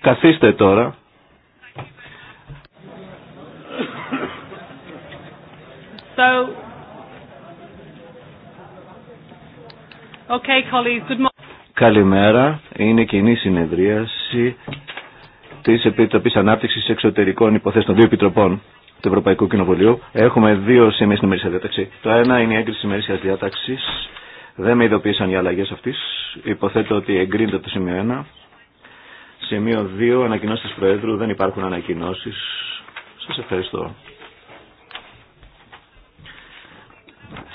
Καθίστε τώρα. Καλημέρα. Είναι κοινή συνεδρίαση της Επιτροπής Ανάπτυξης Εξωτερικών Υποθέσεων των δύο επιτροπών του Ευρωπαϊκού Κοινοβουλίου. Έχουμε δύο σημεία στην ημερήσια διάταξη. Το ένα είναι η έγκριση ημερήσιας διάταξης δεν με ειδοποίησαν οι αλλαγέ αυτή. Υποθέτω ότι εγκρίνεται το σημείο 1. Σημείο 2. Ανακοινώσει τη Προέδρου. Δεν υπάρχουν ανακοινώσει. Σα ευχαριστώ.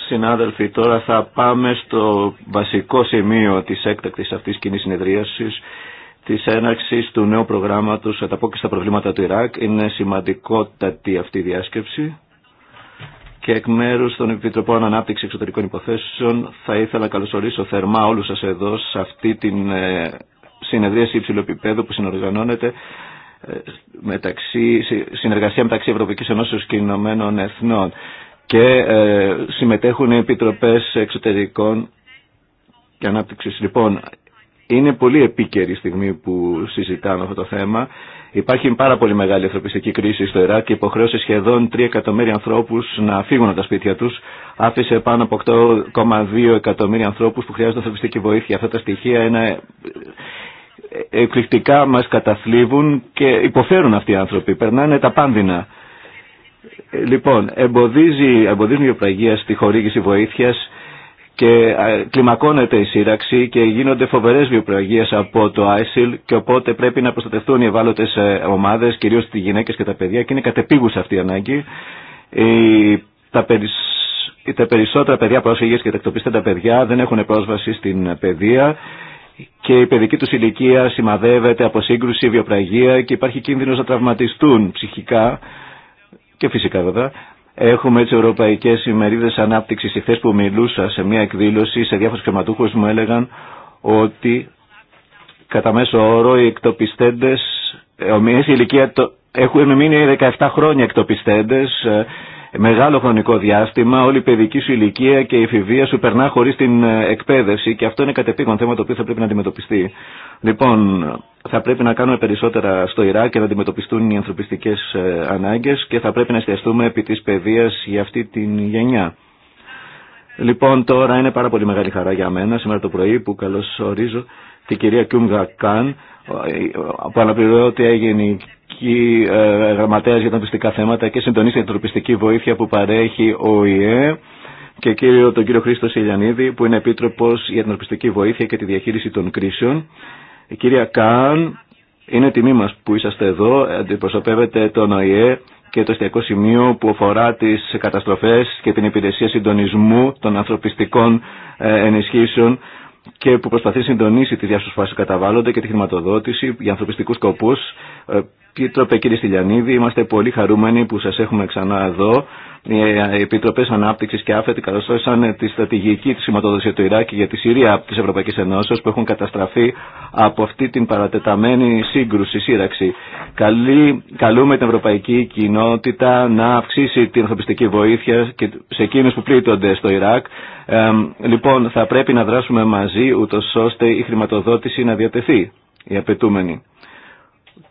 Συνάδελφοι, τώρα θα πάμε στο βασικό σημείο της έκτακτης αυτής κοινή συνεδρίασης της έναρξης του νέου προγράμματος «Ανταπόκριση στα προβλήματα του Ιράκ». Είναι σημαντικότατη αυτή η διάσκεψη και εκ μέρους των Επιτροπών Ανάπτυξη Εξωτερικών Υποθέσεων θα ήθελα να καλωσορίσω θερμά όλους σα εδώ σε αυτή την ε, συνεδρίαση υψηλό επίπεδου που συνοργανώνεται ε, μεταξύ, συνεργασία μεταξύ Ευρωπαϊκή Ενώσεω και Ηνωμένων Εθνών και ε, συμμετέχουν οι Επιτροπές Εξωτερικών και ανάπτυξη Λοιπόν, είναι πολύ επίκαιρη στιγμή που συζητάμε αυτό το θέμα. Υπάρχει πάρα πολύ μεγάλη ανθρωπιστική κρίση στο Ιράκ και υποχρέωσε σχεδόν 3 εκατομμύρια ανθρώπου να φύγουν από τα σπίτια του. Άφησε πάνω από 8,2 εκατομμύρια ανθρώπου που χρειάζονται ανθρωπιστική βοήθεια. Αυτά τα στοιχεία είναι ε, εκπληκτικά μα καταθλίβουν και υποφέρουν αυτοί οι άνθρωποι. Περνάνε τα πάνδυνα. Ε, λοιπόν, εμποδίζει, εμποδίζουν η βιοπραγία στη χορήγηση βοήθειας και ε, κλιμακώνεται η σύραξη και γίνονται φοβερές βιοπραγίες από το ISIL και οπότε πρέπει να προστατευτούν οι ευάλωτες ε, ομάδες, κυρίως οι γυναίκες και τα παιδιά και είναι κατεπίγουσα αυτή η ανάγκη. τα, περισσότερα παιδιά πρόσφυγες και τα παιδιά δεν έχουν πρόσβαση στην παιδεία και η παιδική του ηλικία σημαδεύεται από σύγκρουση, βιοπραγία και υπάρχει κίνδυνος να τραυματιστούν ψυχικά και φυσικά βέβαια Έχουμε τι ευρωπαϊκέ ημερίδε ανάπτυξη. Χθε που μιλούσα σε μια εκδήλωση, σε διάφορου χρηματούχου μου έλεγαν ότι κατά μέσο όρο οι εκτοπιστέντε, ε, ομοιέ ηλικία έχουν μείνει 17 χρόνια εκτοπιστέντες ε, μεγάλο χρονικό διάστημα όλη η παιδική σου ηλικία και η εφηβεία σου περνά χωρίς την ε, εκπαίδευση και αυτό είναι κατεπήγον θέμα το οποίο θα πρέπει να αντιμετωπιστεί. Λοιπόν, θα πρέπει να κάνουμε περισσότερα στο Ιράκ και να αντιμετωπιστούν οι ανθρωπιστικές ε, ανάγκες και θα πρέπει να εστιαστούμε επί της παιδείας για αυτή την γενιά. Λοιπόν, τώρα είναι πάρα πολύ μεγάλη χαρά για μένα σήμερα το πρωί που καλώς ορίζω την κυρία Κιούμγα Καν που αναπληρώνω ότι έγινε και ε, Γραμματέα για τα Ανθρωπιστικά Θέματα και Συντονίστρια για την Βοήθεια που παρέχει ο ΙΕ και κύριο, τον κύριο Χρήστο Σιλιανίδη που είναι επίτροπο για την Ανθρωπιστική Βοήθεια και τη Διαχείριση των Κρίσεων. Η κυρία Καν, είναι τιμή μα που είσαστε εδώ, αντιπροσωπεύετε τον ΟΗΕ και το εστιακό σημείο που αφορά τι καταστροφέ και την υπηρεσία συντονισμού των ανθρωπιστικών ε, ενισχύσεων και που προσπαθεί να συντονίσει τη διασωσφάση που καταβάλλονται και τη χρηματοδότηση για ανθρωπιστικού σκοπού. Ε, Πίτροπε κύριε Στυλιανίδη, είμαστε πολύ χαρούμενοι που σας έχουμε ξανά εδώ ε, οι Επιτροπέ Ανάπτυξη και Άφετη καταστρώσαν τη στρατηγική τη σηματοδοσία του Ιράκ για τη Συρία τη Ευρωπαϊκή Ενώσει που έχουν καταστραφεί από αυτή την παρατεταμένη σύγκρουση, σύραξη. καλούμε την Ευρωπαϊκή Κοινότητα να αυξήσει την ανθρωπιστική βοήθεια και σε εκείνου που πλήττονται στο Ιράκ. Ε, λοιπόν, θα πρέπει να δράσουμε μαζί ούτω ώστε η χρηματοδότηση να διατεθεί, η απαιτούμενη.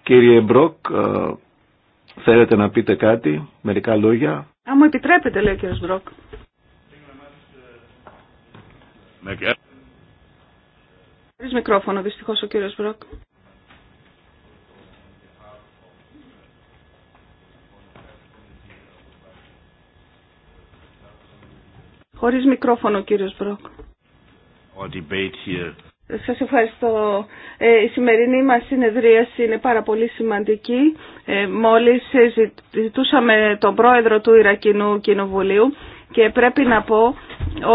Κύριε Μπροκ, ε, θέλετε να πείτε κάτι, μερικά λόγια. Αν μου επιτρέπετε, λέει ο κύριος Μπρόκ. Χωρίς μικρόφωνο, δυστυχώς, ο κύριος Μπρόκ. Χωρίς μικρόφωνο, ο κύριος Μπρόκ. debate σας ευχαριστώ. Ε, η σημερινή μας συνεδρίαση είναι πάρα πολύ σημαντική. Ε, μόλις ζητούσαμε τον πρόεδρο του Ιρακινού Κοινοβουλίου και πρέπει να πω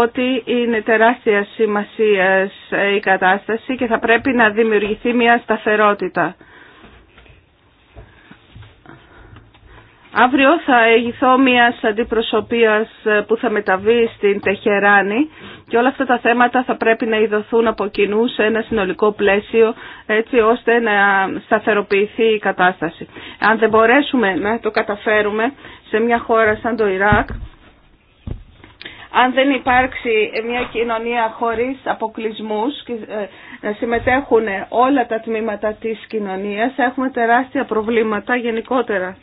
ότι είναι τεράστια σημασία η κατάσταση και θα πρέπει να δημιουργηθεί μια σταθερότητα. Αύριο θα ηγηθώ μια αντιπροσωπεία ε, που θα μεταβεί στην Τεχεράνη και όλα αυτά τα θέματα θα πρέπει να ειδωθούν από κοινού σε ένα συνολικό πλαίσιο έτσι ώστε να σταθεροποιηθεί η κατάσταση. Αν δεν μπορέσουμε να το καταφέρουμε σε μια χώρα σαν το Ιράκ, αν δεν υπάρξει μια κοινωνία χωρίς αποκλεισμούς και ε, να συμμετέχουν όλα τα τμήματα της κοινωνίας, θα έχουμε τεράστια προβλήματα γενικότερα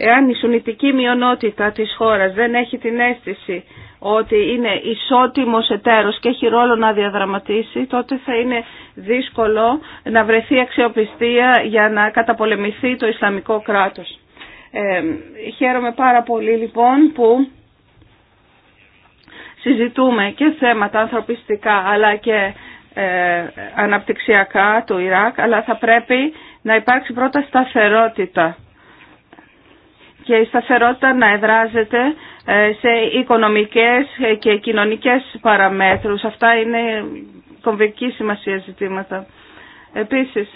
Εάν η σουνητική μειονότητα της χώρας δεν έχει την αίσθηση ότι είναι ισότιμος εταίρος και έχει ρόλο να διαδραματίσει, τότε θα είναι δύσκολο να βρεθεί αξιοπιστία για να καταπολεμηθεί το Ισλαμικό κράτος. Ε, χαίρομαι πάρα πολύ λοιπόν που συζητούμε και θέματα ανθρωπιστικά αλλά και ε, αναπτυξιακά του Ιράκ, αλλά θα πρέπει να υπάρξει πρώτα σταθερότητα και η σταθερότητα να εδράζεται ε, σε οικονομικές και κοινωνικές παραμέτρους. Αυτά είναι κομβική σημασία ζητήματα. Επίσης,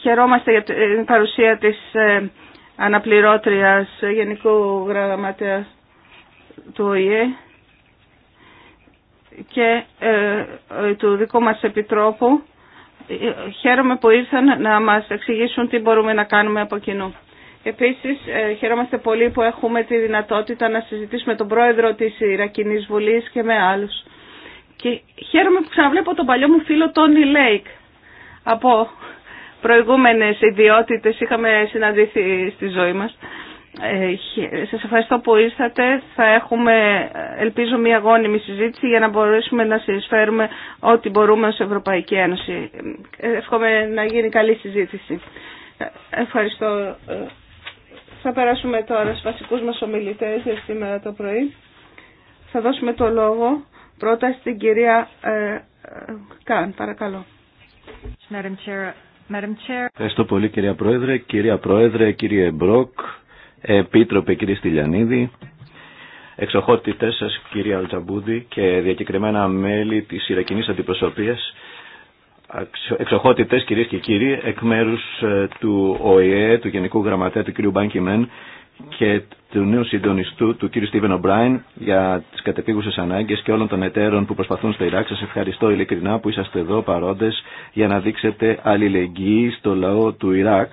χαιρόμαστε για την παρουσία της ε, αναπληρώτριας Γενικού Γραμματέα του ΟΗΕ και ε, του δικού μας Επιτρόπου. Χαίρομαι που ήρθαν να μας εξηγήσουν τι μπορούμε να κάνουμε από κοινού. Επίσης, ε, χαιρόμαστε πολύ που έχουμε τη δυνατότητα να συζητήσουμε τον πρόεδρο της Ιρακινής Βουλής και με άλλους. Και χαίρομαι που ξαναβλέπω τον παλιό μου φίλο Τόνι Λέικ. Από προηγούμενες ιδιότητες είχαμε συναντήθει στη ζωή μας. Ε, σας ευχαριστώ που ήρθατε. Θα έχουμε, ελπίζω, μια γόνιμη συζήτηση για να μπορέσουμε να συνεισφέρουμε ό,τι μπορούμε ως Ευρωπαϊκή Ένωση. Ε, εύχομαι να γίνει καλή συζήτηση. Ε, ευχαριστώ. Θα περάσουμε τώρα στους βασικούς μας ομιλητές για σήμερα το πρωί. Θα δώσουμε το λόγο πρώτα στην κυρία ε, Καν, παρακαλώ. Ευχαριστώ πολύ κυρία Πρόεδρε, κυρία Πρόεδρε, κύριε Μπρόκ, Επίτροπε κύριε Στυλιανίδη, εξοχότητές σας κυρία Αλτζαμπούδη και διακεκριμένα μέλη της Ιρακινής Αντιπροσωπείας εξοχότητες κυρίες και κύριοι εκ μέρους ε, του ΟΗΕ, του Γενικού Γραμματέα του κ. Μπάνκιμεν και του νέου συντονιστού του κ. Στίβεν Ομπράιν για τις κατεπίγουσες ανάγκες και όλων των εταίρων που προσπαθούν στο Ιράκ. Σας ευχαριστώ ειλικρινά που είσαστε εδώ παρόντες για να δείξετε αλληλεγγύη στο λαό του Ιράκ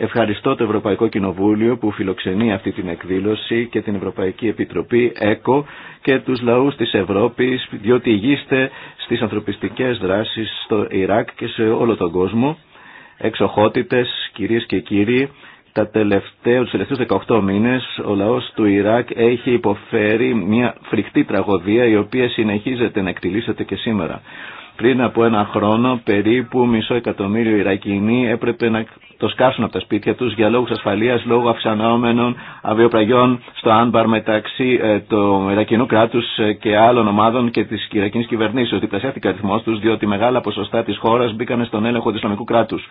Ευχαριστώ το Ευρωπαϊκό Κοινοβούλιο που φιλοξενεί αυτή την εκδήλωση και την Ευρωπαϊκή Επιτροπή ΕΚΟ και τους λαούς της Ευρώπης διότι ηγείστε στις ανθρωπιστικές δράσεις στο Ιράκ και σε όλο τον κόσμο. Εξοχότητες, κυρίες και κύριοι, τα τελευταία, τους τελευταίους 18 μήνες ο λαός του Ιράκ έχει υποφέρει μια φρικτή τραγωδία η οποία συνεχίζεται να εκτιλήσεται και σήμερα. Πριν από ένα χρόνο περίπου μισό εκατομμύριο Ιρακινοί έπρεπε να το σκάσουν από τα σπίτια τους για λόγους ασφαλείας, λόγω αυξανόμενων αβιοπραγιών στο Άνμπαρ μεταξύ ε, του Ιρακινού κράτους ε, και άλλων ομάδων και της Ιρακινής κυβερνήσεως. Διπλασιάστηκε ο αριθμός τους διότι μεγάλα ποσοστά της χώρας μπήκαν στον έλεγχο του Ισλαμικού κράτους.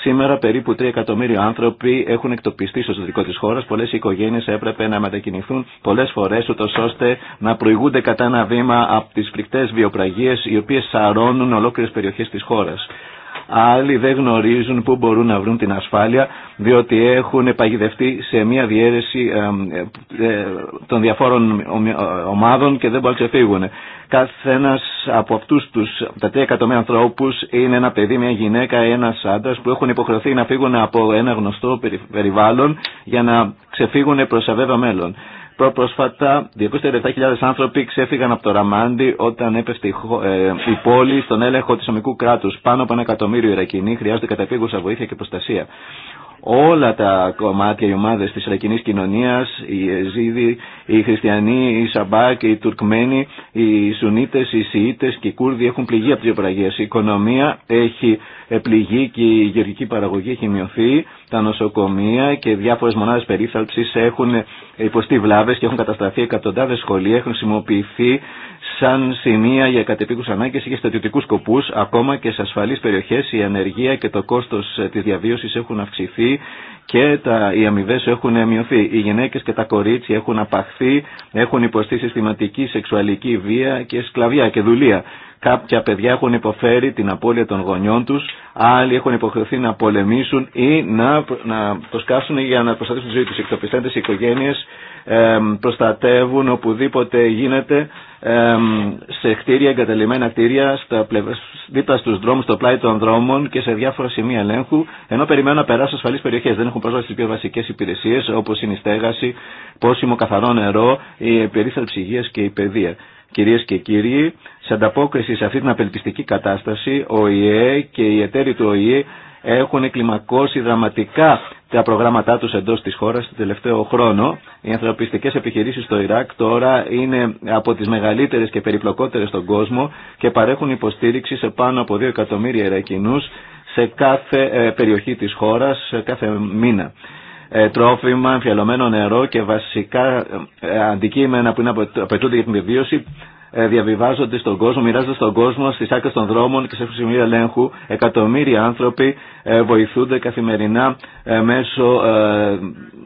Σήμερα περίπου 3 εκατομμύρια άνθρωποι έχουν εκτοπιστεί στο εσωτερικό τη χώρα. Πολλέ οικογένειε έπρεπε να μετακινηθούν πολλέ φορέ, ούτω ώστε να προηγούνται κατά ένα βήμα από τι φρικτέ βιοπραγίε, οι οποίε σαρώνουν ολόκληρε περιοχέ τη χώρα. Άλλοι δεν γνωρίζουν πού μπορούν να βρουν την ασφάλεια διότι έχουν παγιδευτεί σε μια διαίρεση ε, των διαφόρων ομάδων και δεν μπορούν να ξεφύγουν. Κάθε ένας από αυτούς τους, τα τρία εκατομμύρια ανθρώπους είναι ένα παιδί, μια γυναίκα, ένας άντρας που έχουν υποχρεωθεί να φύγουν από ένα γνωστό περιβάλλον για να ξεφύγουν προς αβέβαιο μέλλον. Πρόσφατα 237.000 άνθρωποι ξέφυγαν από το Ραμάντι όταν έπεφτε η ε, πόλη στον έλεγχο της ομικού κράτους. Πάνω από ένα εκατομμύριο Ιρακινοί χρειάζονται καταπήγουσα βοήθεια και προστασία. Όλα τα κομμάτια, οι ομάδες της Ιρακινής κοινωνίας, οι Εζίδοι, οι Χριστιανοί, οι Σαμπάκ, οι Τουρκμένοι, οι Σουνίτες, οι Σιήτες και οι Κούρδοι έχουν πληγεί από τις οπραγίες. Η οικονομία έχει ε, πληγεί και η γεωργική παραγωγή έχει μειωθεί. Τα νοσοκομεία και διάφορες μονάδες περίθαλψης έχουν υποστεί βλάβες και έχουν καταστραφεί εκατοντάδες σχολεία, έχουν χρησιμοποιηθεί σαν σημεία για κατεπίκους ανάγκες ή για στατιωτικούς σκοπούς, ακόμα και σε ασφαλείς περιοχές η ανεργία και το κόστος ε, της διαβίωσης έχουν αυξηθεί και τα, οι αμοιβέ έχουν ε, μειωθεί. Οι γυναίκες και τα κορίτσια έχουν απαχθεί, έχουν υποστεί συστηματική σεξουαλική βία και σκλαβιά και δουλεία. Κάποια παιδιά έχουν υποφέρει την απώλεια των γονιών τους, άλλοι έχουν υποχρεωθεί να πολεμήσουν ή να, να το για να προστατεύσουν τη ζωή τους. Οι εκτοπιστέντες οι οικογένειες ε, προστατεύουν οπουδήποτε γίνεται ε, σε κτίρια, εγκαταλειμμένα κτίρια, στα δίπλα στους δρόμους, στο πλάι των δρόμων και σε διάφορα σημεία ελέγχου, ενώ περιμένουν να περάσουν ασφαλείς περιοχές. Δεν έχουν πρόσβαση στις πιο βασικές υπηρεσίες όπως είναι η στέγαση, πόσιμο καθαρό νερό, η περίθαλψη υγείας και η παιδεία. Κυρίες και κύριοι, σε ανταπόκριση σε αυτή την απελπιστική κατάσταση, ο ΙΕ και οι εταίροι του ΟΗΕ έχουν κλιμακώσει δραματικά τα προγράμματά τους εντός της χώρας το τελευταίο χρόνο. Οι ανθρωπιστικές επιχειρήσεις στο Ιράκ τώρα είναι από τις μεγαλύτερες και περιπλοκότερες στον κόσμο και παρέχουν υποστήριξη σε πάνω από 2 εκατομμύρια Ιρακινούς σε κάθε ε, περιοχή της χώρας κάθε μήνα. Ε, τρόφιμα, εμφιαλωμένο νερό και βασικά ε, αντικείμενα που είναι απαιτούνται για την επιβίωση ε, διαβιβάζονται στον κόσμο, μοιράζονται στον κόσμο, στι άκρε των δρόμων και σε σημεία ελέγχου. Εκατομμύρια άνθρωποι ε, βοηθούνται καθημερινά ε, μέσω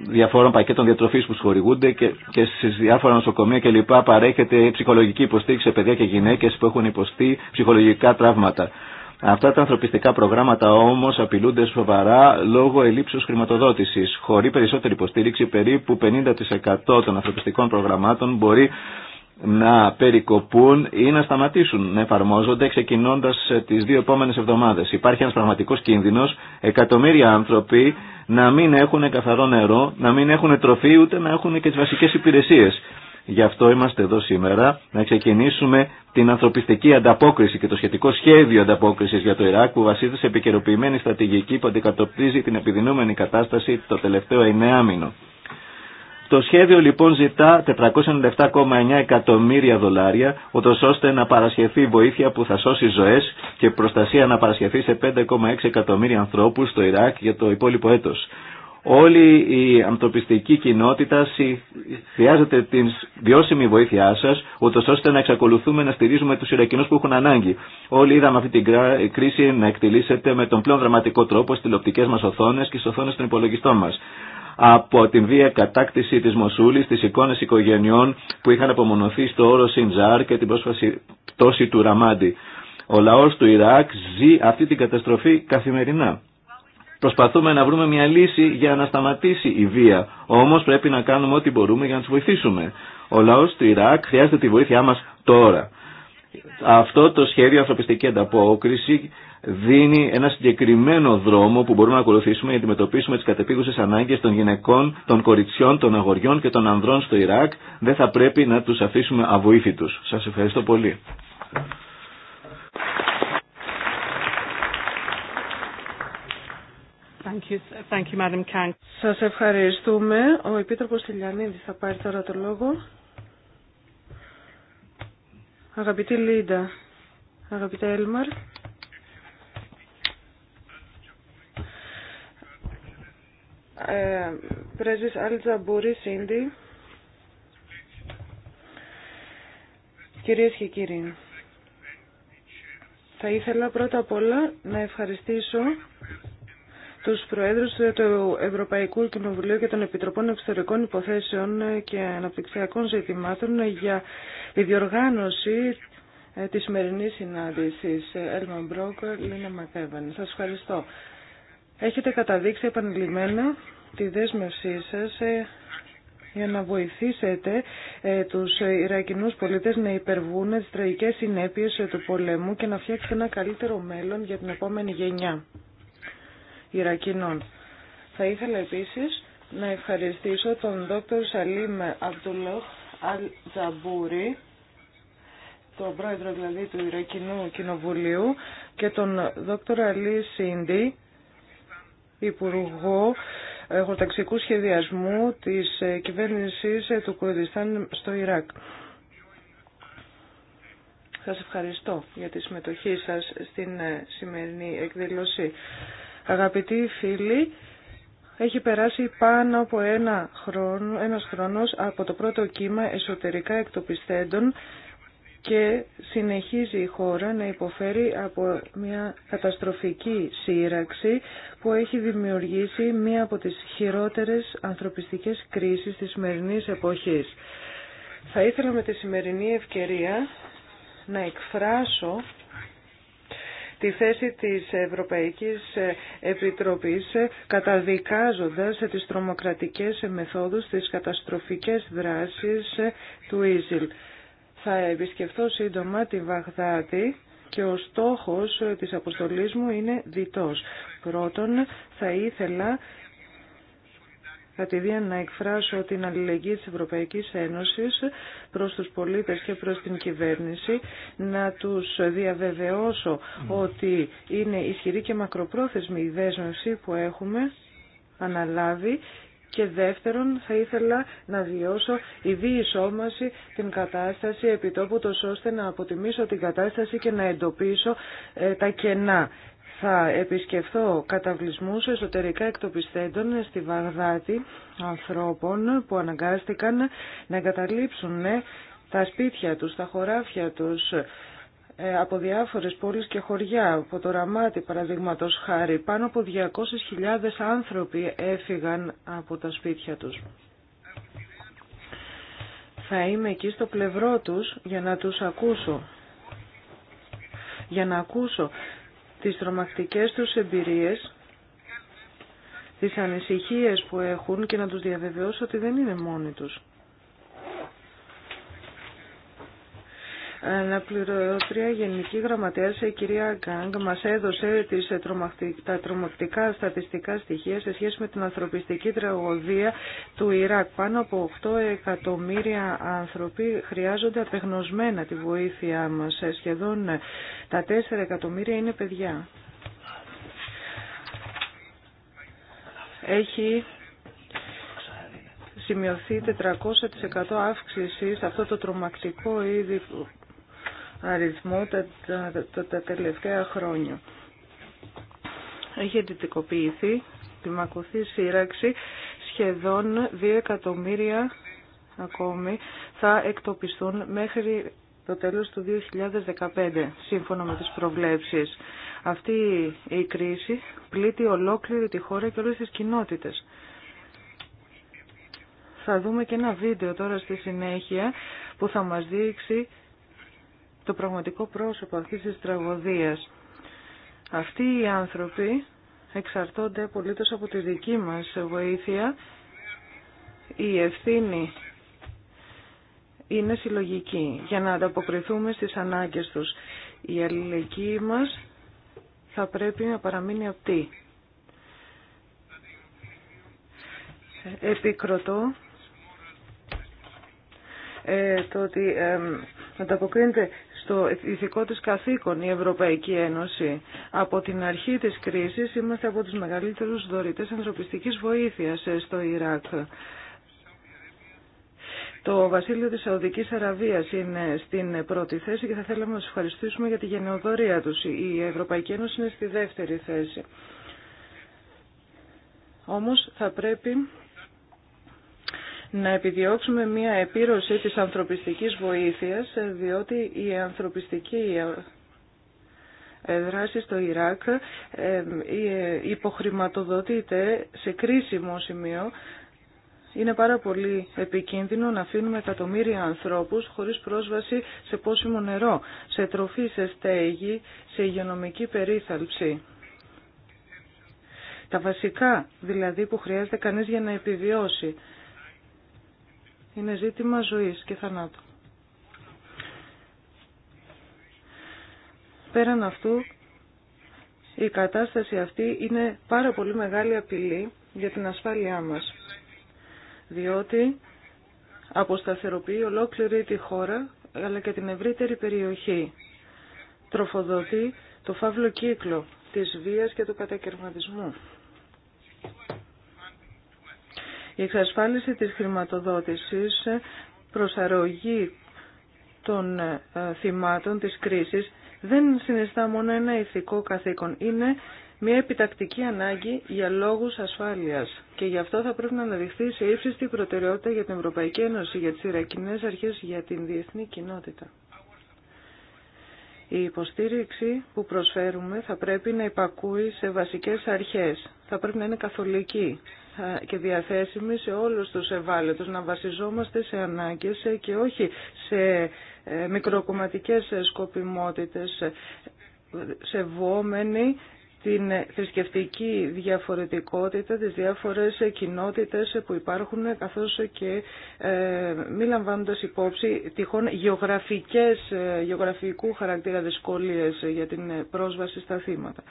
διαφόρων πακέτων διατροφή που σχορηγούνται και, και στι διάφορα νοσοκομεία κλπ. παρέχεται ψυχολογική υποστήριξη σε παιδιά και γυναίκε που έχουν υποστεί ψυχολογικά τραύματα. Αυτά τα ανθρωπιστικά προγράμματα όμω απειλούνται σοβαρά λόγω ελλείψεω χρηματοδότηση. Χωρί περισσότερη υποστήριξη, περίπου 50% των ανθρωπιστικών προγραμμάτων μπορεί να περικοπούν ή να σταματήσουν να εφαρμόζονται ξεκινώντα ε, τι δύο επόμενε εβδομάδε. Υπάρχει ένα πραγματικό κίνδυνο εκατομμύρια άνθρωποι να μην έχουν καθαρό νερό, να μην έχουν τροφή ούτε να έχουν και τι βασικέ υπηρεσίε. Γι' αυτό είμαστε εδώ σήμερα να ξεκινήσουμε την ανθρωπιστική ανταπόκριση και το σχετικό σχέδιο ανταπόκριση για το Ιράκ που βασίζεται σε επικαιροποιημένη στρατηγική που αντικατοπτρίζει την επιδεινούμενη κατάσταση το τελευταίο εννέα μήνο. Το σχέδιο λοιπόν ζητά 497,9 εκατομμύρια δολάρια, ούτω ώστε να παρασχεθεί βοήθεια που θα σώσει ζωέ και προστασία να παρασχεθεί σε 5,6 εκατομμύρια ανθρώπου στο Ιράκ για το υπόλοιπο έτο. Όλη η ανθρωπιστική κοινότητα χρειάζεται την βιώσιμη βοήθειά σα, ούτω ώστε να εξακολουθούμε να στηρίζουμε του Ιρακινού που έχουν ανάγκη. Όλοι είδαμε αυτή την κρίση να εκτελήσεται με τον πλέον δραματικό τρόπο στι τηλεοπτικέ μα οθόνε και στι οθόνε των υπολογιστών μα από την βία κατάκτηση της Μοσούλης, τις εικόνες οικογενειών που είχαν απομονωθεί στο όρο Σιντζάρ και την πρόσφαση πτώση του Ραμάντι. Ο λαός του Ιράκ ζει αυτή την καταστροφή καθημερινά. Προσπαθούμε να βρούμε μια λύση για να σταματήσει η βία. Όμως πρέπει να κάνουμε ό,τι μπορούμε για να τους βοηθήσουμε. Ο λαός του Ιράκ χρειάζεται τη βοήθειά μας τώρα. Αυτό το σχέδιο ανθρωπιστική ανταπόκριση δίνει ένα συγκεκριμένο δρόμο που μπορούμε να ακολουθήσουμε για να αντιμετωπίσουμε τις κατεπίγουσες ανάγκες των γυναικών, των κοριτσιών, των αγοριών και των ανδρών στο Ιράκ. Δεν θα πρέπει να τους αφήσουμε αβοήθητους. Σας ευχαριστώ πολύ. Thank Σας ευχαριστούμε. Ο Επίτροπος Τηλιανίδης θα πάρει τώρα το λόγο. Αγαπητή Λίντα, αγαπητέ Έλμαρ. Πρέζει πρέσβης Αλτζαμπούρη Σίντι. Κυρίες και κύριοι, θα ήθελα πρώτα απ' όλα να ευχαριστήσω τους Προέδρους του Ευρωπαϊκού Κοινοβουλίου και των Επιτροπών Εξωτερικών Υποθέσεων και Αναπτυξιακών Ζητημάτων για τη διοργάνωση ε, της σημερινής συνάντησης Έλμαν Μπρόκ, Λίνα Μακέβαν. Σας ευχαριστώ έχετε καταδείξει επανειλημμένα τη δέσμευσή σας ε, για να βοηθήσετε ε, τους Ιρακινούς πολίτες να υπερβούν τις τραγικές συνέπειες ε, του πολέμου και να φτιάξετε ένα καλύτερο μέλλον για την επόμενη γενιά Ιρακινών. Θα ήθελα επίσης να ευχαριστήσω τον Δόκτωρ Σαλίμ Αλ Τζαμπούρη, τον πρόεδρο δηλαδή του Ιρακινού Κοινοβουλίου και τον Δ. Αλή Σίντι, Υπουργό εγωταξικού Σχεδιασμού της ε, κυβέρνησης ε, του Κουρδιστάν στο Ιράκ. Σας ευχαριστώ για τη συμμετοχή σας στην ε, σημερινή εκδήλωση. Αγαπητοί φίλοι, έχει περάσει πάνω από ένα χρόνο, ένας χρόνος από το πρώτο κύμα εσωτερικά εκτοπιστέντων και συνεχίζει η χώρα να υποφέρει από μια καταστροφική σύραξη που έχει δημιουργήσει μία από τις χειρότερες ανθρωπιστικές κρίσεις της σημερινής εποχής. Θα ήθελα με τη σημερινή ευκαιρία να εκφράσω τη θέση της Ευρωπαϊκής Επιτροπής καταδικάζοντας τις τρομοκρατικές μεθόδους, τις καταστροφικές δράσεις του Ίζιλ. Θα επισκεφθώ σύντομα τη Βαγδάτη και ο στόχος της αποστολής μου είναι διτός. Πρώτον, θα ήθελα κατηδίαν να εκφράσω την αλληλεγγύη της Ευρωπαϊκής Ένωσης προς τους πολίτες και προς την κυβέρνηση, να τους διαβεβαιώσω ότι είναι ισχυρή και μακροπρόθεσμη η δέσμευση που έχουμε αναλάβει και δεύτερον, θα ήθελα να διώσω η διεισόμαση την κατάσταση επιτόπου ώστε να αποτιμήσω την κατάσταση και να εντοπίσω ε, τα κενά. Θα επισκεφθώ καταβλισμούς εσωτερικά εκτοπιστέντων στη Βαγδάτη ανθρώπων που αναγκάστηκαν να εγκαταλείψουν τα σπίτια τους, τα χωράφια τους ε, από διάφορες πόλεις και χωριά, από το Ραμάτι παραδείγματος χάρη, πάνω από 200.000 άνθρωποι έφυγαν από τα σπίτια τους. Θα είμαι εκεί στο πλευρό τους για να τους ακούσω, για να ακούσω τις τρομακτικές τους εμπειρίες, τις ανησυχίες που έχουν και να τους διαβεβαιώσω ότι δεν είναι μόνοι τους. Αναπληρωτρία Γενική γραμματέα. η κυρία Γκάγκ, μας έδωσε τις ε, τα τρομακτικά στατιστικά στοιχεία σε σχέση με την ανθρωπιστική τραγωδία του Ιράκ. Πάνω από 8 εκατομμύρια άνθρωποι χρειάζονται απεγνωσμένα τη βοήθειά μας. Ε, σχεδόν ε, τα 4 εκατομμύρια είναι παιδιά. Έχει σημειωθεί 400% αύξηση σε αυτό το τρομακτικό είδη αριθμό τα, τα, τα τελευταία χρόνια. Έχει αντιτικοποιηθεί, κλιμακωθεί σύραξη σχεδόν 2 εκατομμύρια ακόμη θα εκτοπιστούν μέχρι το τέλος του 2015, σύμφωνα με τις προβλέψεις. Αυτή η κρίση πλήττει ολόκληρη τη χώρα και όλες τις κοινότητες. Θα δούμε και ένα βίντεο τώρα στη συνέχεια που θα μας δείξει το πραγματικό πρόσωπο αυτής της τραγωδίας. Αυτοί οι άνθρωποι εξαρτώνται απολύτως από τη δική μας βοήθεια. Η ευθύνη είναι συλλογική για να ανταποκριθούμε στις ανάγκες τους. Η αλληλεγγύη μας θα πρέπει να παραμείνει απτή. Επικροτώ ε, το ότι ε, ανταποκρίνεται στο ηθικό της καθήκον η Ευρωπαϊκή Ένωση. Από την αρχή της κρίσης είμαστε από τους μεγαλύτερους δωρητές ανθρωπιστικής βοήθειας ε, στο Ιράκ. Το βασίλειο της Σαουδικής Αραβίας είναι στην πρώτη θέση και θα θέλαμε να σας ευχαριστήσουμε για τη γενναιοδορία τους. Η Ευρωπαϊκή Ένωση είναι στη δεύτερη θέση. Όμως θα πρέπει να επιδιώξουμε μια επίρρωση της ανθρωπιστικής βοήθειας, ε, διότι η ανθρωπιστική ε, δράση στο Ιράκ ε, υποχρηματοδοτείται σε κρίσιμο σημείο. Είναι πάρα πολύ επικίνδυνο να αφήνουμε εκατομμύρια ανθρώπους χωρίς πρόσβαση σε πόσιμο νερό, σε τροφή, σε στέγη, σε υγειονομική περίθαλψη. Τα βασικά δηλαδή που χρειάζεται κανείς για να επιβιώσει είναι ζήτημα ζωής και θανάτου. Πέραν αυτού, η κατάσταση αυτή είναι πάρα πολύ μεγάλη απειλή για την ασφάλειά μας, διότι αποσταθεροποιεί ολόκληρη τη χώρα αλλά και την ευρύτερη περιοχή. Τροφοδοτεί το φαύλο κύκλο της βίας και του κατακαιρματισμού. Η εξασφάλιση της χρηματοδότησης προσαρρογή των ε, θυμάτων της κρίσης δεν συνιστά μόνο ένα ηθικό καθήκον. Είναι μια επιτακτική ανάγκη για λόγους ασφάλειας και γι' αυτό θα πρέπει να αναδειχθεί σε ύψιστη προτεραιότητα για την Ευρωπαϊκή Ένωση, για τις Ιρακινές Αρχές, για την διεθνή κοινότητα. Η υποστήριξη που προσφέρουμε θα πρέπει να υπακούει σε βασικές αρχές. Θα πρέπει να είναι καθολική, ε, και διαθέσιμη σε όλους τους ευάλωτους, να βασιζόμαστε σε ανάγκες και όχι σε ε, μικροκομματικές σκοπιμότητες, σεβόμενοι την θρησκευτική διαφορετικότητα, τις διάφορες κοινότητες που υπάρχουν, καθώς και ε, μη λαμβάνοντας υπόψη τυχόν γεωγραφικές, ε, γεωγραφικού χαρακτήρα δυσκολίες για την πρόσβαση στα θύματα.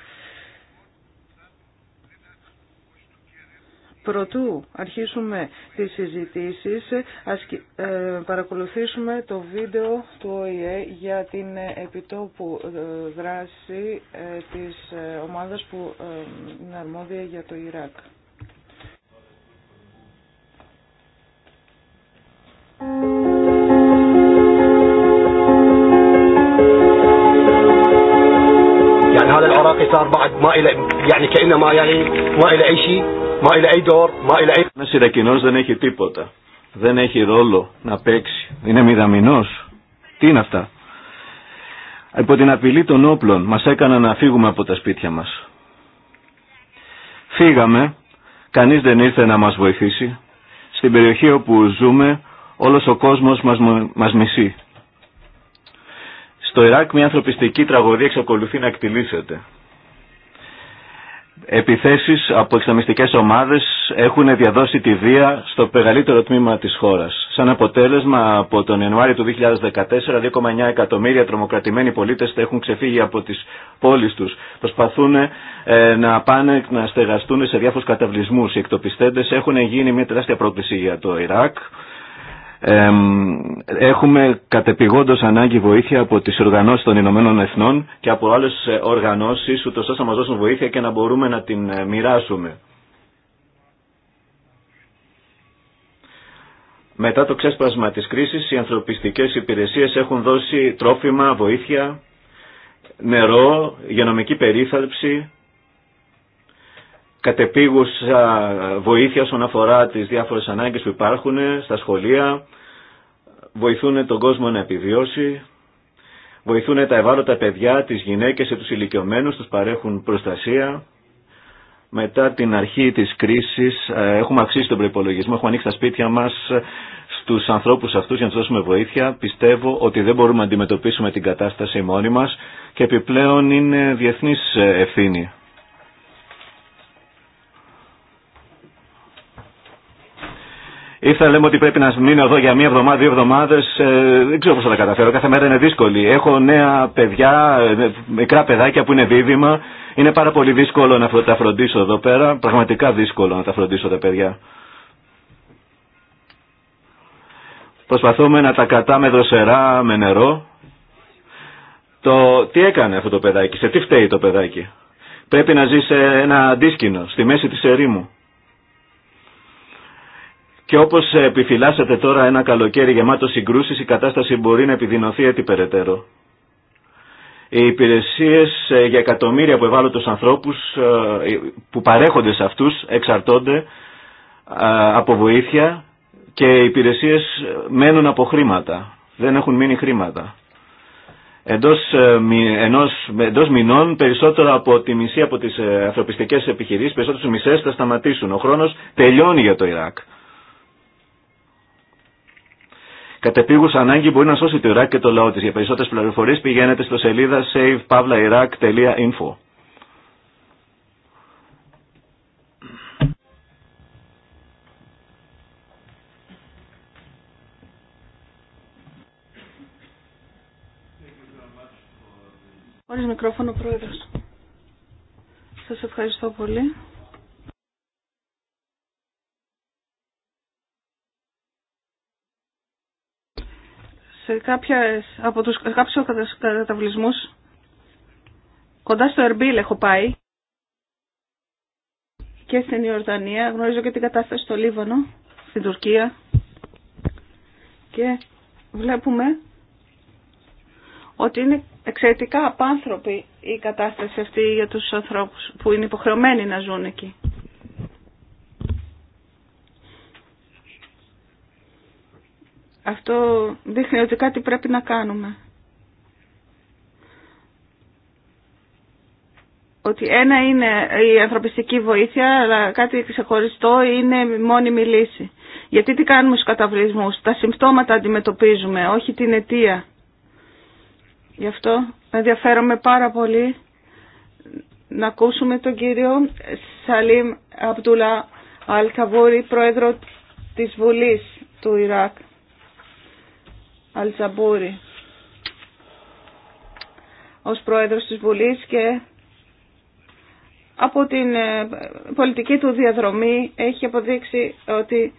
Προτού αρχίσουμε τις συζητήσεις, ας ε, παρακολουθήσουμε το βίντεο του ΟΗΕ για την ε, επιτόπου ε, δράση της ομάδας που είναι αρμόδια για το Ιράκ. يعني هذا صار بعد ما يعني ما Μα Ένα Ιρακινό δεν έχει τίποτα. Δεν έχει ρόλο να παίξει. Είναι μηδαμινό. Τι είναι αυτά. Υπό την απειλή των όπλων μας έκαναν να φύγουμε από τα σπίτια μας. Φύγαμε, κανείς δεν ήρθε να μας βοηθήσει. Στην περιοχή όπου ζούμε όλος ο κόσμος μας, μας μισεί. Στο Ιράκ μια ανθρωπιστική τραγωδία εξακολουθεί να εκτιλήσεται επιθέσεις από εξαμιστικές ομάδες έχουν διαδώσει τη βία στο μεγαλύτερο τμήμα της χώρας. Σαν αποτέλεσμα από τον Ιανουάριο του 2014 2,9 εκατομμύρια τρομοκρατημένοι πολίτες έχουν ξεφύγει από τις πόλεις τους. Προσπαθούν ε, να πάνε να στεγαστούν σε διάφορους καταβλισμούς. Οι εκτοπιστέντες έχουν γίνει μια τεράστια πρόκληση για το Ιράκ έχουμε κατεπηγόντως ανάγκη βοήθεια από τις οργανώσεις των Ηνωμένων Εθνών και από άλλες ε, οργανώσεις ούτως ώστε να μας δώσουν βοήθεια και να μπορούμε να την ε, μοιράσουμε. Μετά το ξέσπασμα της κρίσης, οι ανθρωπιστικές υπηρεσίες έχουν δώσει τρόφιμα, βοήθεια, νερό, γενομική περίθαλψη, κατεπίγουσα βοήθεια όσον αφορά τις διάφορες ανάγκες που υπάρχουν στα σχολεία, βοηθούν τον κόσμο να επιβιώσει, βοηθούν τα ευάλωτα παιδιά, τις γυναίκες και τους ηλικιωμένους, τους παρέχουν προστασία. Μετά την αρχή της κρίσης ε, έχουμε αυξήσει τον προπολογισμό, έχουμε ανοίξει τα σπίτια μας στους ανθρώπους αυτούς για να τους δώσουμε βοήθεια. Πιστεύω ότι δεν μπορούμε να αντιμετωπίσουμε την κατάσταση μόνοι μας και επιπλέον είναι διεθνής ε, ευθύνη Ήρθα θα λέμε ότι πρέπει να μείνω εδώ για μία εβδομάδα, δύο εβδομάδε. Ε, δεν ξέρω πώ θα τα καταφέρω. Κάθε μέρα είναι δύσκολη. Έχω νέα παιδιά, ε, μικρά παιδάκια που είναι δίδυμα. Είναι πάρα πολύ δύσκολο να τα φροντίσω εδώ πέρα. Πραγματικά δύσκολο να τα φροντίσω τα παιδιά. Προσπαθούμε να τα κατάμε δροσερά με νερό. Το τι έκανε αυτό το παιδάκι, σε τι φταίει το παιδάκι. Πρέπει να ζει σε ένα αντίσκηνο, στη μέση της ερήμου. Και όπω επιφυλάσσεται τώρα ένα καλοκαίρι γεμάτο συγκρούσεις, η κατάσταση μπορεί να επιδεινωθεί έτσι περαιτέρω. Οι υπηρεσίε ε, για εκατομμύρια από ευάλωτου ανθρώπου ε, που παρέχονται σε αυτού, εξαρτώνται ε, από βοήθεια και οι υπηρεσίε μένουν από χρήματα. Δεν έχουν μείνει χρήματα. Εντός, ενός, εντός μηνών περισσότερο από τη μισή από τις ανθρωπιστικές επιχειρήσεις, περισσότερες μισές θα σταματήσουν. Ο χρόνος τελειώνει για το Ιράκ. Κατεπίγουσα ανάγκη μπορεί να σώσει το Ιράκ και το λαό της. Για περισσότερες πληροφορίες πηγαίνετε στο σελίδα savepavlairak.info. μικρόφωνο, Πρόεδρος. Σας ευχαριστώ πολύ. σε κάποιες, από τους, κάποιους καταβλισμούς κοντά στο Ερμπίλ έχω πάει και στην Ιορδανία γνωρίζω και την κατάσταση στο Λίβανο στην Τουρκία και βλέπουμε ότι είναι εξαιρετικά απάνθρωπη η κατάσταση αυτή για τους ανθρώπους που είναι υποχρεωμένοι να ζουν εκεί. Αυτό δείχνει ότι κάτι πρέπει να κάνουμε. Ότι ένα είναι η ανθρωπιστική βοήθεια, αλλά κάτι ξεχωριστό είναι η μόνιμη λύση. Γιατί τι κάνουμε στους καταβλισμούς, τα συμπτώματα αντιμετωπίζουμε, όχι την αιτία. Γι' αυτό ενδιαφέρομαι πάρα πολύ να ακούσουμε τον κύριο Σαλίμ Αμπτούλα Αλκαβούρη, πρόεδρο της Βουλής του Ιράκ. Αλτζαμπούρη ως πρόεδρος της Βουλής και από την ε, πολιτική του διαδρομή έχει αποδείξει ότι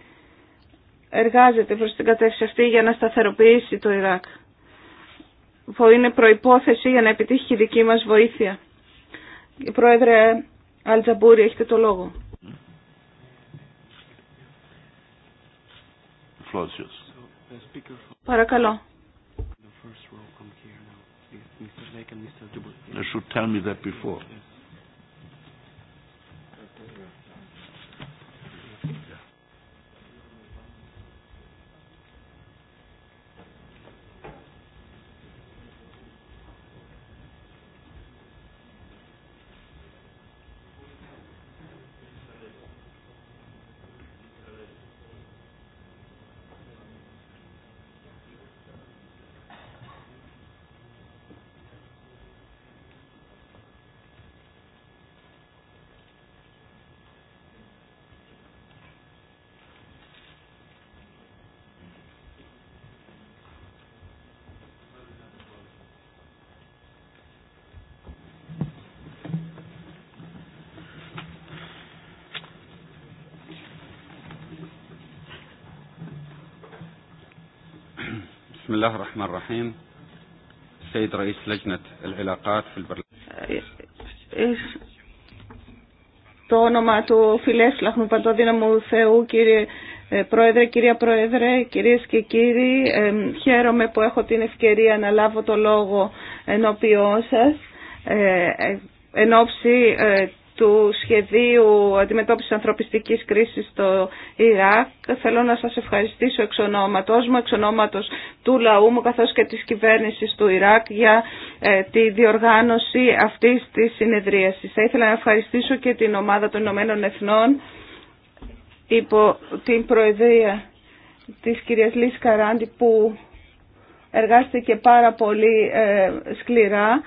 εργάζεται προς την κατεύθυνση αυτή για να σταθεροποιήσει το Ιράκ που είναι προϋπόθεση για να επιτύχει η δική μας βοήθεια. Πρόεδρε Αλτζαμπούρη, έχετε το λόγο. Παρακαλώ. You should tell me that before. بسم الله الرحمن الرحيم السيد رئيس لجنة العلاقات في البرلمان ايش το όνομα του φιλέσλαχνου παντοδύναμου Θεού, κύριε ε, Πρόεδρε, κυρία Πρόεδρε, κυρίες και κύριοι, ε, χαίρομαι που έχω την ευκαιρία να λάβω το λόγο ενώπιό σας ε, εν ώψη του σχεδίου αντιμετώπισης ανθρωπιστικής κρίσης στο Ιράκ. Θέλω να σας ευχαριστήσω εξ ονόματος μου, εξ ονόματος του λαού μου καθώς και της κυβέρνησης του Ιράκ για ε, τη διοργάνωση αυτής της συνεδρίασης. Θα ήθελα να ευχαριστήσω και την ομάδα των Ηνωμένων Εθνών υπό την προεδρία της κυρίας Λίσκα Καράντη που εργάστηκε πάρα πολύ ε, σκληρά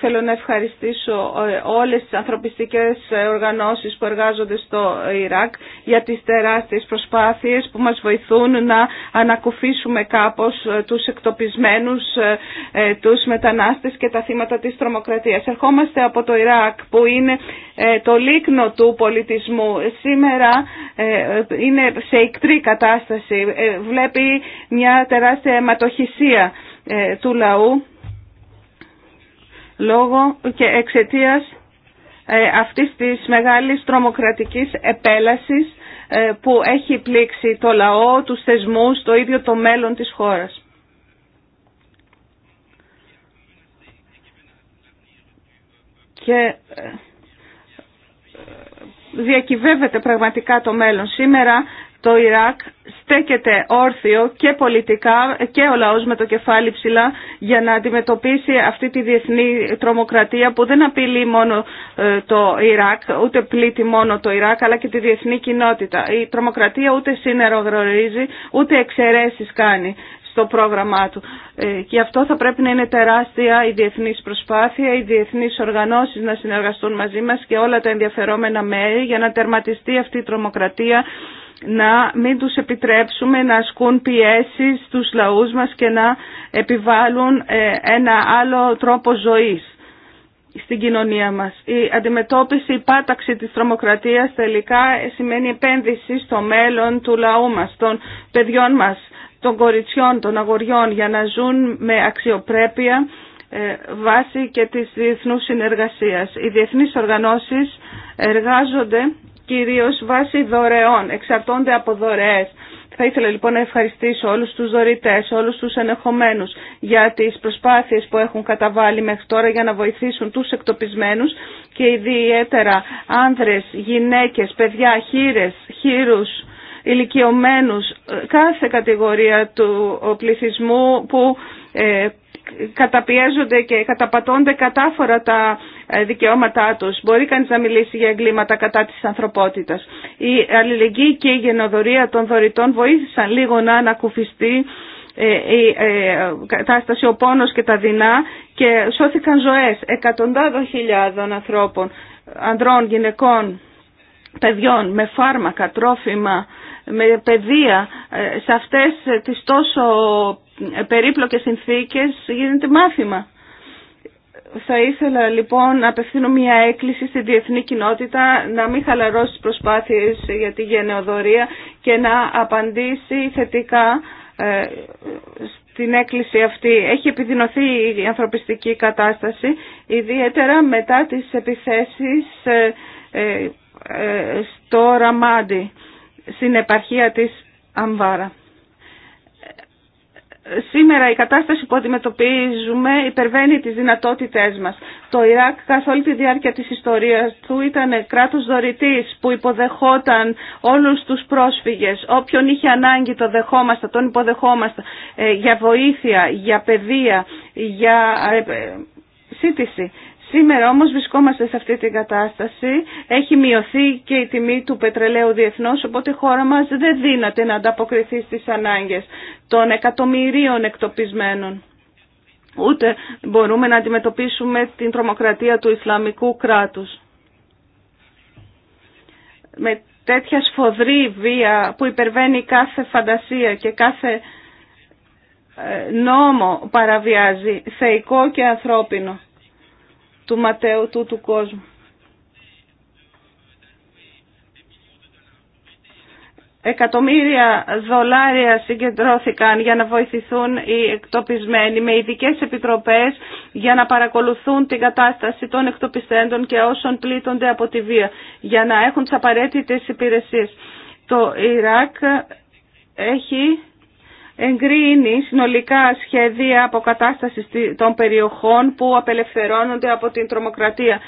Θέλω να ευχαριστήσω ε, όλες τις ανθρωπιστικές οργανώσεις που εργάζονται στο Ιράκ για τις τεράστιες προσπάθειες που μας βοηθούν να ανακουφίσουμε κάπως ε, τους εκτοπισμένους, ε, τους μετανάστες και τα θύματα της τρομοκρατίας. Ερχόμαστε από το Ιράκ που είναι το λίκνο του πολιτισμού. Σήμερα είναι σε ικτρή κατάσταση. Βλέπει μια τεράστια αιματοχυσία του λαού λόγω και εξαιτίας ε, αυτής της μεγάλης τρομοκρατικής επέλασης ε, που έχει πλήξει το λαό, του θεσμούς, το ίδιο το μέλλον της χώρας. Και ε, διακυβεύεται πραγματικά το μέλλον. Σήμερα το Ιράκ στέκεται όρθιο και πολιτικά και ο λαός με το κεφάλι ψηλά για να αντιμετωπίσει αυτή τη διεθνή τρομοκρατία που δεν απειλεί μόνο ε, το Ιράκ, ούτε πλήττει μόνο το Ιράκ αλλά και τη διεθνή κοινότητα. Η τρομοκρατία ούτε σύνερο γνωρίζει, ούτε εξαιρέσει κάνει στο πρόγραμμά του. Ε, και αυτό θα πρέπει να είναι τεράστια η διεθνής προσπάθεια, οι διεθνείς οργανώσεις να συνεργαστούν μαζί μας και όλα τα ενδιαφερόμενα μέρη για να τερματιστεί αυτή η τρομοκρατία να μην τους επιτρέψουμε να ασκούν πιέσεις στους λαούς μας και να επιβάλλουν ε, ένα άλλο τρόπο ζωής στην κοινωνία μας. Η αντιμετώπιση, η πάταξη της τρομοκρατίας τελικά σημαίνει επένδυση στο μέλλον του λαού μας, των παιδιών μας, των κοριτσιών, των αγοριών για να ζουν με αξιοπρέπεια ε, βάσει και της διεθνούς συνεργασίας. Οι διεθνείς οργανώσεις εργάζονται κυρίως βάσει δωρεών, εξαρτώνται από δωρεές. Θα ήθελα λοιπόν να ευχαριστήσω όλους τους δωρητές, όλους τους ενεχομένους για τις προσπάθειες που έχουν καταβάλει μέχρι τώρα για να βοηθήσουν τους εκτοπισμένους και ιδιαίτερα άνδρες, γυναίκες, παιδιά, χείρες, χείρους, ηλικιωμένους, κάθε κατηγορία του πληθυσμού που ε, καταπιέζονται και καταπατώνται κατάφορα τα ε, δικαιώματά τους. Μπορεί κανείς να μιλήσει για εγκλήματα κατά της ανθρωπότητας. Η αλληλεγγύη και η γενοδορία των δωρητών βοήθησαν λίγο να ανακουφιστεί ε, η ε, κατάσταση, ο πόνος και τα δεινά και σώθηκαν ζωές εκατοντάδων χιλιάδων ανθρώπων, ανδρών, γυναικών, παιδιών, με φάρμακα, τρόφιμα, με παιδεία, σε αυτές τις τόσο περίπλοκες συνθήκες γίνεται μάθημα. Θα ήθελα λοιπόν να απευθύνω μια έκκληση στην διεθνή κοινότητα να μην χαλαρώσει τις προσπάθειες για τη γενεοδορία και να απαντήσει θετικά ε, στην έκκληση αυτή. Έχει επιδεινωθεί η ανθρωπιστική κατάσταση, ιδιαίτερα μετά τις επιθέσεις ε, ε, στο Ραμάντι, στην επαρχία της Αμβάρα. Σήμερα η κατάσταση που αντιμετωπίζουμε υπερβαίνει τις δυνατότητές μας. Το Ιράκ καθ' όλη τη διάρκεια της ιστορίας του ήταν κράτος δωρητής που υποδεχόταν όλους τους πρόσφυγες. Όποιον είχε ανάγκη το δεχόμαστε, τον υποδεχόμαστε ε, για βοήθεια, για παιδεία, για ε, ε, σύντηση. Σήμερα όμως βρισκόμαστε σε αυτή την κατάσταση. Έχει μειωθεί και η τιμή του πετρελαίου διεθνώς, οπότε η χώρα μας δεν δύναται να ανταποκριθεί στις ανάγκες των εκατομμυρίων εκτοπισμένων. Ούτε μπορούμε να αντιμετωπίσουμε την τρομοκρατία του Ισλαμικού κράτους. Με τέτοια σφοδρή βία που υπερβαίνει κάθε φαντασία και κάθε ε, νόμο παραβιάζει, θεϊκό και ανθρώπινο του ματέου του του κόσμου. Εκατομμύρια δολάρια συγκεντρώθηκαν για να βοηθηθούν οι εκτοπισμένοι με ειδικές επιτροπές για να παρακολουθούν την κατάσταση των εκτοπιστέντων και όσων πλήττονται από τη βία για να έχουν τις απαραίτητες υπηρεσίες. Το Ιράκ έχει εγκρίνει συνολικά σχέδια αποκατάστασης των περιοχών που απελευθερώνονται από την τρομοκρατία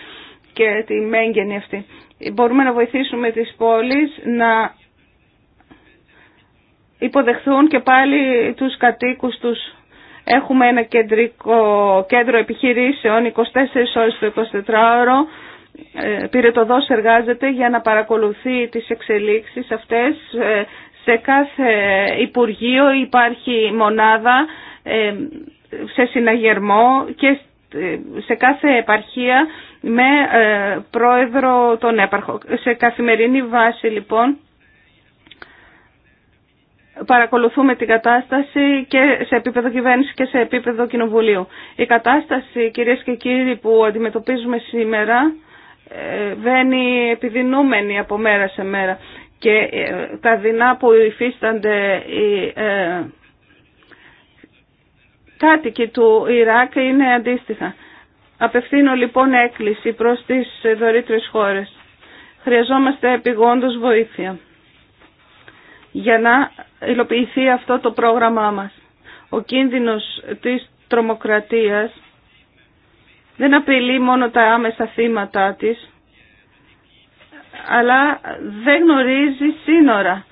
και τη μέγενη αυτή. Μπορούμε να βοηθήσουμε τις πόλεις να υποδεχθούν και πάλι τους κατοίκους τους. Έχουμε ένα κεντρικό κέντρο επιχειρήσεων 24 ώρες το 24ωρο. Ε, πυρετοδός εργάζεται για να παρακολουθεί τις εξελίξεις αυτές ε, σε κάθε Υπουργείο υπάρχει μονάδα ε, σε συναγερμό και ε, σε κάθε επαρχία με ε, πρόεδρο τον έπαρχο. Σε καθημερινή βάση λοιπόν παρακολουθούμε την κατάσταση και σε επίπεδο κυβέρνηση και σε επίπεδο κοινοβουλίου. Η κατάσταση κυρίες και κύριοι που αντιμετωπίζουμε σήμερα βαίνει επιδεινούμενη από μέρα σε μέρα και ε, τα δεινά που υφίστανται οι ε, κάτοικοι του Ιράκ είναι αντίστοιχα. Απευθύνω λοιπόν έκκληση προς τις δωρήτρες χώρες. Χρειαζόμαστε επιγόντως βοήθεια για να υλοποιηθεί αυτό το πρόγραμμά μας. Ο κίνδυνος της τρομοκρατίας δεν απειλεί μόνο τα άμεσα θύματα της, αλλά δεν γνωρίζει σύνορα.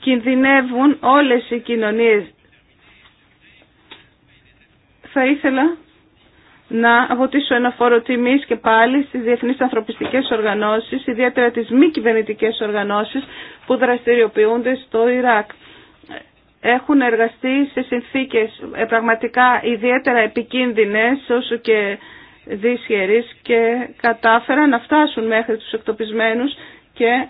Κινδυνεύουν όλες οι κοινωνίες. Θα ήθελα να αποτίσω ένα φόρο τιμής και πάλι στις διεθνείς ανθρωπιστικές οργανώσεις, ιδιαίτερα τις μη κυβερνητικέ οργανώσεις που δραστηριοποιούνται στο Ιράκ. Έχουν εργαστεί σε συνθήκες ε, πραγματικά ιδιαίτερα επικίνδυνες όσο και και κατάφεραν να φτάσουν μέχρι τους εκτοπισμένους και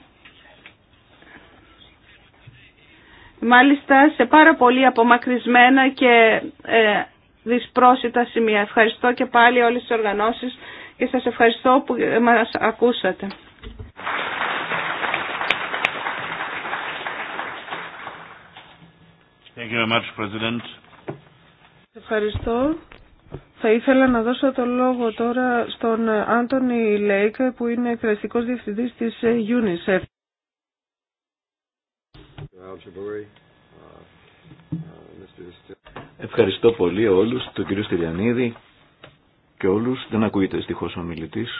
μάλιστα σε πάρα πολύ απομακρυσμένα και ε, δυσπρόσιτα σημεία. Ευχαριστώ και πάλι όλες τις οργανώσεις και σας ευχαριστώ που μας ακούσατε. Thank you very much, President. Ευχαριστώ. Θα ήθελα να δώσω το λόγο τώρα στον Άντωνη Λέικ που είναι εκτελεστικός διευθυντής της ε, UNICEF. Ευχαριστώ πολύ όλους, τον κύριο Στυλιανίδη και όλους. Δεν ακούγεται στοιχώς ο μιλητής.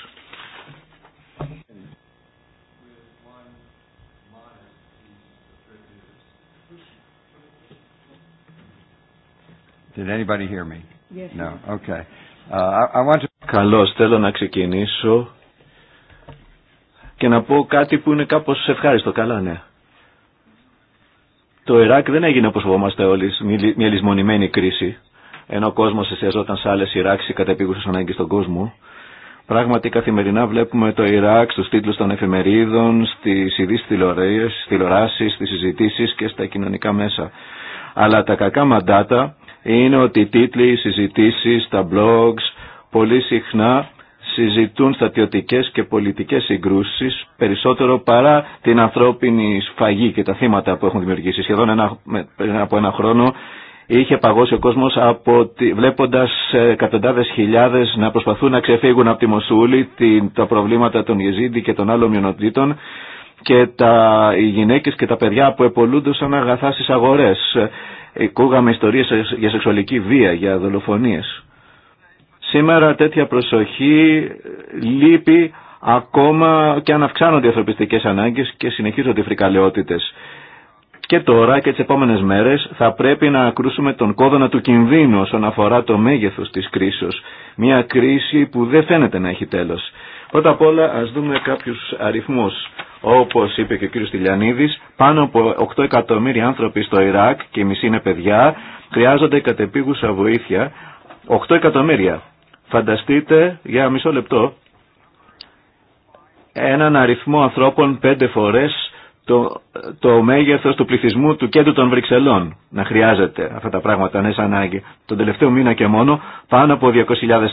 Did anybody hear me? Καλώ uh, Καλώς, θέλω να ξεκινήσω και να πω κάτι που είναι κάπως ευχάριστο. Καλά, ναι. Το Ιράκ δεν έγινε όπως φοβόμαστε όλοι, μια λησμονημένη κρίση, ενώ ο κόσμος εστιαζόταν σε άλλες Ιράξεις κατά επίγουσες ανάγκες στον κόσμο. Πράγματι καθημερινά βλέπουμε το Ιράκ στους τίτλους των εφημερίδων, στις ειδήσεις τηλεοράσεις, στις συζητήσεις και στα κοινωνικά μέσα. Αλλά τα κακά μαντάτα είναι ότι οι τίτλοι, οι συζητήσεις, τα blogs πολύ συχνά συζητούν στατιωτικές και πολιτικές συγκρούσεις περισσότερο παρά την ανθρώπινη σφαγή και τα θύματα που έχουν δημιουργήσει. Σχεδόν ένα, πριν από ένα χρόνο είχε παγώσει ο κόσμος από βλέποντας ε, εκατοντάδες χιλιάδες να προσπαθούν να ξεφύγουν από τη Μοσούλη την, τα προβλήματα των Ιεζίντι και των άλλων μειονοτήτων και τα, οι γυναίκες και τα παιδιά που επολούντουσαν αγαθά στις αγορές Ακούγαμε ε, ιστορίες για σεξουαλική βία, για δολοφονίες. Σήμερα τέτοια προσοχή ε, λείπει ακόμα και αν αυξάνονται οι ανθρωπιστικές ανάγκες και συνεχίζονται οι φρικαλαιότητες. Και τώρα και τις επόμενες μέρες θα πρέπει να ακρούσουμε τον κόδωνα του κινδύνου όσον αφορά το μέγεθος της κρίσης. Μια κρίση που δεν φαίνεται να έχει τέλος. Πρώτα απ' όλα ας δούμε κάποιους αριθμούς. Όπως είπε και ο κύριος Τηλιανίδης, πάνω από 8 εκατομμύρια άνθρωποι στο Ιράκ και η μισή είναι παιδιά, χρειάζονται κατεπίγουσα βοήθεια. 8 εκατομμύρια. Φανταστείτε για μισό λεπτό έναν αριθμό ανθρώπων πέντε φορές το, το μέγεθος του πληθυσμού του κέντρου των Βρυξελών να χρειάζεται αυτά τα πράγματα είναι ανάγκη. Τον τελευταίο μήνα και μόνο πάνω από 200.000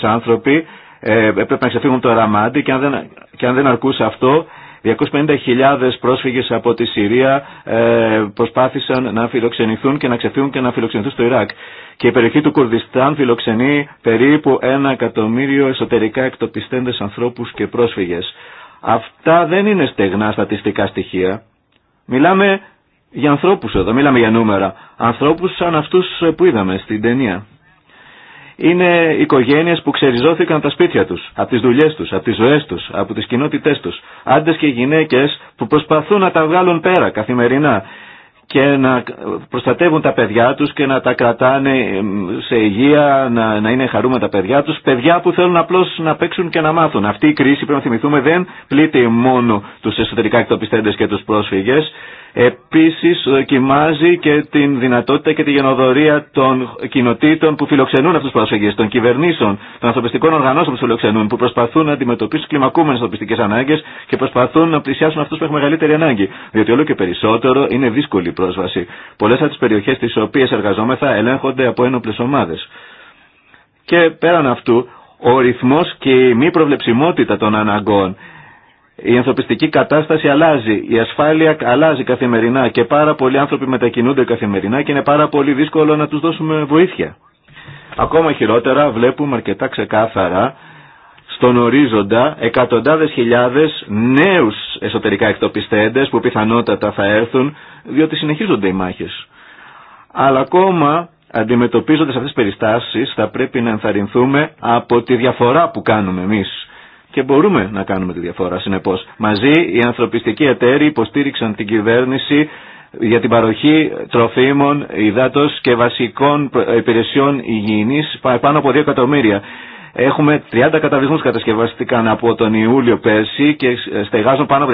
άνθρωποι ε, έπρεπε να ξεφύγουν το Ραμάντι και αν, δεν, και αν δεν αρκούσε αυτό 250.000 πρόσφυγες από τη Συρία ε, προσπάθησαν να φιλοξενηθούν και να ξεφύγουν και να φιλοξενηθούν στο Ιράκ. Και η περιοχή του Κουρδιστάν φιλοξενεί περίπου ένα εκατομμύριο εσωτερικά εκτοπιστέντες ανθρώπους και πρόσφυγες. Αυτά δεν είναι στεγνά στατιστικά στοιχεία. Μιλάμε για ανθρώπους εδώ, μιλάμε για νούμερα. Ανθρώπους σαν αυτούς που είδαμε στην ταινία είναι οικογένειες που ξεριζώθηκαν τα σπίτια τους, από τις δουλειές τους, από τις ζωές τους, από τις κοινότητές τους. άντε και γυναίκες που προσπαθούν να τα βγάλουν πέρα καθημερινά και να προστατεύουν τα παιδιά τους και να τα κρατάνε ε, σε υγεία, να, να είναι χαρούμενα τα παιδιά τους. Παιδιά που θέλουν απλώς να παίξουν και να μάθουν. Αυτή η κρίση πρέπει να θυμηθούμε δεν πλήττει μόνο τους εσωτερικά εκτοπιστέντες και τους πρόσφυγες. Επίσης δοκιμάζει ε, και την δυνατότητα και τη γενοδορία των κοινοτήτων που φιλοξενούν αυτούς τους προσφυγές, των κυβερνήσεων, των ανθρωπιστικών οργανώσεων που φιλοξενούν, που προσπαθούν να αντιμετωπίσουν κλιμακούμενες ανθρωπιστικές ανάγκες και προσπαθούν να πλησιάσουν αυτούς που έχουν μεγαλύτερη ανάγκη. Διότι όλο και περισσότερο είναι δύσκολη η πρόσβαση. Πολλές από τις περιοχές τις οποίες εργαζόμεθα ελέγχονται από ένοπλες ομάδες. Και πέραν αυτού, ο ρυθμός και η μη προβλεψιμότητα των αναγκών η ανθρωπιστική κατάσταση αλλάζει, η ασφάλεια αλλάζει καθημερινά και πάρα πολλοί άνθρωποι μετακινούνται καθημερινά και είναι πάρα πολύ δύσκολο να τους δώσουμε βοήθεια. Ακόμα χειρότερα βλέπουμε αρκετά ξεκάθαρα στον ορίζοντα εκατοντάδες χιλιάδες νέους εσωτερικά εκτοπιστέντες που πιθανότατα θα έρθουν διότι συνεχίζονται οι μάχες. Αλλά ακόμα αντιμετωπίζοντας αυτές τις περιστάσεις θα πρέπει να ενθαρρυνθούμε από τη διαφορά που κάνουμε εμείς και μπορούμε να κάνουμε τη διαφορά. Συνεπώς, μαζί οι ανθρωπιστικοί εταίροι υποστήριξαν την κυβέρνηση για την παροχή τροφίμων, υδάτο και βασικών υπηρεσιών υγιεινής πάνω από 2 εκατομμύρια. Έχουμε 30 καταβλισμούς κατασκευαστήκαν από τον Ιούλιο πέρσι και στεγάζουν πάνω από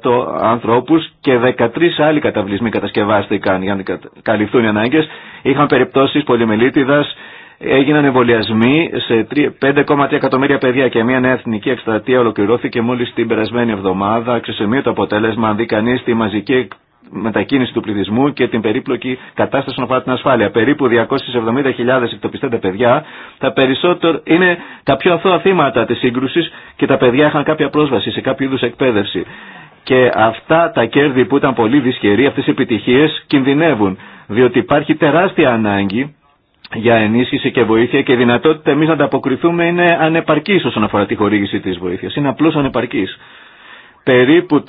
240.000 ανθρώπους και 13 άλλοι καταβλισμοί κατασκευάστηκαν για να καλυφθούν οι ανάγκες. Είχαν περιπτώσεις πολυμελίτιδας, έγιναν εμβολιασμοί σε 5,3 εκατομμύρια παιδιά και μια νέα εθνική εκστρατεία ολοκληρώθηκε μόλις την περασμένη εβδομάδα. Ξεσημείω το αποτέλεσμα, αν δει κανείς τη μαζική μετακίνηση του πληθυσμού και την περίπλοκη κατάσταση να την ασφάλεια. Περίπου 270.000 εκτοπιστέντε παιδιά τα περισσότερο είναι τα πιο αθώα θύματα της σύγκρουσης και τα παιδιά είχαν κάποια πρόσβαση σε κάποιο είδους εκπαίδευση. Και αυτά τα κέρδη που ήταν πολύ δυσχεροί, αυτές οι επιτυχίες κινδυνεύουν, διότι υπάρχει τεράστια ανάγκη για ενίσχυση και βοήθεια και η δυνατότητα εμεί να ανταποκριθούμε είναι ανεπαρκή όσον αφορά τη χορήγηση τη βοήθεια. Είναι απλώ ανεπαρκή. Περίπου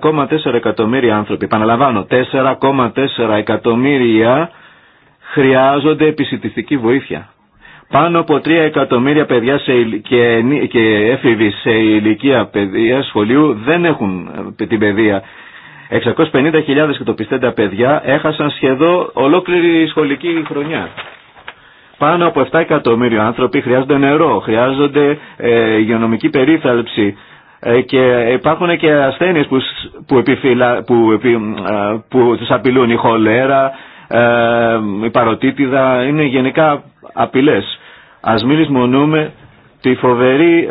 4,4 εκατομμύρια άνθρωποι, επαναλαμβάνω, 4,4 εκατομμύρια χρειάζονται επισητιστική βοήθεια. Πάνω από 3 εκατομμύρια παιδιά σε και, και έφηβοι σε ηλικία παιδεία σχολείου δεν έχουν ε, την παιδεία. 650.000 και το παιδιά έχασαν σχεδόν ολόκληρη σχολική χρονιά. Πάνω από 7 εκατομμύρια άνθρωποι χρειάζονται νερό, χρειάζονται ε, υγειονομική περίθαλψη ε, και υπάρχουν και ασθένειες που, που, επιφυλα, που, επι, ε, που τους απειλούν η χολέρα, ε, η παροτίτιδα, είναι γενικά απειλές. Ας μην λησμονούμε τη φοβερή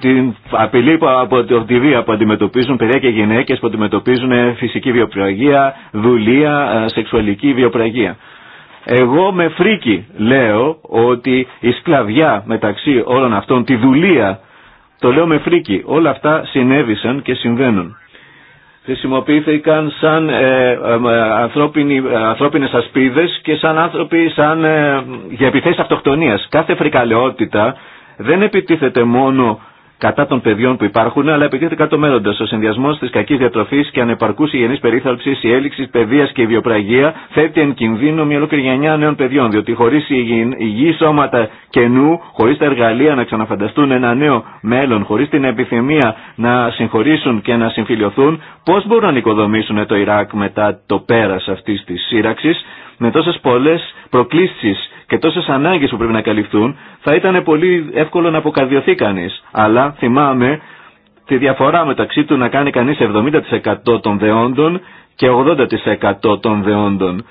την απειλή από τη βία που αντιμετωπίζουν παιδιά και γυναίκες που αντιμετωπίζουν φυσική βιοπραγία, δουλεία, σεξουαλική βιοπραγία. Εγώ με φρίκι λέω ότι η σκλαβιά μεταξύ όλων αυτών, τη δουλεία, το λέω με φρίκι, όλα αυτά συνέβησαν και συμβαίνουν. Χρησιμοποιήθηκαν σαν ε, ε, ε, ε, ανθρώπινες ασπίδες και σαν άνθρωποι σαν, ε, για επιθέσεις αυτοκτονίας. Κάθε φρικαλαιότητα δεν επιτίθεται μόνο κατά των παιδιών που υπάρχουν, αλλά κατά το μέλλοντα. Ο συνδυασμό τη κακή διατροφή και ανεπαρκού υγιεινή περίθαλψη, η έλλειξη παιδεία και η βιοπραγία θέτει εν κινδύνο μια ολόκληρη γενιά νέων παιδιών. Διότι χωρί υγιή σώματα καινού, χωρί τα εργαλεία να ξαναφανταστούν ένα νέο μέλλον, χωρί την επιθυμία να συγχωρήσουν και να συμφιλειωθούν, πώ μπορούν να οικοδομήσουν το Ιράκ μετά το πέρα αυτή τη σύραξη με τόσε πολλέ προκλήσει και τόσε ανάγκες που πρέπει να καλυφθούν, θα ήταν πολύ εύκολο να αποκαρδιωθεί κανεί. Αλλά θυμάμαι τη διαφορά μεταξύ του να κάνει κανείς 70% των δεόντων και 80% των δεόντων.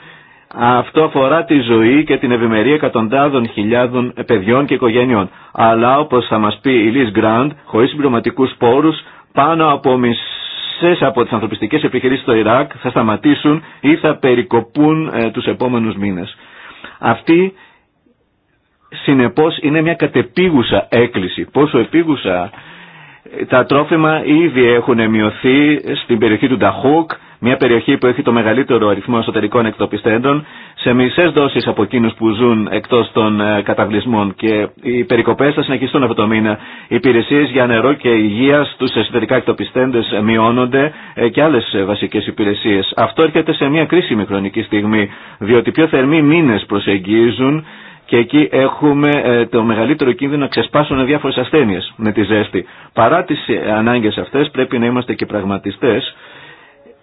Αυτό αφορά τη ζωή και την ευημερία εκατοντάδων χιλιάδων παιδιών και οικογενειών. Αλλά όπως θα μας πει η Λις Γκραντ, χωρίς συμπληρωματικού πόρους, πάνω από μισές από τις ανθρωπιστικές επιχειρήσεις στο Ιράκ θα σταματήσουν ή θα περικοπούν ε, τους επόμενους Αυτή Συνεπώς είναι μια κατεπίγουσα έκκληση. Πόσο επίγουσα τα τρόφιμα ήδη έχουν μειωθεί στην περιοχή του Νταχούκ, μια περιοχή που έχει το μεγαλύτερο αριθμό εσωτερικών εκτοπιστέντων, σε μισέ δόσει από εκείνου που ζουν εκτό των ε, καταβλισμών. Και οι περικοπέ θα συνεχιστούν αυτό το μήνα. Οι υπηρεσίε για νερό και υγεία στου εσωτερικά εκτοπιστέντε μειώνονται ε, και άλλε βασικέ υπηρεσίε. Αυτό έρχεται σε μια κρίσιμη χρονική στιγμή, διότι πιο θερμοί μήνε προσεγγίζουν και εκεί έχουμε ε, το μεγαλύτερο κίνδυνο να ξεσπάσουν διάφορες ασθένειες με τη ζέστη. Παρά τις ε, ανάγκες αυτές πρέπει να είμαστε και πραγματιστές.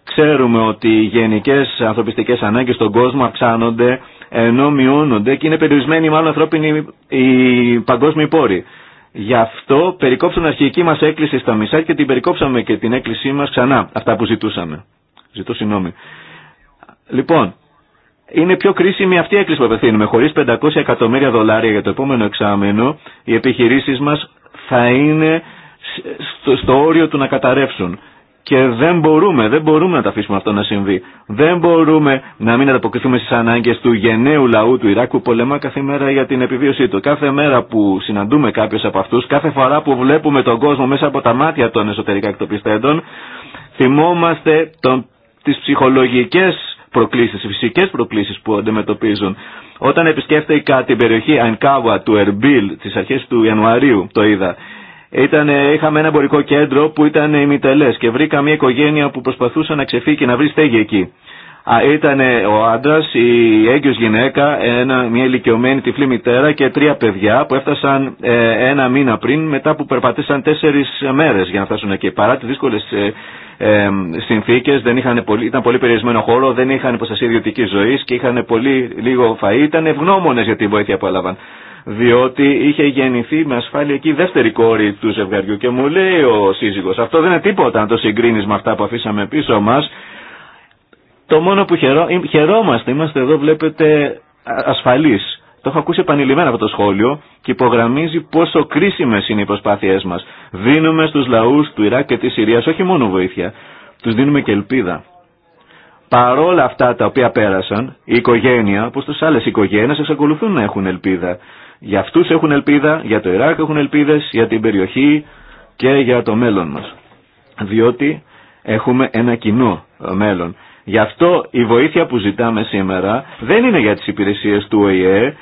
Ξέρουμε ότι οι γενικές ανθρωπιστικές ανάγκες στον κόσμο αυξάνονται ενώ μειώνονται και είναι περιορισμένοι μάλλον ανθρώπινοι οι παγκόσμιοι πόροι. Γι' αυτό περικόψαμε αρχική μας έκκληση στα μισά και την περικόψαμε και την έκκλησή μας ξανά, αυτά που ζητούσαμε. Ζητώ συγγνώμη. Λοιπόν, είναι πιο κρίσιμη αυτή η έκκληση που απευθύνουμε. Χωρίς 500 εκατομμύρια δολάρια για το επόμενο εξάμενο, οι επιχειρήσει μα θα είναι στο, όριο του να καταρρεύσουν. Και δεν μπορούμε, δεν μπορούμε να τα αφήσουμε αυτό να συμβεί. Δεν μπορούμε να μην ανταποκριθούμε στι ανάγκε του γενναίου λαού του Ιράκου που πολεμά κάθε μέρα για την επιβίωσή του. Κάθε μέρα που συναντούμε κάποιου από αυτού, κάθε φορά που βλέπουμε τον κόσμο μέσα από τα μάτια των εσωτερικά εκτοπιστέντων, θυμόμαστε τι ψυχολογικέ προκλήσεις, οι φυσικές προκλήσεις που αντιμετωπίζουν. Όταν επισκέφτηκα την περιοχή Ανκάβα του Ερμπίλ στις αρχές του Ιανουαρίου, το είδα, ήταν, είχαμε ένα εμπορικό κέντρο που ήταν ημιτελές και βρήκα μια οικογένεια που προσπαθούσε να ξεφύγει και να βρει στέγη εκεί. Ήταν ο άντρα, η έγκυο γυναίκα, ένα, μια ηλικιωμένη τυφλή μητέρα και τρία παιδιά που έφτασαν ε, ένα μήνα πριν μετά που περπατήσαν τέσσερι μέρε για να φτάσουν εκεί. Παρά τι δύσκολε. Ε, ε, συνθήκε, ήταν πολύ περιορισμένο χώρο, δεν είχαν προστασία ιδιωτική ζωή και είχαν πολύ λίγο φα. Ήταν ευγνώμονε για την βοήθεια που έλαβαν. Διότι είχε γεννηθεί με ασφάλεια εκεί η δεύτερη κόρη του ζευγαριού και μου λέει ο σύζυγο, αυτό δεν είναι τίποτα να το συγκρίνει με αυτά που αφήσαμε πίσω μα. Το μόνο που χαιρόμαστε, είμαστε εδώ βλέπετε ασφαλείς. Το έχω ακούσει επανειλημμένα από το σχόλιο και υπογραμμίζει πόσο κρίσιμε είναι οι προσπάθειέ μα. Δίνουμε στου λαού του Ιράκ και τη Συρία όχι μόνο βοήθεια, του δίνουμε και ελπίδα. Παρόλα αυτά τα οποία πέρασαν, η οικογένεια, όπω τι άλλε οικογένειε, εξακολουθούν να έχουν ελπίδα. Για αυτού έχουν ελπίδα, για το Ιράκ έχουν ελπίδε, για την περιοχή και για το μέλλον μα. Διότι έχουμε ένα κοινό μέλλον. Γι' αυτό η βοήθεια που ζητάμε σήμερα δεν είναι για τις υπηρεσίες του ΟΗΕ,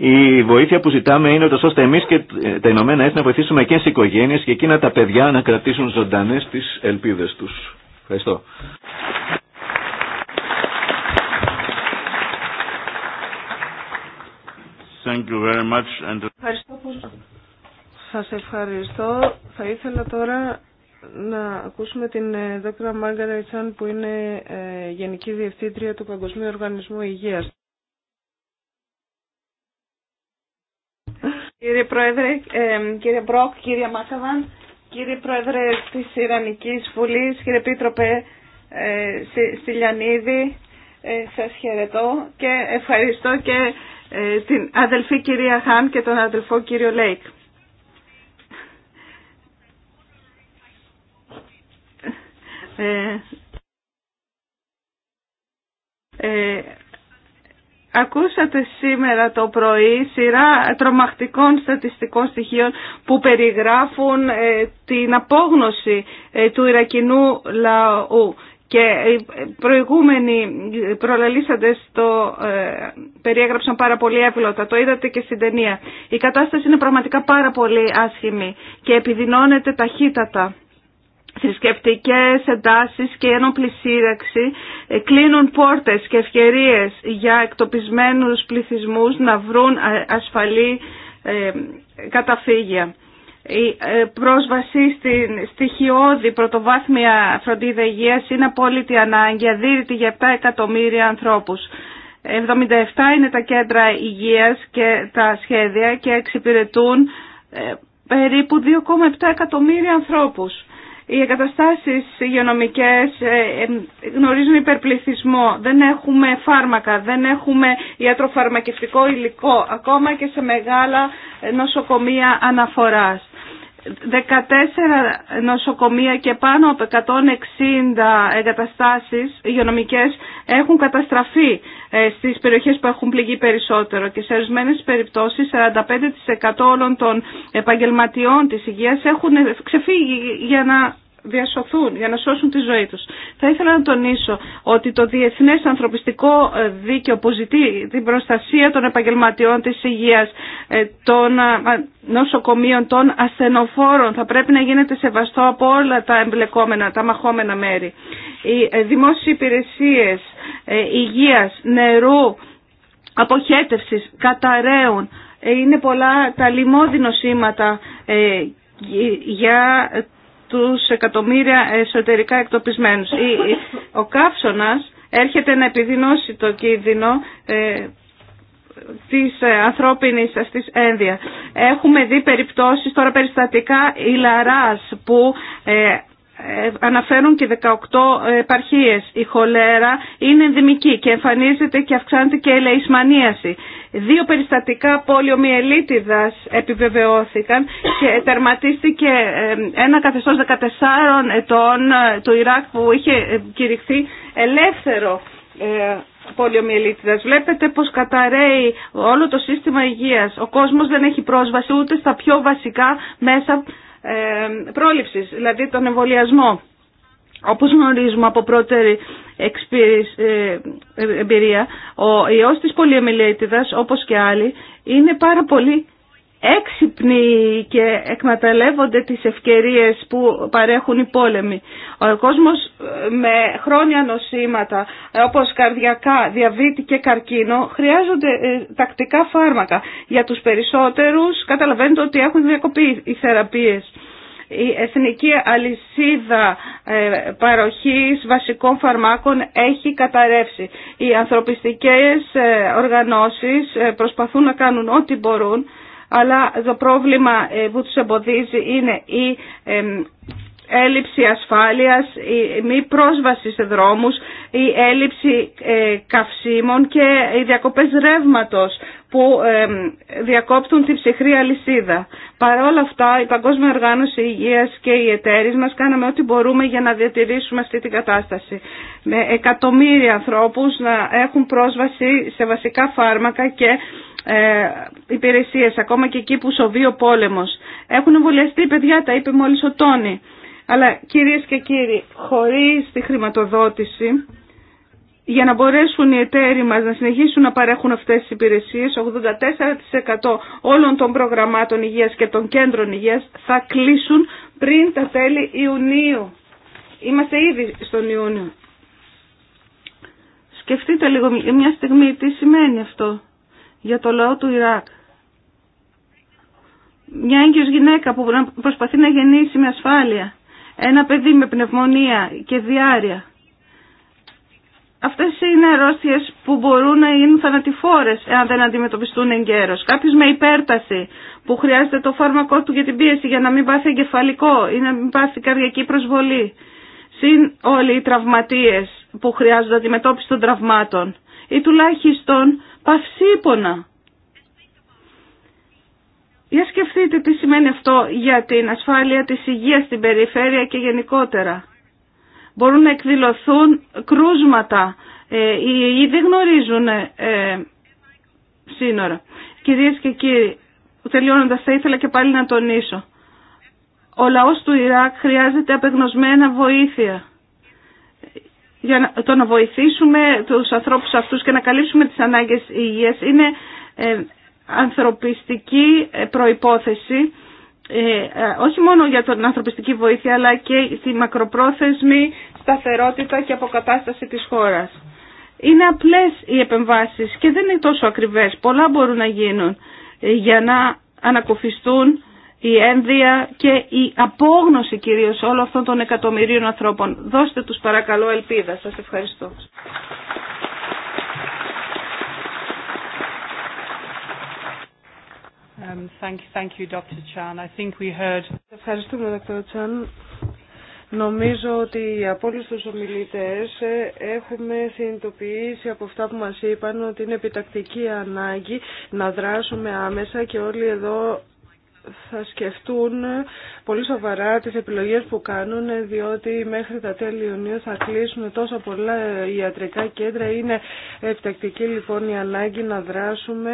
η βοήθεια που ζητάμε είναι ώστε εμεί και τα Ηνωμένα Έθνη να βοηθήσουμε και τι οικογένειε και εκείνα τα παιδιά να κρατήσουν ζωντανέ τις ελπίδε του. Ευχαριστώ. Thank you very much. Ευχαριστώ Σας ευχαριστώ. Θα ήθελα τώρα να ακούσουμε την ε, δόκτωρα Μάγκαρα Ιτσάν που είναι ε, Γενική Διευθύντρια του Παγκοσμίου Οργανισμού Υγείας. Κύριε Πρόεδρε, κύριε Μπρόκ, κύριε Μάκαβαν, κύριε Πρόεδρε της Ιρανικής Βουλής, κύριε Πίτροπε ε, Στυλιανίδη, ε, σας χαιρετώ και ευχαριστώ και ε, την αδελφή κυρία Χάν και τον αδελφό κύριο Λέικ. Ε, ε, Ακούσατε σήμερα το πρωί σειρά τρομακτικών στατιστικών στοιχείων που περιγράφουν ε, την απόγνωση ε, του Ιρακινού λαού. Και οι ε, προηγούμενοι προλαλήσαντες το περιέγραψαν πάρα πολύ εύγλωτα, το είδατε και στην ταινία. Η κατάσταση είναι πραγματικά πάρα πολύ άσχημη και επιδεινώνεται ταχύτατα θρησκευτικές εντάσεις και ένοπλη σύραξη ε, κλείνουν πόρτες και ευκαιρίες για εκτοπισμένους πληθυσμούς να βρουν ε, ασφαλή ε, καταφύγια. Η πρόσβαση στην στοιχειώδη πρωτοβάθμια φροντίδα υγείας είναι απόλυτη ανάγκη, αδύρυτη για 7 εκατομμύρια ανθρώπους. 77 είναι τα κέντρα υγείας και τα σχέδια και εξυπηρετούν περίπου 2,7 εκατομμύρια ανθρώπους. Οι εγκαταστάσεις υγειονομικές ε, γνωρίζουν υπερπληθυσμό, δεν έχουμε φάρμακα, δεν έχουμε ιατροφαρμακευτικό υλικό, ακόμα και σε μεγάλα ε, νοσοκομεία αναφοράς. 14 νοσοκομεία και πάνω από 160 εγκαταστάσεις υγειονομικές έχουν καταστραφεί ε, στις περιοχές που έχουν πληγεί περισσότερο και σε ορισμένε περιπτώσεις 45% όλων των επαγγελματιών της υγείας έχουν ξεφύγει για να διασωθούν, για να σώσουν τη ζωή τους. Θα ήθελα να τονίσω ότι το Διεθνές Ανθρωπιστικό ε, Δίκαιο που ζητεί την προστασία των επαγγελματιών της υγείας, ε, των ε, νοσοκομείων, των ασθενοφόρων θα πρέπει να γίνεται σεβαστό από όλα τα εμπλεκόμενα, τα μαχόμενα μέρη. Οι δημόσιες υπηρεσίες υγείας, νερού, αποχέτευσης, καταραίων, είναι πολλά τα λοιμώδη σήματα για τους εκατομμύρια εσωτερικά εκτοπισμένους. Ο καύσωνας έρχεται να επιδεινώσει το κίνδυνο ε, της ε, ανθρώπινης αυτής ένδια Έχουμε δει περιπτώσεις τώρα περιστατικά ηλαράς που ε, ε, αναφέρουν και 18 επαρχίες. Η χολέρα είναι ενδημική και εμφανίζεται και αυξάνεται και η λαϊσμανίαση. Δύο περιστατικά πολιομιελίτιδας επιβεβαιώθηκαν και τερματίστηκε ε, ένα καθεστώς 14 ετών ε, του Ιράκ που είχε κηρυχθεί ελεύθερο πολιομιελίτιδας. Βλέπετε πως καταραίει όλο το σύστημα υγείας. Ο κόσμος δεν έχει πρόσβαση ούτε στα πιο βασικά μέσα ε, πρόληψης, δηλαδή τον εμβολιασμό. Όπως γνωρίζουμε από πρώτερη ε, ε, εμπειρία, ο ιός της πολυεμιλιαίτιδας, όπως και άλλοι, είναι πάρα πολύ έξυπνοι και εκμεταλλεύονται τις ευκαιρίες που παρέχουν οι πόλεμοι. Ο κόσμος ε, με χρόνια νοσήματα ε, όπως καρδιακά, διαβήτη και καρκίνο χρειάζονται ε, τακτικά φάρμακα. Για τους περισσότερους καταλαβαίνετε ότι έχουν διακοπεί οι θεραπείες. Η εθνική αλυσίδα παροχής βασικών φαρμάκων έχει καταρρεύσει. Οι ανθρωπιστικές οργανώσεις προσπαθούν να κάνουν ό,τι μπορούν αλλά το πρόβλημα ε, που τους εμποδίζει είναι η ε, έλλειψη ασφάλειας, η μη πρόσβαση σε δρόμους, η έλλειψη ε, καυσίμων και οι διακοπές ρεύματος που ε, διακόπτουν τη ψυχρή αλυσίδα. Παρ' όλα αυτά η Παγκόσμια Οργάνωση Υγείας και οι εταίρες μας κάναμε ό,τι μπορούμε για να διατηρήσουμε αυτή την κατάσταση. Με εκατομμύρια ανθρώπους να έχουν πρόσβαση σε βασικά φάρμακα και ε, υπηρεσίες, ακόμα και εκεί που σοβεί ο πόλεμος. Έχουν εμβολιαστεί παιδιά, τα είπε μόλις ο Τόνι. Αλλά κυρίες και κύριοι, χωρίς τη χρηματοδότηση, για να μπορέσουν οι εταίροι μας να συνεχίσουν να παρέχουν αυτές τις υπηρεσίες, 84% όλων των προγραμμάτων υγείας και των κέντρων υγείας θα κλείσουν πριν τα τέλη Ιουνίου. Είμαστε ήδη στον Ιούνιο. Σκεφτείτε λίγο μια στιγμή τι σημαίνει αυτό για το λαό του Ιράκ. Μια έγκυος γυναίκα που προσπαθεί να γεννήσει με ασφάλεια ένα παιδί με πνευμονία και διάρρεια. Αυτές είναι αρρώστιες που μπορούν να είναι θανατηφόρες εάν δεν αντιμετωπιστούν εγκαίρως. Κάποιος με υπέρταση που χρειάζεται το φάρμακό του για την πίεση για να μην πάθει εγκεφαλικό ή να μην πάθει καρδιακή προσβολή. Συν όλοι οι τραυματίες που χρειάζονται αντιμετώπιση των τραυμάτων ή τουλάχιστον παυσίπονα για σκεφτείτε τι σημαίνει αυτό για την ασφάλεια της υγείας στην περιφέρεια και γενικότερα. Μπορούν να εκδηλωθούν κρούσματα ε, ή δεν γνωρίζουν ε, ε, σύνορα. Κυρίες και κύριοι, τελειώνοντας θα ήθελα και πάλι να τονίσω. Ο λαός του Ιράκ χρειάζεται απεγνωσμένα βοήθεια για το να βοηθήσουμε τους ανθρώπους αυτούς και να καλύψουμε τις ανάγκες υγείας είναι ανθρωπιστική προϋπόθεση ε, ε, όχι μόνο για την ανθρωπιστική βοήθεια αλλά και τη μακροπρόθεσμη σταθερότητα και αποκατάσταση της χώρας. Είναι απλές οι επεμβάσεις και δεν είναι τόσο ακριβές. Πολλά μπορούν να γίνουν ε, για να ανακουφιστούν η ένδυα και η απόγνωση κυρίως όλων αυτών των εκατομμυρίων ανθρώπων. Δώστε τους παρακαλώ ελπίδα. Σας ευχαριστώ. Ευχαριστούμε, Dr. Τσάν. Νομίζω ότι από όλου του ομιλητέ ε, έχουμε συνειδητοποιήσει από αυτά που μα είπαν ότι είναι επιτακτική ανάγκη να δράσουμε άμεσα και όλοι εδώ θα σκεφτούν πολύ σοβαρά τις επιλογές που κάνουν διότι μέχρι τα τέλη Ιουνίου θα κλείσουν τόσα πολλά ιατρικά κέντρα. Είναι επιτακτική λοιπόν η ανάγκη να δράσουμε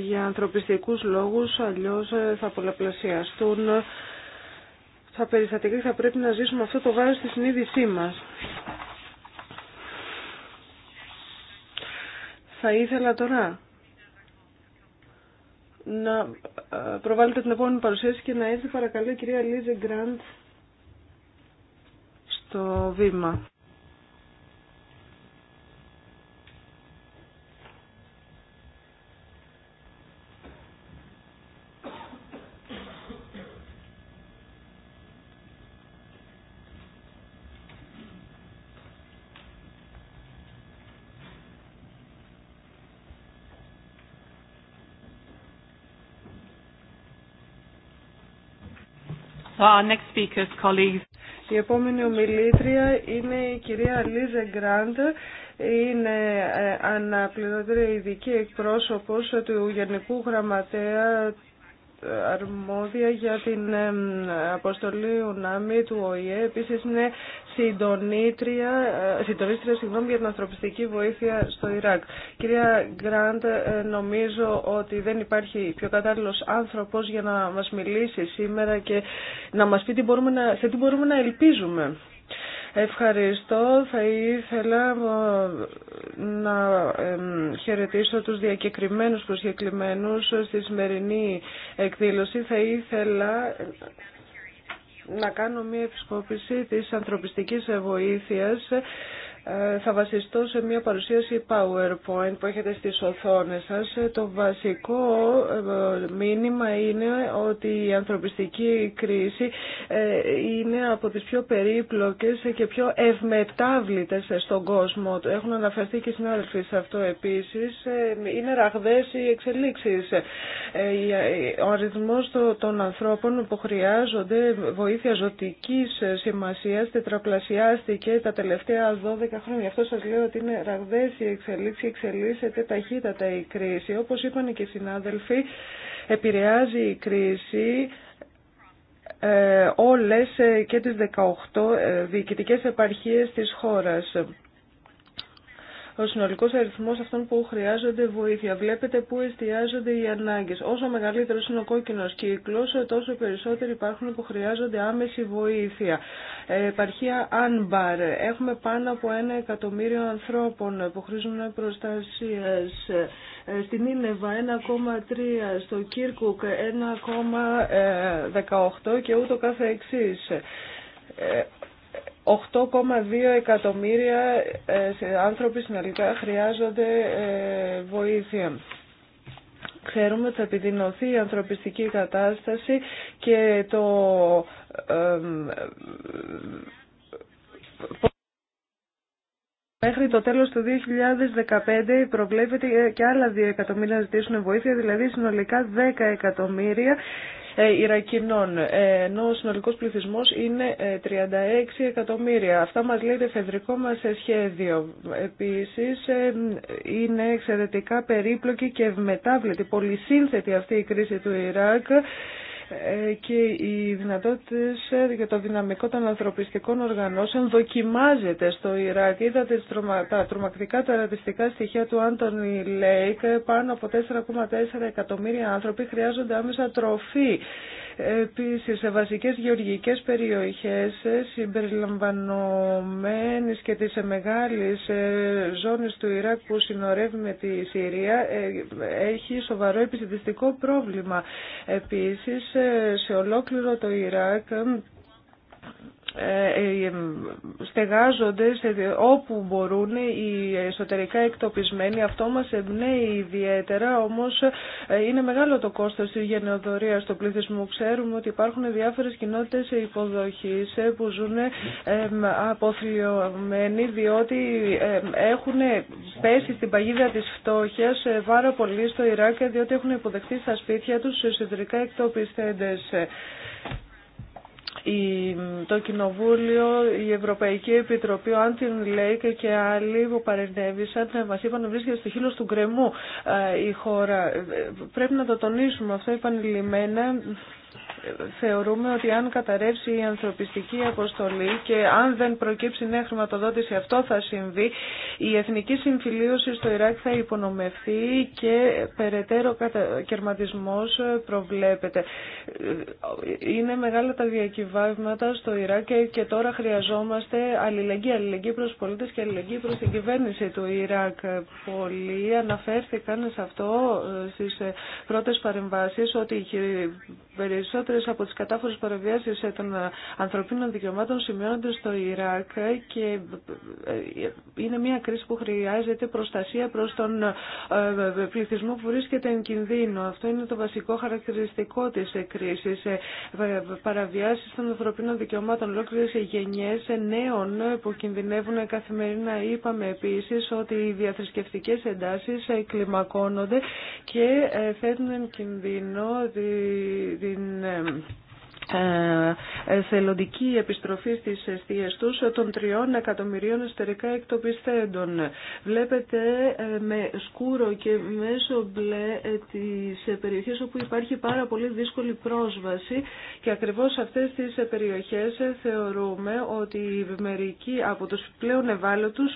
για ανθρωπιστικούς λόγους αλλιώς ε, θα πολλαπλασιαστούν θα περιστατικά θα πρέπει να ζήσουμε αυτό το βάρος στη συνείδησή μας. Θα ήθελα τώρα να ε, προβάλλετε την επόμενη παρουσίαση και να έρθει παρακαλώ η κυρία Λίζε Γκραντ στο βήμα. Η επόμενη ομιλήτρια είναι η κυρία Λίζε Γκραντ, είναι ε, αναπληρωτήρια ειδική εκπρόσωπος του Γενικού Γραμματέα αρμόδια για την αποστολή ουνάμι του ΟΗΕ. επίση είναι συντονίστρια, ε, συντονίστρια συγγνώμη, για την ανθρωπιστική βοήθεια στο Ιράκ. Κυρία Γκραντ, ε, νομίζω ότι δεν υπάρχει πιο κατάλληλο άνθρωπο για να μα μιλήσει σήμερα και να μα πει τι μπορούμε να, σε τι μπορούμε να ελπίζουμε. Ευχαριστώ. Θα ήθελα ε, να χαιρετήσω τους διακεκριμένους προσκεκλημένους στη σημερινή εκδήλωση. Θα ήθελα ε, να κάνω μια επισκόπηση της ανθρωπιστικής βοήθειας ε, θα βασιστώ σε μια παρουσίαση PowerPoint που έχετε στις οθόνες σας. Το βασικό ε, μήνυμα είναι ότι η ανθρωπιστική κρίση ε, είναι από τις πιο περίπλοκες και πιο ευμετάβλητες στον κόσμο. Έχουν αναφερθεί και οι συνάδελφοι σε αυτό επίσης. Είναι ραγδαίες οι εξελίξεις. Ο αριθμός των ανθρώπων που χρειάζονται βοήθεια ζωτικής σημασίας τετραπλασιάστηκε τα τελευταία 12 χρόνια. Αυτό σας λέω ότι είναι ραγδαίες η εξελίξη, εξελίσσεται ταχύτατα η κρίση. Όπως είπαν και οι συνάδελφοι, επηρεάζει η κρίση ε, όλες ε, και τις 18 ε, διοικητικές επαρχίες της χώρας ο συνολικό αριθμό αυτών που χρειάζονται βοήθεια. Βλέπετε πού εστιάζονται οι ανάγκες. Όσο μεγαλύτερος είναι ο κόκκινος κύκλος, τόσο περισσότεροι υπάρχουν που χρειάζονται άμεση ανάγκε. Ε, μεγαλύτερο Anbar. Έχουμε πάνω από ένα εκατομμύριο ανθρώπων που χρειαζονται αμεση βοηθεια επαρχια ανμπαρ εχουμε πανω απο ενα εκατομμυριο ανθρωπων που χρηζουν προστασία. Ε, στην Ίνεβα 1,3, στο Κίρκουκ 1,18 ε, και ούτω καθεξής. 8,2 εκατομμύρια ε, άνθρωποι συνολικά χρειάζονται ε, βοήθεια. Ξέρουμε ότι θα επιδεινωθεί η ανθρωπιστική κατάσταση και το Μέχρι το τέλος του 2015 προβλέπεται ε, και άλλα 2 εκατομμύρια να ζητήσουν βοήθεια, δηλαδή συνολικά 10 εκατομμύρια ε, Ιρακινών, ε, ενώ ο συνολικός πληθυσμός είναι 36 ε, εκατομμύρια. Αυτά μας λέει το εφεδρικό μας σχέδιο. Επίσης, είναι εξαιρετικά περίπλοκη και ευμετάβλητη, πολυσύνθετη αυτή η κρίση του Ιράκ ε, και οι δυνατότητες ε, για το δυναμικό των ανθρωπιστικών οργανώσεων δοκιμάζεται στο Ιράκ. Είδατε τα τρομακτικά ταρατιστικά στοιχεία του Άντωνι Λέικ. Πάνω από 4,4 εκατομμύρια άνθρωποι χρειάζονται άμεσα τροφή. Επίσης, σε βασικές γεωργικές περιοχές συμπεριλαμβανομένης και τις μεγάλες ζώνες του Ιράκ που συνορεύει με τη Συρία ε, έχει σοβαρό επιστημιστικό πρόβλημα. Επίσης, ε, σε ολόκληρο το Ιράκ ε, ε, στεγάζονται σε, όπου μπορούν οι εσωτερικά εκτοπισμένοι. Αυτό μας εμπνέει ιδιαίτερα, όμως ε, είναι μεγάλο το κόστος της γενεοδορίας του πληθυσμού. Ξέρουμε ότι υπάρχουν διάφορες κοινότητες υποδοχής που ζουν αποθλειωμένοι διότι έχουν πέσει στην παγίδα της φτώχειας πάρα πολύ στο Ιράκ διότι έχουν υποδεχτεί στα σπίτια τους εσωτερικά εκτοπιστέντες το Κοινοβούλιο, η Ευρωπαϊκή Επιτροπή, ο Άντιν Λέικ και άλλοι που παρενέβησαν ε, μα είπαν ότι βρίσκεται στο χείλο του γκρεμού ε, η χώρα. Ε, πρέπει να το τονίσουμε αυτό επανειλημμένα θεωρούμε ότι αν καταρρεύσει η ανθρωπιστική αποστολή και αν δεν προκύψει νέα χρηματοδότηση αυτό θα συμβεί, η εθνική συμφιλίωση στο Ιράκ θα υπονομευθεί και περαιτέρω κερματισμός προβλέπεται. Είναι μεγάλα τα διακυβάγματα στο Ιράκ και τώρα χρειαζόμαστε αλληλεγγύη, αλληλεγγύη προς πολίτες και αλληλεγγύη προς την κυβέρνηση του Ιράκ. Πολλοί αναφέρθηκαν σε αυτό ε, στις ε, πρώτες παρεμβάσεις ότι οι από τις κατάφορες παραβιάσεις ε, των ε, ανθρωπίνων δικαιωμάτων σημειώνονται στο Ιράκ ε, και είναι μια κρίση που χρειάζεται προστασία προς τον πληθυσμό που βρίσκεται εν κινδύνο. Αυτό είναι το βασικό χαρακτηριστικό της κρίσης. Παραβιάσεις των ανθρωπίνων δικαιωμάτων ολόκληρες γενιές νέων που κινδυνεύουν καθημερινά. Είπαμε επίσης ότι οι διαθρησκευτικές εντάσεις κλιμακώνονται και θέτουν εν κινδυνό την ε, ε, θελοντική επιστροφή στις αιστείες τους των τριών εκατομμυρίων εστερικά εκτοπιστέντων. Βλέπετε ε, με σκούρο και μέσο μπλε ε, τις περιοχές όπου υπάρχει πάρα πολύ δύσκολη πρόσβαση και ακριβώς αυτές τις περιοχές θεωρούμε ότι μερικοί από τους πλέον ευάλωτους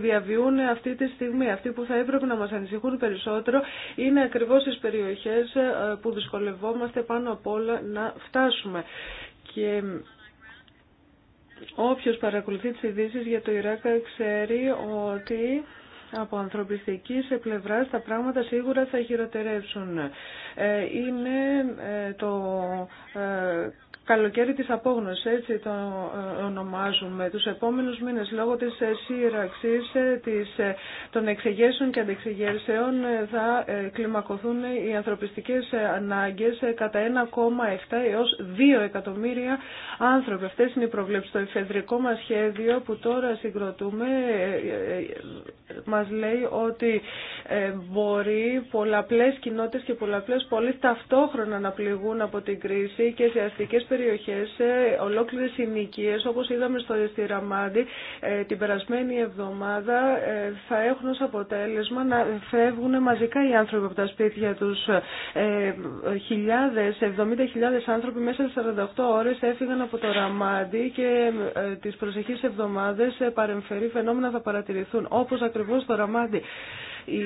διαβιούν αυτή τη στιγμή. Αυτοί που θα έπρεπε να μας ανησυχούν περισσότερο είναι ακριβώς τις περιοχές που δυσκολευόμαστε πάνω απ' όλα να φτάσουμε. Και όποιος παρακολουθεί τις ειδήσει για το Ιράκ ξέρει ότι από ανθρωπιστική σε πλευρά τα πράγματα σίγουρα θα χειροτερεύσουν. Ε, είναι ε, το ε, καλοκαίρι της απόγνωσης, έτσι το ε, ονομάζουμε, τους επόμενους μήνες λόγω της ε, σύραξης ε, της, των εξεγέρσεων και αντεξεγέρσεων θα κλιμακωθούν οι ανθρωπιστικές ανάγκες κατά 1,7 έως 2 εκατομμύρια άνθρωποι. Αυτές είναι οι προβλέψεις. Το εφεδρικό μας σχέδιο που τώρα συγκροτούμε μας λέει ότι μπορεί πολλαπλές κοινότητες και πολλαπλές πόλεις ταυτόχρονα να πληγούν από την κρίση και σε αστικές περιοχές, ε, ολόκληρες συνοικίες, όπως είδαμε στο Ραμάντι ε, την περασμένη εβδομάδα, ε, θα έχουν ως αποτέλεσμα να φεύγουν μαζικά οι άνθρωποι από τα σπίτια τους. Χιλιάδες, 70.000 άνθρωποι μέσα σε 48 ώρες έφυγαν από το Ραμάντι και τις προσεχείς εβδομάδες παρεμφερεί φαινόμενα θα παρατηρηθούν, όπως ακριβώς το Ραμάντι οι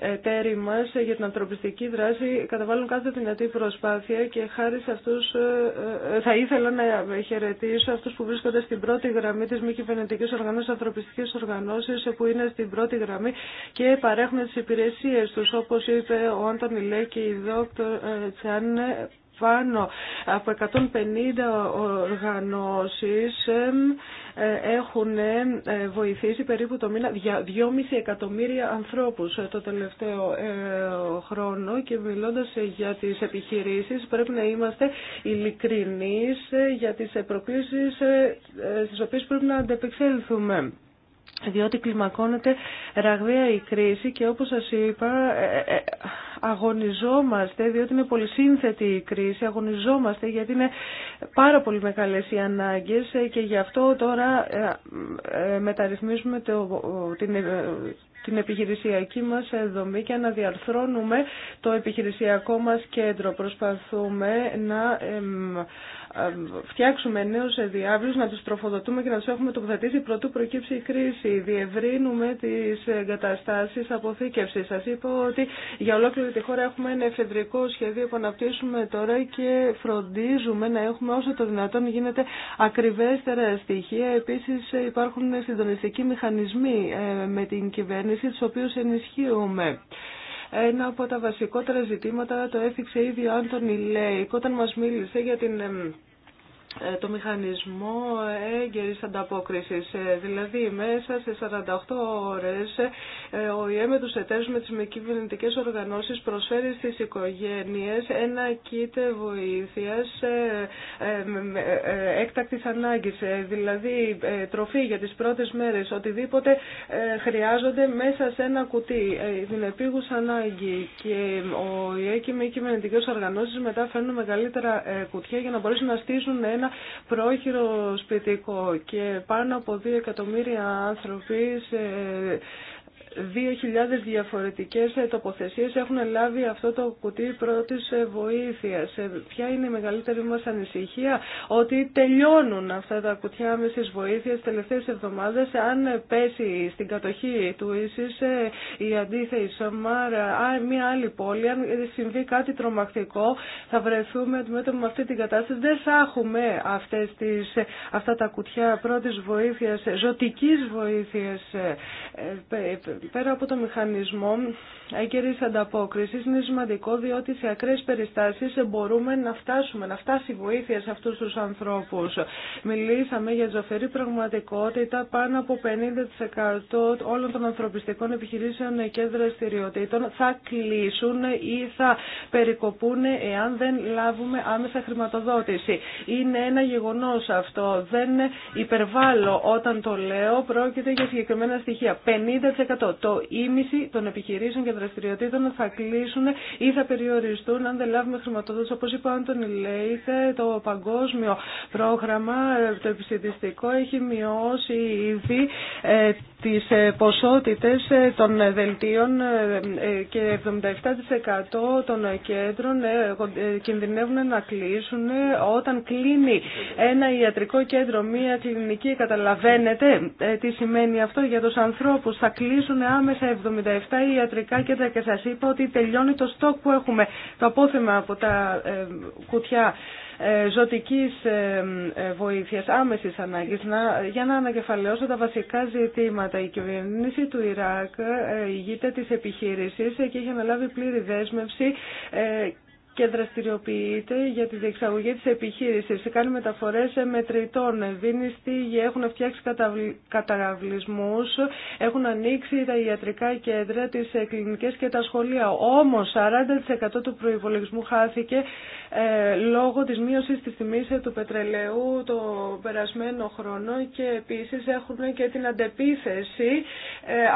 εταίροι μας για την ανθρωπιστική δράση καταβάλουν κάθε δυνατή προσπάθεια και χάρη σε αυτούς ε, ε, θα ήθελα να χαιρετήσω αυτούς που βρίσκονται στην πρώτη γραμμή της μη κυβερνητικής οργάνωση, Ανθρωπιστική Οργανώσει, που είναι στην πρώτη γραμμή και παρέχουν τις υπηρεσίες τους όπως είπε ο Άντων Λέ και η Δόκτωρ ε, Τσάνε, πάνω από 150 οργανώσεις ε, έχουν ε, βοηθήσει περίπου το μήνα 2,5 εκατομμύρια ανθρώπους ε, το τελευταίο χρόνο και μιλώντας για τις επιχειρήσεις πρέπει να είμαστε ειλικρινείς για τις προκλήσεις στις οποίες πρέπει να αντεπεξέλθουμε διότι κλιμακώνεται ραγδαία η κρίση και όπως σας είπα αγωνιζόμαστε, διότι είναι πολύ σύνθετη η κρίση, αγωνιζόμαστε γιατί είναι πάρα πολύ μεγάλες οι ανάγκες ε, και γι' αυτό τώρα ε, ε, μεταρρυθμίζουμε το, την, την επιχειρησιακή μας δομή και αναδιαρθρώνουμε το επιχειρησιακό μας κέντρο. Προσπαθούμε να φτιάξουμε νέους εδιάβλου, να του τροφοδοτούμε και να του έχουμε τοποθετήσει πρωτού προκύψει η κρίση. Διευρύνουμε τις εγκαταστάσεις αποθήκευση. Σα είπα ότι για ολόκληρη τη χώρα έχουμε ένα εφεδρικό σχέδιο που αναπτύσσουμε τώρα και φροντίζουμε να έχουμε όσο το δυνατόν γίνεται ακριβέστερα στοιχεία. Επίσης υπάρχουν συντονιστικοί μηχανισμοί ε, με την κυβέρνηση, του οποίου ενισχύουμε. Ένα από τα βασικότερα ζητήματα το έφυξε ήδη ο Άντωνι Λέικ όταν μας μίλησε για την ε, το μηχανισμό έγκαιρης ανταπόκρισης. Ε, δηλαδή μέσα σε 48 ώρες ε, ο ΙΕ με τους εταίρους με τις μη οργανώσεις προσφέρει στις οικογένειες ένα κίτ βοήθειας έκτακτης ανάγκης. Δηλαδή τροφή για τις πρώτες μέρες, οτιδήποτε χρειάζονται μέσα σε ένα κουτί. Την επίγουσα ανάγκη και ο ΙΕ και οι μη κυβερνητικέ οργανώσεις μετά φέρνουν μεγαλύτερα κουτιά για να μπορέσουν να στήσουν ένα ένα πρόχειρο σπιτικό και πάνω από δύο εκατομμύρια άνθρωποι σε 2.000 διαφορετικές ε, τοποθεσίες έχουν λάβει αυτό το κουτί πρώτης ε, βοήθειας. Ε, ποια είναι η μεγαλύτερη μας ανησυχία, ότι τελειώνουν αυτά τα κουτιά άμεσης βοήθειας τελευταίες εβδομάδες. Αν πέσει στην κατοχή του ίσης η αντίθεη Σαμάρα, μια άλλη πόλη, αν συμβεί κάτι τρομακτικό, θα βρεθούμε με αυτή την κατάσταση. Δεν θα έχουμε αυτές τις, αυτά τα κουτιά πρώτης βοήθειας, ζωτικής βοήθειας πέρα από το μηχανισμό έγκαιρης ανταπόκρισης είναι σημαντικό διότι σε ακραίες περιστάσεις μπορούμε να φτάσουμε, να φτάσει βοήθεια σε αυτούς τους ανθρώπους. Μιλήσαμε για ζωφερή πραγματικότητα πάνω από 50% όλων των ανθρωπιστικών επιχειρήσεων και δραστηριοτήτων θα κλείσουν ή θα περικοπούν εάν δεν λάβουμε άμεσα χρηματοδότηση. Είναι ένα γεγονός αυτό. Δεν υπερβάλλω όταν το λέω, πρόκειται για συγκεκριμένα στοιχεία. 50% το ίμιση των επιχειρήσεων και δραστηριοτήτων θα κλείσουν ή θα περιοριστούν αν δεν λάβουμε χρηματοδότηση. Όπως είπε ο Άντωνη Λέιθε, το παγκόσμιο πρόγραμμα, ε, το επιστημιστικό έχει μειώσει ήδη ε, τις ε, ποσότητες ε, των δελτίων ε, και 77% των κέντρων κινδυνεύουν να κλείσουν όταν κλείνει ένα ιατρικό κέντρο, μία κλινική καταλαβαίνετε τι σημαίνει αυτό για τους ανθρώπους θα κλείσουν άμεσα 77 ιατρικά κέντρα και σας είπα ότι τελειώνει το στόκ που έχουμε το απόθεμα από τα κουτιά ε, ζωτικής ε, ε, βοήθειας, άμεσης ανάγκης, για να ανακεφαλαιώσω τα βασικά ζητήματα. Η κυβέρνηση του Ιράκ ηγείται της επιχείρησης και έχει αναλάβει πλήρη δέσμευση και δραστηριοποιείται για τη διεξαγωγή της επιχείρησης. Κάνει μεταφορές μετρητών, δίνει στίγη, έχουν φτιάξει καταβλισμούς, έχουν ανοίξει τα ιατρικά κέντρα, τις ε, κλινικές και τα σχολεία. Όμως 40% του προϋπολογισμού χάθηκε ε, λόγω της μείωσης της τιμής ε, του πετρελαίου το περασμένο χρόνο και επίσης έχουν και την αντεπίθεση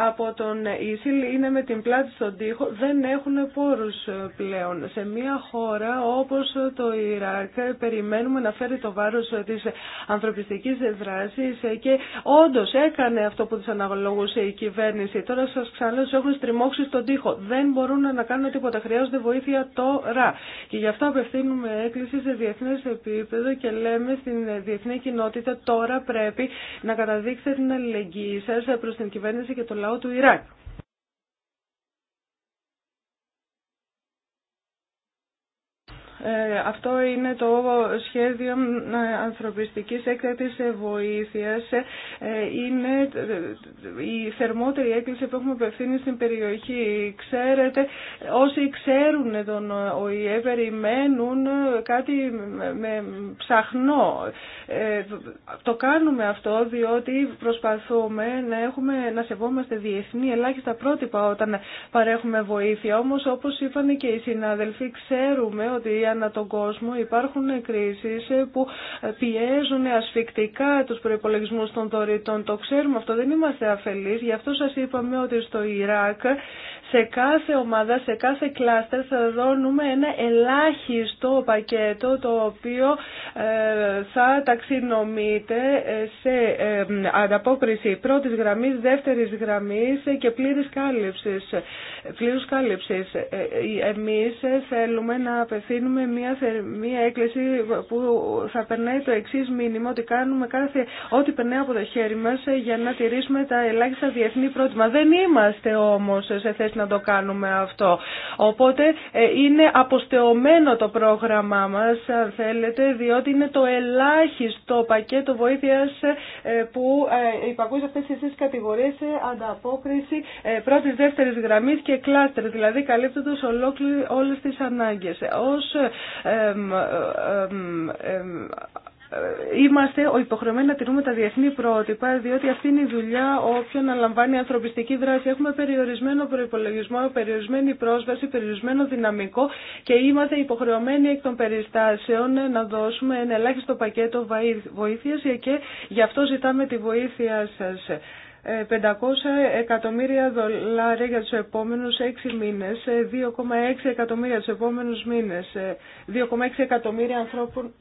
από τον Ίσιλ, είναι με την πλάτη στον τοίχο, δεν έχουν πόρους πλέον. Σε μια χώρα όπως το Ιράκ περιμένουμε να φέρει το βάρος της ανθρωπιστικής δράσης και όντως έκανε αυτό που της αναλογούσε η κυβέρνηση. Τώρα σας ξαναλέω τους έχουν στριμώξει στον τοίχο. Δεν μπορούν να κάνουν τίποτα. Χρειάζονται βοήθεια τώρα. Και γι' αυτό απευθύνουμε έκκληση σε διεθνές επίπεδο και λέμε στην διεθνή κοινότητα τώρα πρέπει να καταδείξετε την αλληλεγγύη σας προς την κυβέρνηση και το λαό του Ιράκ. Ε, αυτό είναι το σχέδιο ε, ανθρωπιστικής έκτακτης βοήθειας. Ε, είναι η θερμότερη έκκληση που έχουμε απευθύνει στην περιοχή. Ξέρετε, όσοι ξέρουν τον ΟΗΕ περιμένουν κάτι με ψαχνό. το κάνουμε αυτό διότι προσπαθούμε να, έχουμε, να σεβόμαστε διεθνή ελάχιστα πρότυπα όταν παρέχουμε βοήθεια. Όμως όπως είπαν και οι συνάδελφοι ξέρουμε ότι ανά τον κόσμο. Υπάρχουν κρίσεις που πιέζουν ασφικτικά τους προϋπολογισμούς των δωρητών. Το ξέρουμε αυτό, δεν είμαστε αφελείς. Γι' αυτό σας είπαμε ότι στο Ιράκ σε κάθε ομάδα, σε κάθε κλάστερ θα δώνουμε ένα ελάχιστο πακέτο το οποίο ε, θα ταξινομείται ε, σε ε, ανταπόκριση πρώτης γραμμής, δεύτερης γραμμής και πλήρης κάλυψης. Πλήρους κάλυψης. Εμείς θέλουμε να απευθύνουμε μια, μια έκκληση που θα περνάει το εξή μήνυμα ότι κάνουμε κάθε ό,τι περνάει από το χέρι μας για να τηρήσουμε τα ελάχιστα διεθνή πρότυπα. Δεν είμαστε όμως σε θέση να το κάνουμε αυτό. Οπότε ε, είναι αποστεωμένο το πρόγραμμά μας, αν θέλετε, διότι είναι το ελάχιστο πακέτο βοήθειας ε, που ε, υπακούει σε αυτές τις τρεις κατηγορίες σε ανταπόκριση πρώτης, δεύτερης γραμμής και κλάστερ, δηλαδή καλύπτοντας ολόκληρη όλες τις ανάγκες. Ως ε, είμαστε υποχρεωμένοι να τηρούμε τα διεθνή πρότυπα, διότι αυτή είναι η δουλειά όποιον αναλαμβάνει ανθρωπιστική δράση. Έχουμε περιορισμένο προπολογισμό, περιορισμένη πρόσβαση, περιορισμένο δυναμικό και είμαστε υποχρεωμένοι εκ των περιστάσεων να δώσουμε ένα ελάχιστο πακέτο βοήθεια και γι' αυτό ζητάμε τη βοήθειά σα 500 ε, εκατομμύρια δολάρια για τους επόμενους 6 μήνες, 2,6 ε, εκατομμύρια τους επόμενους μήνες, 2,6 ε, εκατομμύρια ανθρώπων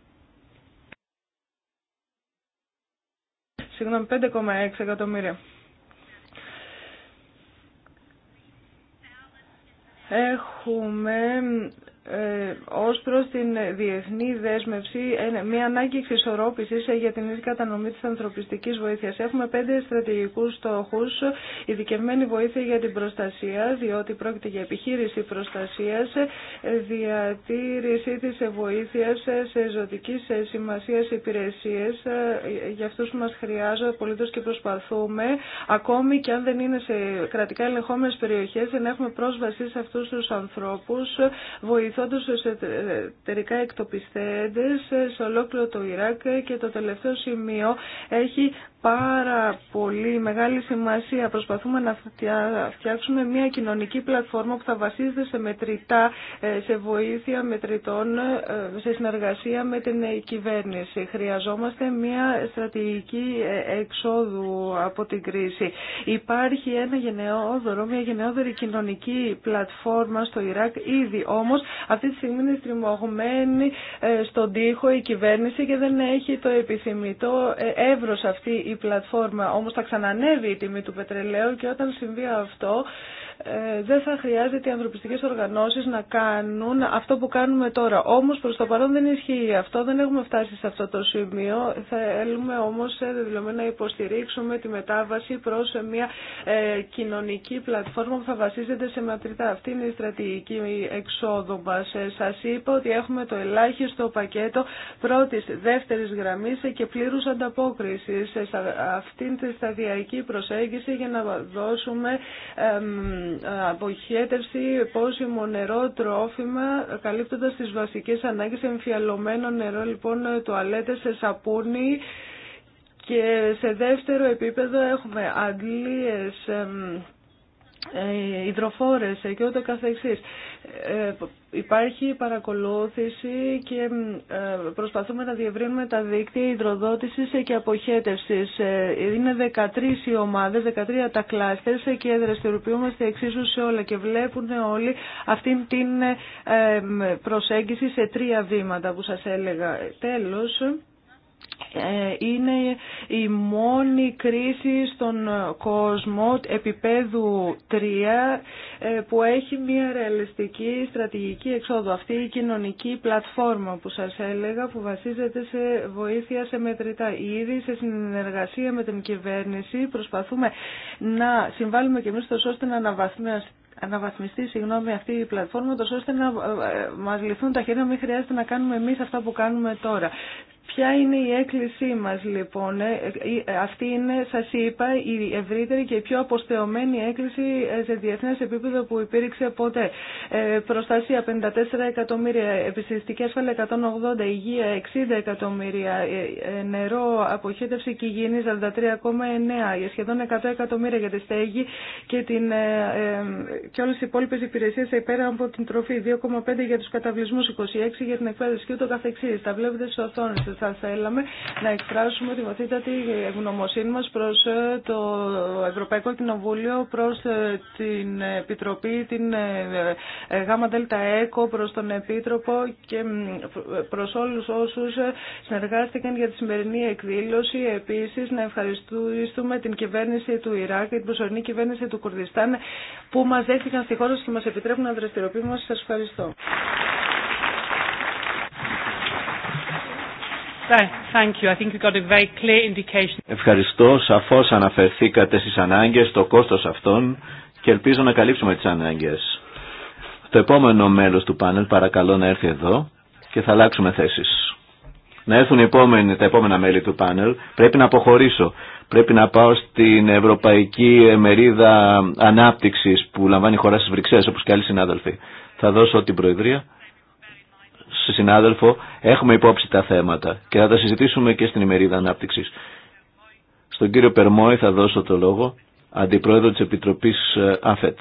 συγγνώμη, 5,6 εκατομμύρια. Έχουμε ε, ως προς την διεθνή δέσμευση ε, ναι, μια ανάγκη εξισορρόπησης ε, για την ίδια κατανομή της ανθρωπιστικής βοήθειας. Έχουμε πέντε στρατηγικούς στόχους, ειδικευμένη βοήθεια για την προστασία, διότι πρόκειται για επιχείρηση προστασίας, διατήρηση της βοήθειας σε ζωτικής σημασίας υπηρεσίες, για αυτούς που μας χρειάζονται απολύτως και προσπαθούμε, ακόμη και αν δεν είναι σε κρατικά ελεγχόμενες περιοχές, να έχουμε πρόσβαση σε αυτούς τους ανθρώπους, βοήθεια βοηθώντας εσωτερικά ε, εκτοπιστέντες σε ολόκληρο το Ιράκ και το τελευταίο σημείο έχει πάρα πολύ μεγάλη σημασία. Προσπαθούμε να φτιάξουμε μια κοινωνική πλατφόρμα που θα βασίζεται σε μετρητά, ε, σε βοήθεια μετρητών, ε, σε συνεργασία με την ε, κυβέρνηση. Χρειαζόμαστε μια στρατηγική εξόδου από την κρίση. Υπάρχει ένα γενναιόδωρο, μια γενναιόδωρη κοινωνική πλατφόρμα στο Ιράκ ήδη όμως αυτή τη στιγμή είναι στριμωγμένη στον τοίχο η κυβέρνηση και δεν έχει το επιθυμητό εύρος αυτή η πλατφόρμα, όμως θα ξανανεύει η τιμή του πετρελαίου και όταν συμβεί αυτό ε, δεν θα χρειάζεται οι ανθρωπιστικές οργανώσεις να κάνουν αυτό που κάνουμε τώρα. Όμως προς το παρόν δεν ισχύει αυτό, δεν έχουμε φτάσει σε αυτό το σημείο. Θέλουμε όμως δηλαδή, να υποστηρίξουμε τη μετάβαση προς ε, μια κοινωνική πλατφόρμα που θα βασίζεται σε ματριτά. Αυτή είναι η στρατηγική εξόδου μας. Σας είπα ότι έχουμε το ελάχιστο πακέτο πρώτης, δεύτερης γραμμής και πλήρους ανταπόκρισης σε αυτήν τη σταδιακή προσέγγιση για να δώσουμε αποχέτευση πόσιμο νερό, τρόφιμα, καλύπτοντας τις βασικές ανάγκες, εμφιαλωμένο νερό, λοιπόν, τουαλέτες, σε σαπούνι και σε δεύτερο επίπεδο έχουμε αγγλίες, ε, υδροφόρες και ούτε καθεξής. Ε, υπάρχει παρακολούθηση και ε, προσπαθούμε να διευρύνουμε τα δίκτυα υδροδότησης και αποχέτευσης. Είναι 13 οι ομάδες, 13 τα κλάστερς και δραστηριοποιούμαστε εξίσου σε όλα και βλέπουν όλοι αυτή την προσέγγιση σε τρία βήματα που σας έλεγα. Τέλος... Ε, είναι η μόνη κρίση στον κόσμο επίπεδου 3 ε, που έχει μια ρεαλιστική στρατηγική εξόδου. Αυτή η κοινωνική πλατφόρμα που σας έλεγα που βασίζεται σε βοήθεια σε μετρητά. Ήδη σε συνεργασία με την κυβέρνηση προσπαθούμε να συμβάλλουμε και εμείς τόσο ώστε να αναβαθμιστεί αυτή η πλατφόρμα, ώστε να ε, μα λυθούν τα χέρια, μην χρειάζεται να κάνουμε εμείς αυτά που κάνουμε τώρα. Ποια είναι η έκκλησή μας λοιπόν, ε, ε, ε, αυτή είναι, σας είπα, η ευρύτερη και η πιο αποστεωμένη έκκληση σε διεθνές επίπεδο που υπήρξε ποτέ. προστασία 54 εκατομμύρια, επιστημιστική ασφάλεια 180, υγεία 60 εκατομμύρια, νερό, αποχέτευση και υγιεινή 43,9, σχεδόν 100 εκατομμύρια για τη στέγη και, την, και όλες οι υπόλοιπες υπηρεσίες πέρα από την τροφή, 2,5 για τους καταβλισμούς, 26 για την εκπαίδευση και ούτω καθεξής. Τα βλέπετε στους οθόνες σας θα θέλαμε να εκφράσουμε τη βαθύτατη ευγνωμοσύνη μας προς ε, το Ευρωπαϊκό Κοινοβούλιο, προς ε, την Επιτροπή, την ε, ΓΑΜΑ ΔΕΛΤΑ ΕΚΟ, προς τον Επίτροπο και προς όλους όσους συνεργάστηκαν για τη σημερινή εκδήλωση. Επίσης, να ευχαριστούμε την κυβέρνηση του Ιράκ και την προσωρινή κυβέρνηση του Κουρδιστάν που μας δέχτηκαν στη χώρα και μας επιτρέπουν να δραστηριοποιούμε. Σας ευχαριστώ. Ευχαριστώ. Σαφώς αναφερθήκατε στις ανάγκες, το κόστος αυτών και ελπίζω να καλύψουμε τις ανάγκες. Το επόμενο μέλος του πάνελ παρακαλώ να έρθει εδώ και θα αλλάξουμε θέσεις. Να έρθουν επόμενοι, τα επόμενα μέλη του πάνελ. Πρέπει να αποχωρήσω. Πρέπει να πάω στην Ευρωπαϊκή Μερίδα Ανάπτυξης που λαμβάνει η χώρα στις Βρυξέλλες όπως και άλλοι συνάδελφοι. Θα δώσω την Προεδρία. Σε συνάδελφο έχουμε υπόψη τα θέματα και θα τα συζητήσουμε και στην ημερίδα ανάπτυξη. Στον κύριο Περμόη θα δώσω το λόγο, αντιπρόεδρο της Επιτροπής ε, ΑΦΕΤ.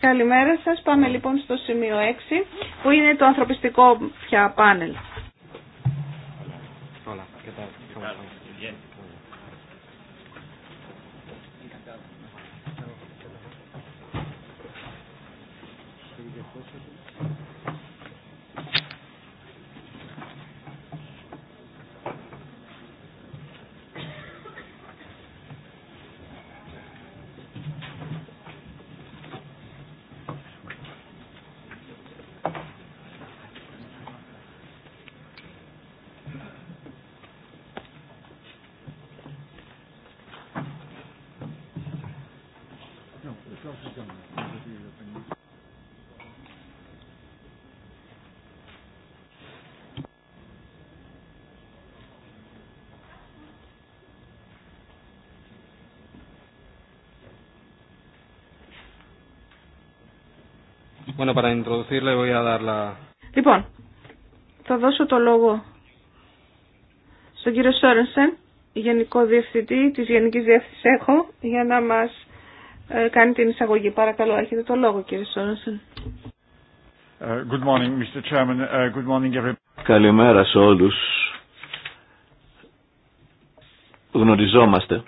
Καλημέρα σας. Πάμε λοιπόν στο σημείο 6, που είναι το ανθρωπιστικό πια πάνελ. Λοιπόν, θα δώσω το λόγο στον κύριο Σόρενσεν, Γενικό Διευθυντή της Γενικής Διεύθυνσης ΕΧΟ, για να μας ε, κάνει την εισαγωγή. Παρακαλώ, έχετε το λόγο κύριε Σόρενσεν. Ε, ε, Καλημέρα σε όλους. Γνωριζόμαστε.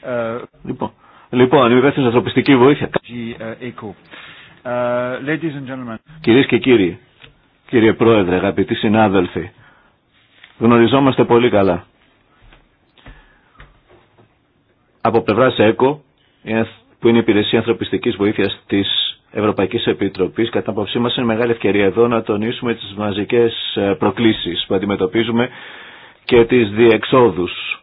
Ε, λοιπόν, λοιπόν, είμαι ανθρωπιστική βοήθεια. Ε, ε, Κυρίε και κύριοι, κύριε Πρόεδρε, αγαπητοί συνάδελφοι, γνωριζόμαστε πολύ καλά. Από πλευρά ΕΚΟ, που είναι η Υπηρεσία ανθρωπιστική βοήθεια τη Ευρωπαϊκή Επιτροπή, κατά απόψή μα είναι μεγάλη ευκαιρία εδώ να τονίσουμε τι μαζικέ προκλήσει που αντιμετωπίζουμε και τις διεξόδους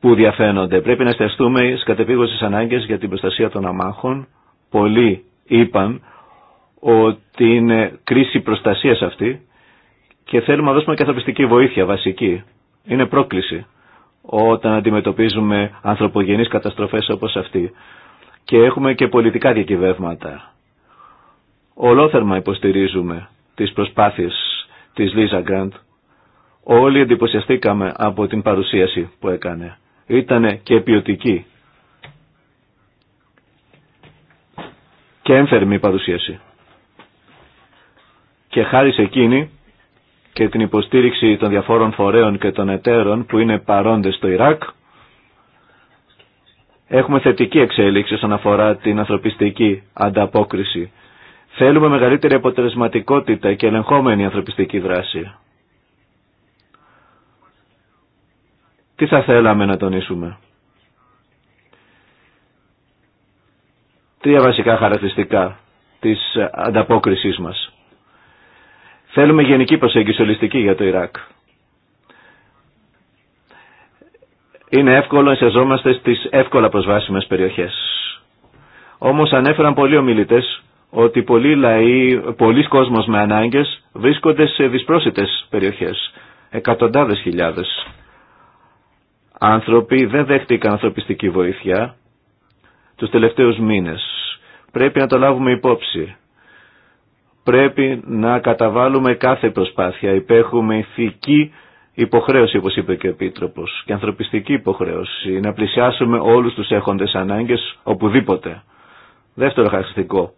που διαφαίνονται. Πρέπει να στεστούμε εις κατεπίγωσες ανάγκες για την προστασία των αμάχων. Πολλοί είπαν ότι είναι κρίση προστασίας αυτή και θέλουμε να δώσουμε και ανθρωπιστική βοήθεια βασική. Είναι πρόκληση όταν αντιμετωπίζουμε ανθρωπογενείς καταστροφές όπως αυτή. Και έχουμε και πολιτικά διακυβεύματα. Ολόθερμα υποστηρίζουμε τις προσπάθειες της Λίζα Γκραντ Όλοι εντυπωσιαστήκαμε από την παρουσίαση που έκανε. Ήτανε και ποιοτική. Και έμφερμη παρουσίαση. Και χάρη σε εκείνη και την υποστήριξη των διαφόρων φορέων και των εταίρων που είναι παρόντες στο Ιράκ, έχουμε θετική εξέλιξη όσον αφορά την ανθρωπιστική ανταπόκριση. Θέλουμε μεγαλύτερη αποτελεσματικότητα και ελεγχόμενη ανθρωπιστική δράση. Τι θα θέλαμε να τονίσουμε. Τρία βασικά χαρακτηριστικά της ανταπόκρισής μας. Θέλουμε γενική προσέγγιση ολιστική για το Ιράκ. Είναι εύκολο να εισαζόμαστε στις εύκολα προσβάσιμες περιοχές. Όμως ανέφεραν πολλοί ομιλητές ότι πολλοί λαοί, πολλοί κόσμος με ανάγκες βρίσκονται σε δυσπρόσιτες περιοχές. Εκατοντάδες χιλιάδες άνθρωποι δεν δέχτηκαν ανθρωπιστική βοήθεια τους τελευταίους μήνες. Πρέπει να το λάβουμε υπόψη. Πρέπει να καταβάλουμε κάθε προσπάθεια. Υπέχουμε ηθική υποχρέωση, όπως είπε και ο Επίτροπος, και ανθρωπιστική υποχρέωση, να πλησιάσουμε όλους τους έχοντες ανάγκες οπουδήποτε. Δεύτερο χαρακτηριστικό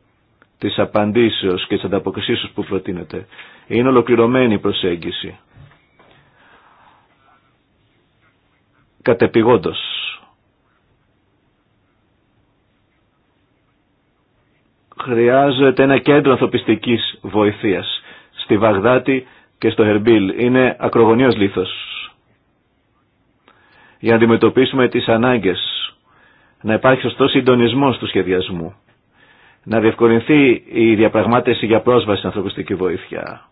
της απαντήσεως και της ανταποκρισίσεως που προτείνεται είναι ολοκληρωμένη προσέγγιση. κατεπηγόντως. Χρειάζεται ένα κέντρο ανθρωπιστικής βοηθείας στη Βαγδάτη και στο Ερμπίλ. Είναι ακρογωνιός λίθος για να αντιμετωπίσουμε τις ανάγκες. Να υπάρχει σωστός συντονισμός του σχεδιασμού. Να διευκολυνθεί η διαπραγμάτευση για πρόσβαση στην ανθρωπιστική βοήθεια.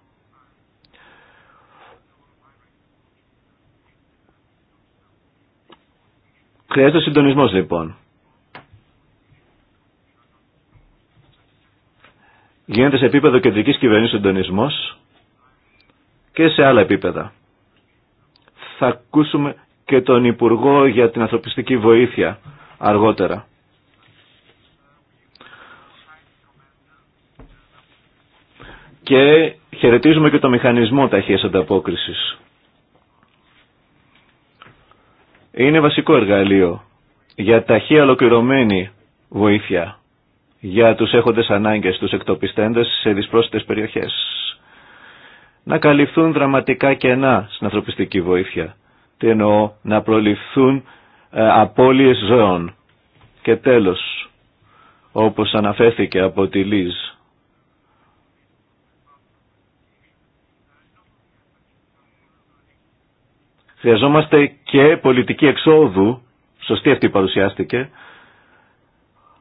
Χρειάζεται συντονισμός λοιπόν. Γίνεται σε επίπεδο κεντρικής κυβέρνησης συντονισμός και σε άλλα επίπεδα. Θα ακούσουμε και τον Υπουργό για την ανθρωπιστική βοήθεια αργότερα. Και χαιρετίζουμε και το μηχανισμό ταχείας ανταπόκρισης είναι βασικό εργαλείο για ταχύ ολοκληρωμένη βοήθεια για τους έχοντες ανάγκες, τους εκτοπιστέντες σε δυσπρόσιτες περιοχές. Να καλυφθούν δραματικά κενά στην ανθρωπιστική βοήθεια. Τι εννοώ, να προληφθούν ε, απώλειες ζώων. Και τέλος, όπως αναφέρθηκε από τη Λίζ, Χρειαζόμαστε και πολιτική εξόδου, σωστή αυτή παρουσιάστηκε,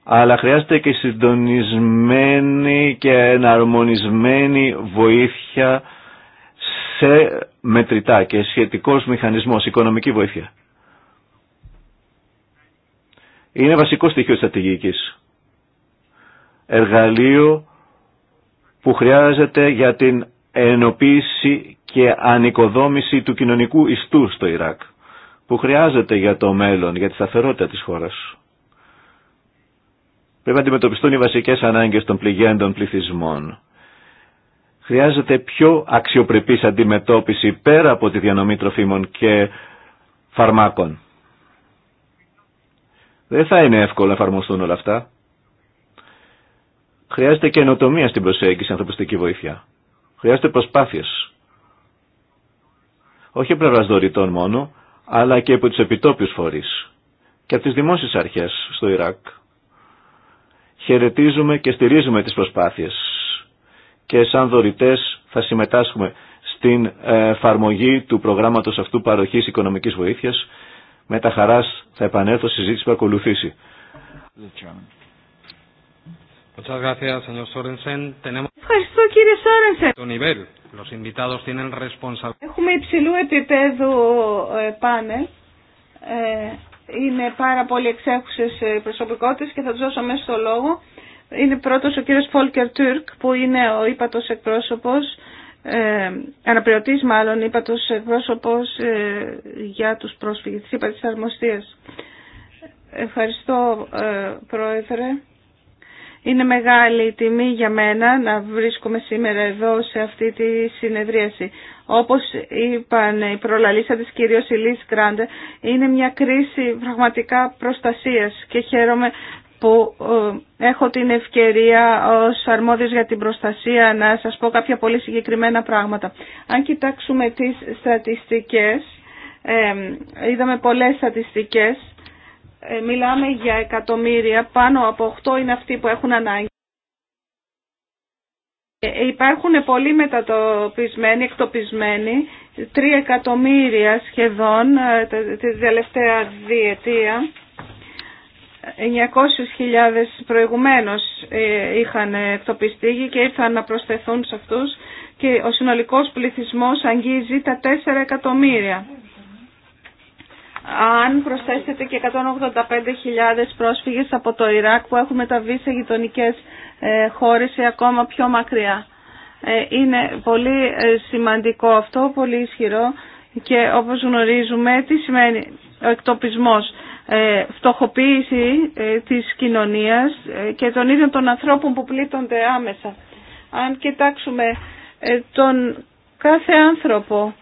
αλλά χρειάζεται και συντονισμένη και εναρμονισμένη βοήθεια σε μετρητά και σχετικός μηχανισμός, οικονομική βοήθεια. Είναι βασικό στοιχείο της στρατηγικής. Εργαλείο που χρειάζεται για την ενοποίηση και ανοικοδόμηση του κοινωνικού ιστού στο Ιράκ που χρειάζεται για το μέλλον, για τη σταθερότητα της χώρας. Πρέπει να αντιμετωπιστούν οι βασικές ανάγκες των πληγέντων πληθυσμών. Χρειάζεται πιο αξιοπρεπής αντιμετώπιση πέρα από τη διανομή τροφίμων και φαρμάκων. Δεν θα είναι εύκολο να εφαρμοστούν όλα αυτά. Χρειάζεται καινοτομία στην προσέγγιση ανθρωπιστική βοήθεια. Χρειάζεται προσπάθειες όχι πλευρά δωρητών μόνο, αλλά και από τις επιτόπιου φορείς και από τις δημόσιες αρχές στο Ιράκ. Χαιρετίζουμε και στηρίζουμε τις προσπάθειες και σαν δωρητέ θα συμμετάσχουμε στην εφαρμογή του προγράμματος αυτού παροχής οικονομικής βοήθειας. Με τα χαράς θα επανέλθω στη συζήτηση που ακολουθήσει. Ευχαριστώ κύριε Σόρενσεν. Έχουμε υψηλού επίπεδου ε, πάνελ. Ε, είναι πάρα πολύ εξέχουσε ε, προσωπικότητε και θα του δώσω μέσα το λόγο. Είναι πρώτο ο κύριο Φόλκερ Τούρκ που είναι ο ύπατο εκπρόσωπο, ε, αναπληρωτή μάλλον ύπατο εκπρόσωπο ε, για του πρόσφυγε, τη ύπατη αρμοστία. Ευχαριστώ ε, πρόεδρε. Είναι μεγάλη τιμή για μένα να βρίσκομαι σήμερα εδώ σε αυτή τη συνεδρίαση. Όπως είπαν οι προλαλήσαντες κυρίως η Λίς Γκράντε, είναι μια κρίση πραγματικά προστασίας και χαίρομαι που ε, έχω την ευκαιρία ως αρμόδιος για την προστασία να σας πω κάποια πολύ συγκεκριμένα πράγματα. Αν κοιτάξουμε τις στατιστικές, ε, είδαμε πολλές στατιστικές ε, μιλάμε για εκατομμύρια, πάνω από 8 είναι αυτοί που έχουν ανάγκη. Ε, υπάρχουν πολλοί μετατοπισμένοι, εκτοπισμένοι, 3 εκατομμύρια σχεδόν ε, τη τελευταία διετία. 900.000 προηγουμένως είχαν εκτοπιστεί και ήρθαν να προσθεθούν σε αυτούς και ο συνολικός πληθυσμός αγγίζει τα 4 εκατομμύρια αν προσθέσετε και 185.000 πρόσφυγες από το Ιράκ που έχουν μεταβεί σε γειτονικέ ε, χώρες ή ακόμα πιο μακριά. Ε, είναι πολύ ε, σημαντικό αυτό, πολύ ισχυρό και όπως γνωρίζουμε τι σημαίνει ο εκτοπισμός, φτωχοποίηση της κοινωνίας και των ίδιων των ανθρώπων που πλήττονται άμεσα. Αν κοιτάξουμε τον κάθε άνθρωπο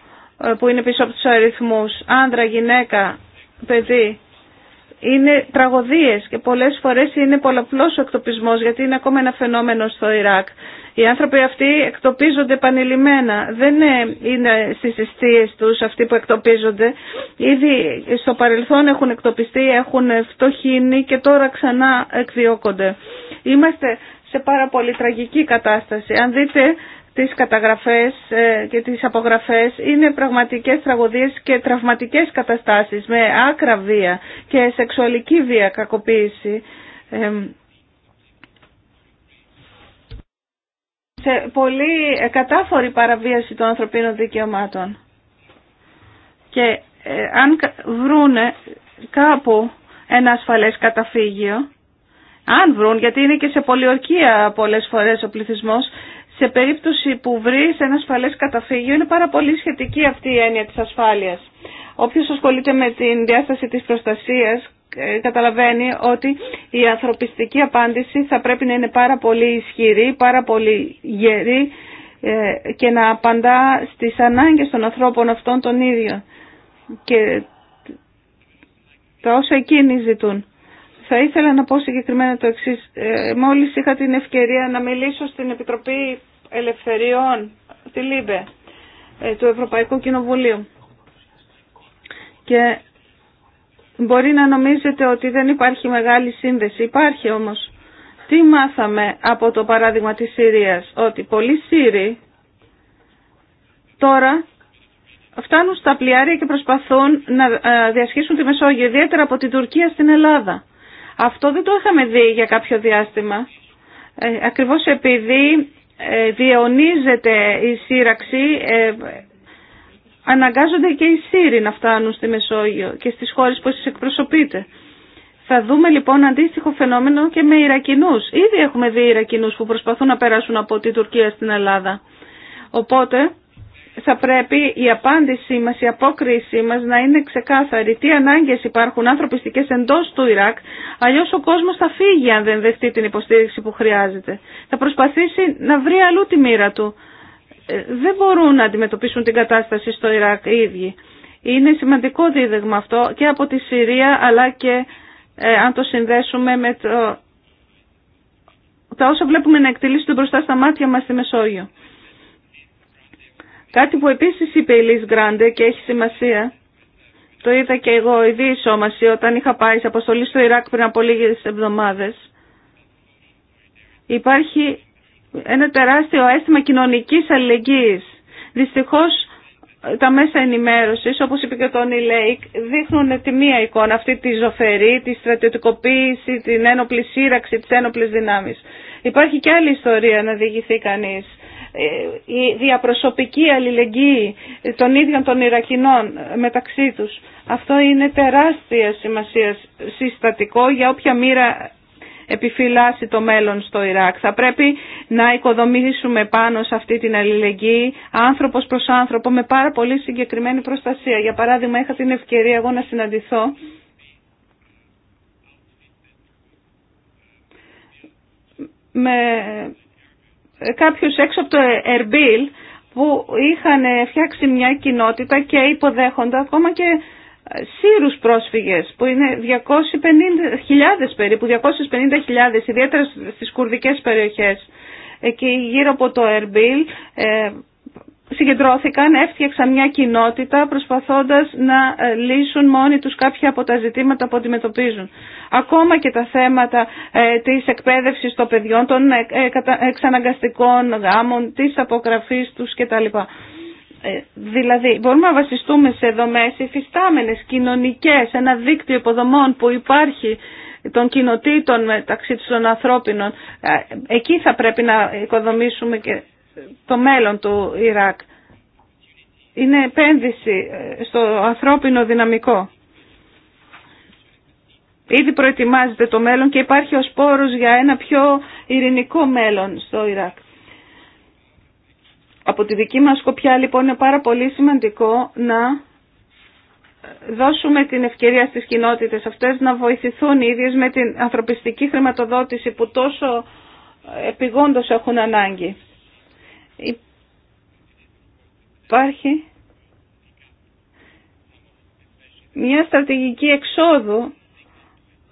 ε, που είναι πίσω από τους αριθμούς, άντρα, γυναίκα, παιδί, είναι τραγωδίες και πολλές φορές είναι πολλαπλός ο εκτοπισμός γιατί είναι ακόμα ένα φαινόμενο στο Ιράκ. Οι άνθρωποι αυτοί εκτοπίζονται επανειλημμένα. Δεν ε, είναι στις αιστείες τους αυτοί που εκτοπίζονται. Ήδη στο παρελθόν έχουν εκτοπιστεί, έχουν φτωχύνει και τώρα ξανά εκδιώκονται. Είμαστε σε πάρα πολύ τραγική κατάσταση. Αν δείτε τις καταγραφές ε, και τις απογραφές είναι πραγματικές τραγωδίες και τραυματικές καταστάσεις με άκρα βία και σεξουαλική βία κακοποίηση σε πολύ κατάφορη παραβίαση των ανθρωπίνων δικαιωμάτων. Και ε, αν βρούνε κάπου ένα ασφαλές καταφύγιο, αν βρουν, γιατί είναι και σε πολιορκία πολλές φορές ο πληθυσμός, σε περίπτωση που βρεις ένα ασφαλέ καταφύγιο, είναι πάρα πολύ σχετική αυτή η έννοια της ασφάλειας. Όποιος ασχολείται με την διάσταση της προστασίας, ε, καταλαβαίνει ότι η ανθρωπιστική απάντηση θα πρέπει να είναι πάρα πολύ ισχυρή, πάρα πολύ γερή ε, και να απαντά στις ανάγκες των ανθρώπων αυτών των ίδιων και τα όσα εκείνοι ζητούν. Θα ήθελα να πω συγκεκριμένα το εξή. Ε, μόλις είχα την ευκαιρία να μιλήσω στην Επιτροπή Ελευθεριών τη ΛΥΜΠΕ ε, του Ευρωπαϊκού Κοινοβουλίου. Και μπορεί να νομίζετε ότι δεν υπάρχει μεγάλη σύνδεση. Υπάρχει όμως. Τι μάθαμε από το παράδειγμα της Συρίας. Ότι πολλοί Σύριοι τώρα φτάνουν στα πλοιάρια και προσπαθούν να ε, διασχίσουν τη Μεσόγειο, ιδιαίτερα από την Τουρκία στην Ελλάδα. Αυτό δεν το είχαμε δει για κάποιο διάστημα. Ε, ακριβώς επειδή ε, διαιωνίζεται η σύραξη, ε, αναγκάζονται και οι Σύροι να φτάνουν στη Μεσόγειο και στις χώρες που εσείς εκπροσωπείτε. Θα δούμε λοιπόν αντίστοιχο φαινόμενο και με Ιρακινούς. Ήδη έχουμε δει Ιρακινούς που προσπαθούν να περάσουν από τη Τουρκία στην Ελλάδα. Οπότε θα πρέπει η απάντησή μας, η απόκρισή μας να είναι ξεκάθαρη. Τι ανάγκες υπάρχουν ανθρωπιστικές εντός του Ιράκ, αλλιώς ο κόσμος θα φύγει αν δεν δεχτεί την υποστήριξη που χρειάζεται. Θα προσπαθήσει να βρει αλλού τη μοίρα του. Ε, δεν μπορούν να αντιμετωπίσουν την κατάσταση στο Ιράκ οι ίδιοι. Είναι σημαντικό δίδεγμα αυτό και από τη Συρία αλλά και ε, αν το συνδέσουμε με το, τα όσα βλέπουμε να εκτελήσουν μπροστά στα μάτια μας στη Μεσόγειο. Κάτι που επίσης είπε η Λις Γκράντε και έχει σημασία, το είδα και εγώ η διεισόμαση όταν είχα πάει σε αποστολή στο Ιράκ πριν από λίγες εβδομάδες, υπάρχει ένα τεράστιο αίσθημα κοινωνικής αλληλεγγύης. Δυστυχώς τα μέσα ενημέρωσης, όπως είπε και ο Τόνι Λέικ, δείχνουν τη μία εικόνα, αυτή τη ζωφερή, τη στρατιωτικοποίηση, την ένοπλη σύραξη, τις ένοπλες δυνάμεις. Υπάρχει και άλλη ιστορία να διηγηθεί κανείς ε, η διαπροσωπική αλληλεγγύη των ίδιων των Ιρακινών μεταξύ τους. Αυτό είναι τεράστια σημασία συστατικό για όποια μοίρα επιφυλάσσει το μέλλον στο Ιράκ. Θα πρέπει να οικοδομήσουμε πάνω σε αυτή την αλληλεγγύη άνθρωπος προς άνθρωπο με πάρα πολύ συγκεκριμένη προστασία. Για παράδειγμα είχα την ευκαιρία εγώ να συναντηθώ με κάποιους έξω από το Ερμπίλ που είχαν φτιάξει μια κοινότητα και υποδέχοντα ακόμα και Σύρους πρόσφυγες που είναι 250.000 περίπου, 250.000 ιδιαίτερα στις κουρδικές περιοχές εκεί γύρω από το Ερμπίλ ε, συγκεντρώθηκαν, έφτιαξαν μια κοινότητα προσπαθώντας να ε, λύσουν μόνοι τους κάποια από τα ζητήματα που αντιμετωπίζουν. Ακόμα και τα θέματα ε, της εκπαίδευσης των παιδιών, των ε, εξαναγκαστικών γάμων, της απογραφής τους κτλ. Δηλαδή, μπορούμε να βασιστούμε σε δομές υφιστάμενες, κοινωνικές, ένα δίκτυο υποδομών που υπάρχει των κοινοτήτων μεταξύ των ανθρώπινων. Εκεί θα πρέπει να οικοδομήσουμε και το μέλλον του Ιράκ. Είναι επένδυση ε, στο ανθρώπινο δυναμικό. Ήδη προετοιμάζεται το μέλλον και υπάρχει ο σπόρος για ένα πιο ειρηνικό μέλλον στο Ιράκ. Από τη δική μας σκοπιά λοιπόν είναι πάρα πολύ σημαντικό να δώσουμε την ευκαιρία στις κοινότητες αυτές να βοηθηθούν οι ίδιες με την ανθρωπιστική χρηματοδότηση που τόσο επιγόντως έχουν ανάγκη υπάρχει μια στρατηγική εξόδου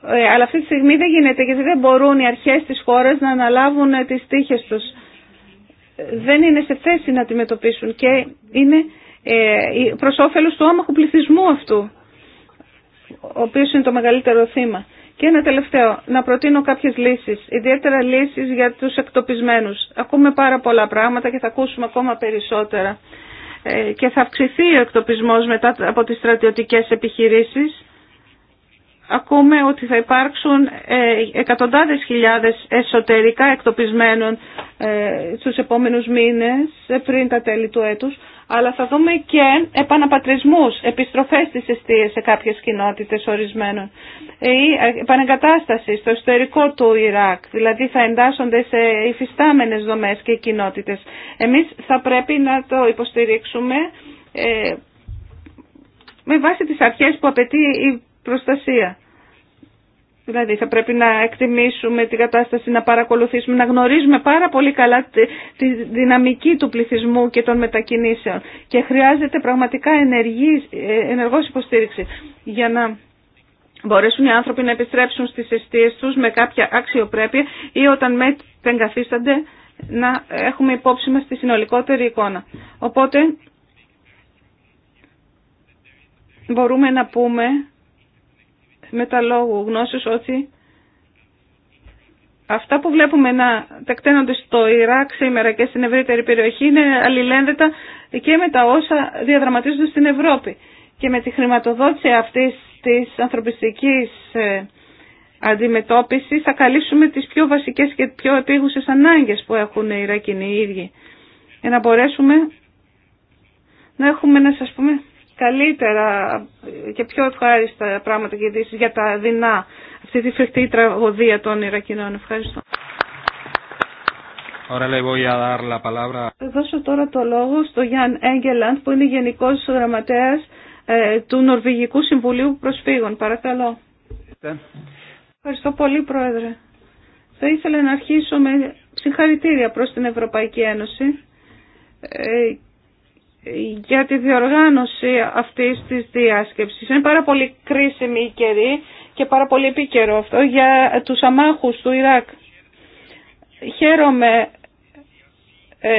ε, αλλά αυτή τη στιγμή δεν γίνεται γιατί δεν μπορούν οι αρχές της χώρας να αναλάβουν ε, τις τύχες τους. Δεν είναι σε θέση να αντιμετωπίσουν και είναι ε, προς όφελος του άμαχου πληθυσμού αυτού, ο οποίος είναι το μεγαλύτερο θύμα. Και ένα τελευταίο, να προτείνω κάποιες λύσεις, ιδιαίτερα λύσεις για τους εκτοπισμένους. Ακούμε πάρα πολλά πράγματα και θα ακούσουμε ακόμα περισσότερα. Ε, και θα αυξηθεί ο εκτοπισμός μετά από τις στρατιωτικές επιχειρήσεις ακούμε ότι θα υπάρξουν ε, εκατοντάδες χιλιάδες εσωτερικά εκτοπισμένων ε, στους επόμενους μήνες ε, πριν τα τέλη του έτους αλλά θα δούμε και επαναπατρισμούς, επιστροφές στις αιστείες σε κάποιες κοινότητες ορισμένων ή επανεγκατάσταση στο εσωτερικό του Ιράκ, δηλαδή θα εντάσσονται σε υφιστάμενες δομές και κοινότητες. Εμείς θα πρέπει να το υποστηρίξουμε με βάση τις αρχές που απαιτεί η προστασία. Δηλαδή θα πρέπει να εκτιμήσουμε την κατάσταση, να παρακολουθήσουμε, να γνωρίζουμε πάρα πολύ καλά τη, δυναμική του πληθυσμού και των μετακινήσεων. Και χρειάζεται πραγματικά ενεργή, ε, ενεργός υποστήριξη για να μπορέσουν οι άνθρωποι να επιστρέψουν στις αιστείες τους με κάποια αξιοπρέπεια ή όταν μετεγκαθίστανται να έχουμε υπόψη μας τη συνολικότερη εικόνα. Οπότε μπορούμε να πούμε με τα λόγου γνώσεως ότι αυτά που βλέπουμε να τεκταίνονται στο Ιράκ σήμερα και στην ευρύτερη περιοχή είναι αλληλένδετα και με τα όσα διαδραματίζονται στην Ευρώπη. Και με τη χρηματοδότηση αυτής της ανθρωπιστικής ε, αντιμετώπισης θα καλύψουμε τις πιο βασικές και πιο επίγουσες ανάγκες που έχουν οι Ιρακινοί οι ίδιοι. Για να μπορέσουμε να έχουμε να σας πούμε καλύτερα και πιο ευχάριστα πράγματα και ειδήσει για τα δεινά αυτή τη φρικτή τραγωδία των Ιρακινών. Ευχαριστώ. Θα δώσω τώρα το λόγο στο Γιάνν Έγκελαντ που είναι Γενικός Γραμματέας ε, του Νορβηγικού Συμβουλίου Προσφύγων. Παρακαλώ. Ευχαριστώ πολύ Πρόεδρε. Θα ήθελα να αρχίσω με συγχαρητήρια προς την Ευρωπαϊκή Ένωση ε, για τη διοργάνωση αυτής της διάσκεψης. Είναι πάρα πολύ κρίσιμη η καιρή και πάρα πολύ επίκαιρο αυτό για τους αμάχους του Ιράκ. Χαίρομαι ε,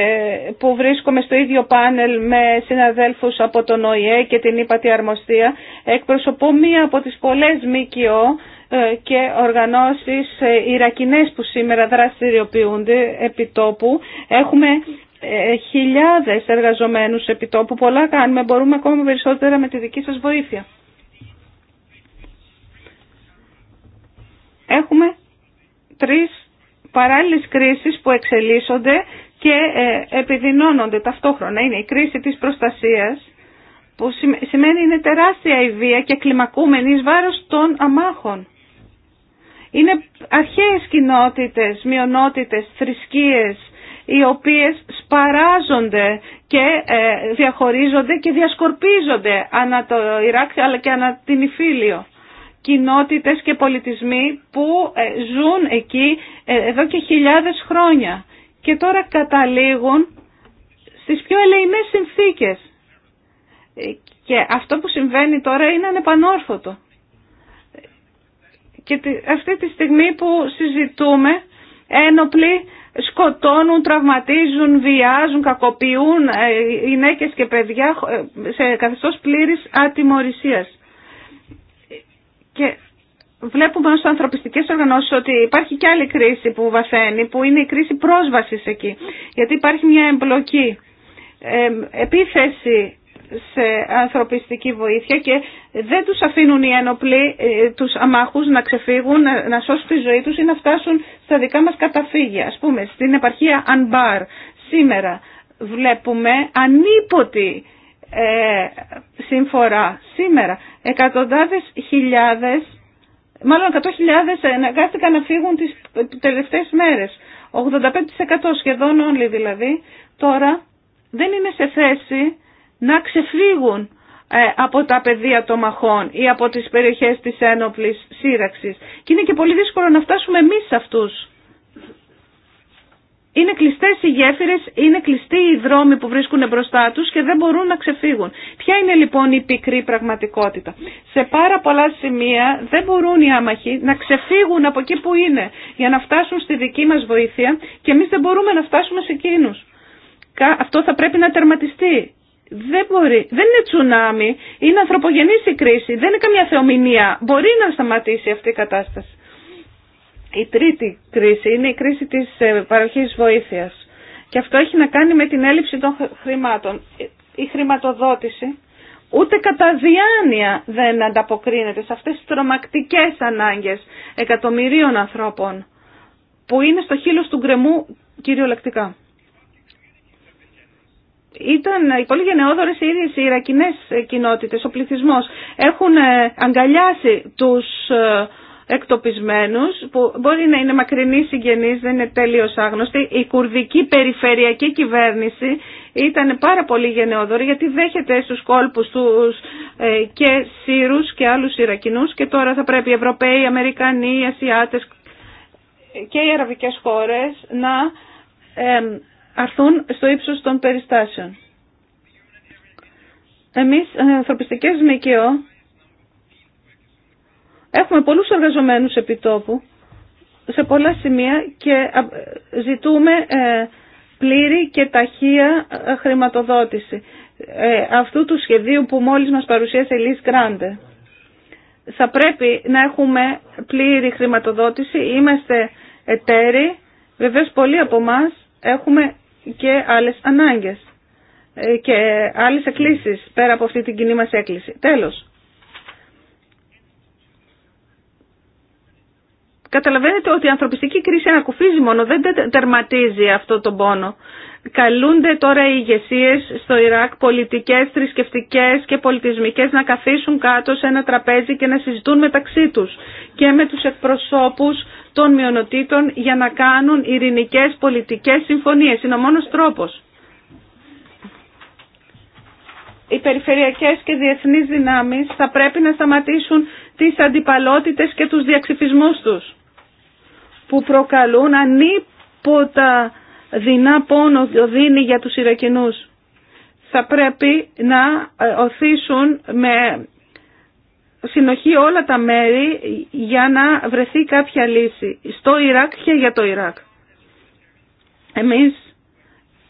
που βρίσκομαι στο ίδιο πάνελ με συναδέλφους από τον ΟΗΕ και την ΥΠΑΤΗ Αρμοστία. Εκπροσωπώ μία από τις πολλές ΜΚΟ ε, και οργανώσεις ε, Ιρακινές που σήμερα δραστηριοποιούνται επί τόπου. Έχουμε ε, χιλιάδες εργαζομένους επιτόπου. Πολλά κάνουμε, μπορούμε ακόμα περισσότερα με τη δική σας βοήθεια. Έχουμε τρεις παράλληλες κρίσεις που εξελίσσονται και ε, επιδεινώνονται ταυτόχρονα. Είναι η κρίση της προστασίας που σημαίνει είναι τεράστια η βία και κλιμακούμενη εις βάρος των αμάχων. Είναι αρχαίες κοινότητες, μειονότητες, θρησκείες, οι οποίες σπαράζονται και ε, διαχωρίζονται και διασκορπίζονται ανά το Ιράκ αλλά και ανά την Ιφίλιο. Κοινότητες και πολιτισμοί που ε, ζουν εκεί ε, εδώ και χιλιάδες χρόνια και τώρα καταλήγουν στις πιο ελεηνές συνθήκες. Και αυτό που συμβαίνει τώρα είναι ανεπανόρθωτο. Και αυτή τη στιγμή που συζητούμε ένοπλοι σκοτώνουν, τραυματίζουν, βιάζουν, κακοποιούν ε, γυναίκες και παιδιά ε, σε καθεστώς πλήρης ατιμορρησίας. Και βλέπουμε ως ανθρωπιστικές οργανώσεις ότι υπάρχει και άλλη κρίση που βαθαίνει, που είναι η κρίση πρόσβασης εκεί. Γιατί υπάρχει μια εμπλοκή, ε, επίθεση σε ανθρωπιστική βοήθεια και δεν τους αφήνουν οι ένοπλοι ε, τους αμάχους να ξεφύγουν, να σώσουν τη ζωή τους ή να φτάσουν στα δικά μας καταφύγια. Ας πούμε, στην επαρχία Ανμπάρ σήμερα βλέπουμε ανίποτη ε, συμφορά. Σήμερα εκατοντάδες χιλιάδες, μάλλον εκατό χιλιάδες αναγκάστηκαν να φύγουν τις τελευταίες μέρες. 85% σχεδόν όλοι δηλαδή. Τώρα δεν είναι σε θέση να ξεφύγουν ε, από τα πεδία των μαχών ή από τις περιοχές της ένοπλης σύραξης. Και είναι και πολύ δύσκολο να φτάσουμε εμείς σε αυτούς. Είναι κλειστές οι γέφυρες, είναι κλειστοί οι δρόμοι που βρίσκουν μπροστά τους και δεν μπορούν να ξεφύγουν. Ποια είναι λοιπόν η πικρή πραγματικότητα. Σε πάρα πολλά σημεία δεν μπορούν οι άμαχοι να ξεφύγουν από εκεί που είναι για να φτάσουν στη δική μας βοήθεια και εμείς δεν μπορούμε να φτάσουμε σε εκείνους. Αυτό θα πρέπει να τερματιστεί δεν μπορεί. Δεν είναι τσουνάμι. Είναι ανθρωπογενής η κρίση. Δεν είναι καμιά θεομηνία. Μπορεί να σταματήσει αυτή η κατάσταση. Η τρίτη κρίση είναι η κρίση της ε, παροχής βοήθειας. Και αυτό έχει να κάνει με την έλλειψη των χρημάτων. Η χρηματοδότηση ούτε κατά διάνοια δεν ανταποκρίνεται σε αυτές τις τρομακτικές ανάγκες εκατομμυρίων ανθρώπων που είναι στο χείλος του γκρεμού κυριολεκτικά ήταν πολύ γενναιόδορες οι ίδιες οι Ιρακινές κοινότητες, ο πληθυσμός. Έχουν ε, αγκαλιάσει τους ε, εκτοπισμένους που μπορεί να είναι μακρινοί συγγενείς, δεν είναι τέλειως άγνωστοι. Η κουρδική περιφερειακή κυβέρνηση ήταν πάρα πολύ γενναιόδορη γιατί δέχεται στους κόλπους τους ε, και Σύρους και άλλους Ιρακινούς και τώρα θα πρέπει οι Ευρωπαίοι, οι Αμερικανοί, οι Ασιάτες και οι Αραβικές χώρες να αρθούν στο ύψος των περιστάσεων. Εμείς, ε, ανθρωπιστικές ΜΚΟ, έχουμε πολλούς εργαζομένους επιτόπου σε πολλά σημεία και ζητούμε ε, πλήρη και ταχεία ε, χρηματοδότηση αυτού του σχεδίου που μόλις μας παρουσίασε η Λις Γκράντε. Θα πρέπει να έχουμε πλήρη χρηματοδότηση, είμαστε εταίροι, βεβαίως πολλοί από εμά έχουμε και άλλες ανάγκες ε, και άλλες εκκλήσεις πέρα από αυτή την κοινή μας έκκληση. Τέλος. Καταλαβαίνετε ότι η ανθρωπιστική κρίση ανακουφίζει μόνο, δεν τερματίζει αυτό τον πόνο. Καλούνται τώρα οι ηγεσίε στο Ιράκ, πολιτικέ, θρησκευτικέ και πολιτισμικέ, να καθίσουν κάτω σε ένα τραπέζι και να συζητούν μεταξύ του και με του εκπροσώπου των μειονοτήτων για να κάνουν ειρηνικές πολιτικές συμφωνίες. Είναι ο μόνος τρόπος. Οι περιφερειακές και διεθνείς δυνάμεις θα πρέπει να σταματήσουν τις αντιπαλότητες και τους διαξυφισμούς τους που προκαλούν ανίποτα δεινά πόνο δίνει για τους Ιρακινούς. Θα πρέπει να ε, οθήσουν με συνοχή όλα τα μέρη για να βρεθεί κάποια λύση στο Ιράκ και για το Ιράκ. Εμείς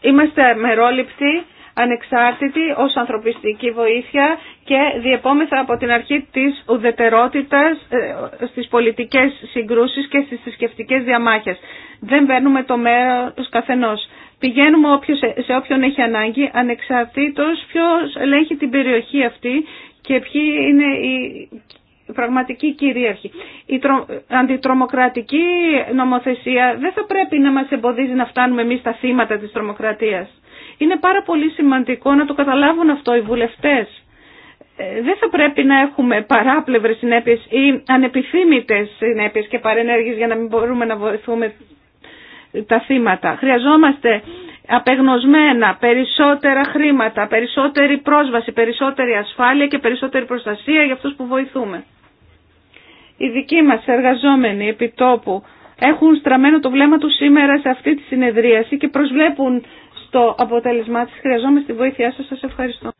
είμαστε μερόληπτοι, ανεξάρτητοι ως ανθρωπιστική βοήθεια και διεπόμεθα από την αρχή της ουδετερότητας ε, στις πολιτικές συγκρούσεις και στις θρησκευτικέ διαμάχες. Δεν παίρνουμε το μέρος καθενός. Πηγαίνουμε σε όποιον έχει ανάγκη, ανεξαρτήτως ποιος ελέγχει την περιοχή αυτή και ποιοι είναι οι πραγματικοί κυρίαρχοι. Η αντιτρομοκρατική νομοθεσία δεν θα πρέπει να μας εμποδίζει να φτάνουμε εμείς τα θύματα της τρομοκρατίας. Είναι πάρα πολύ σημαντικό να το καταλάβουν αυτό οι βουλευτές. Ε, δεν θα πρέπει να έχουμε παράπλευρες συνέπειες ή ανεπιθύμητες συνέπειες και παρενέργειες για να μην μπορούμε να βοηθούμε τα θύματα. Χρειαζόμαστε απεγνωσμένα, περισσότερα χρήματα, περισσότερη πρόσβαση, περισσότερη ασφάλεια και περισσότερη προστασία για αυτούς που βοηθούμε. Οι δικοί μας εργαζόμενοι επιτόπου έχουν στραμμένο το βλέμμα τους σήμερα σε αυτή τη συνεδρίαση και προσβλέπουν στο αποτέλεσμά της. Χρειαζόμαστε τη βοήθειά σας. Σας ευχαριστώ.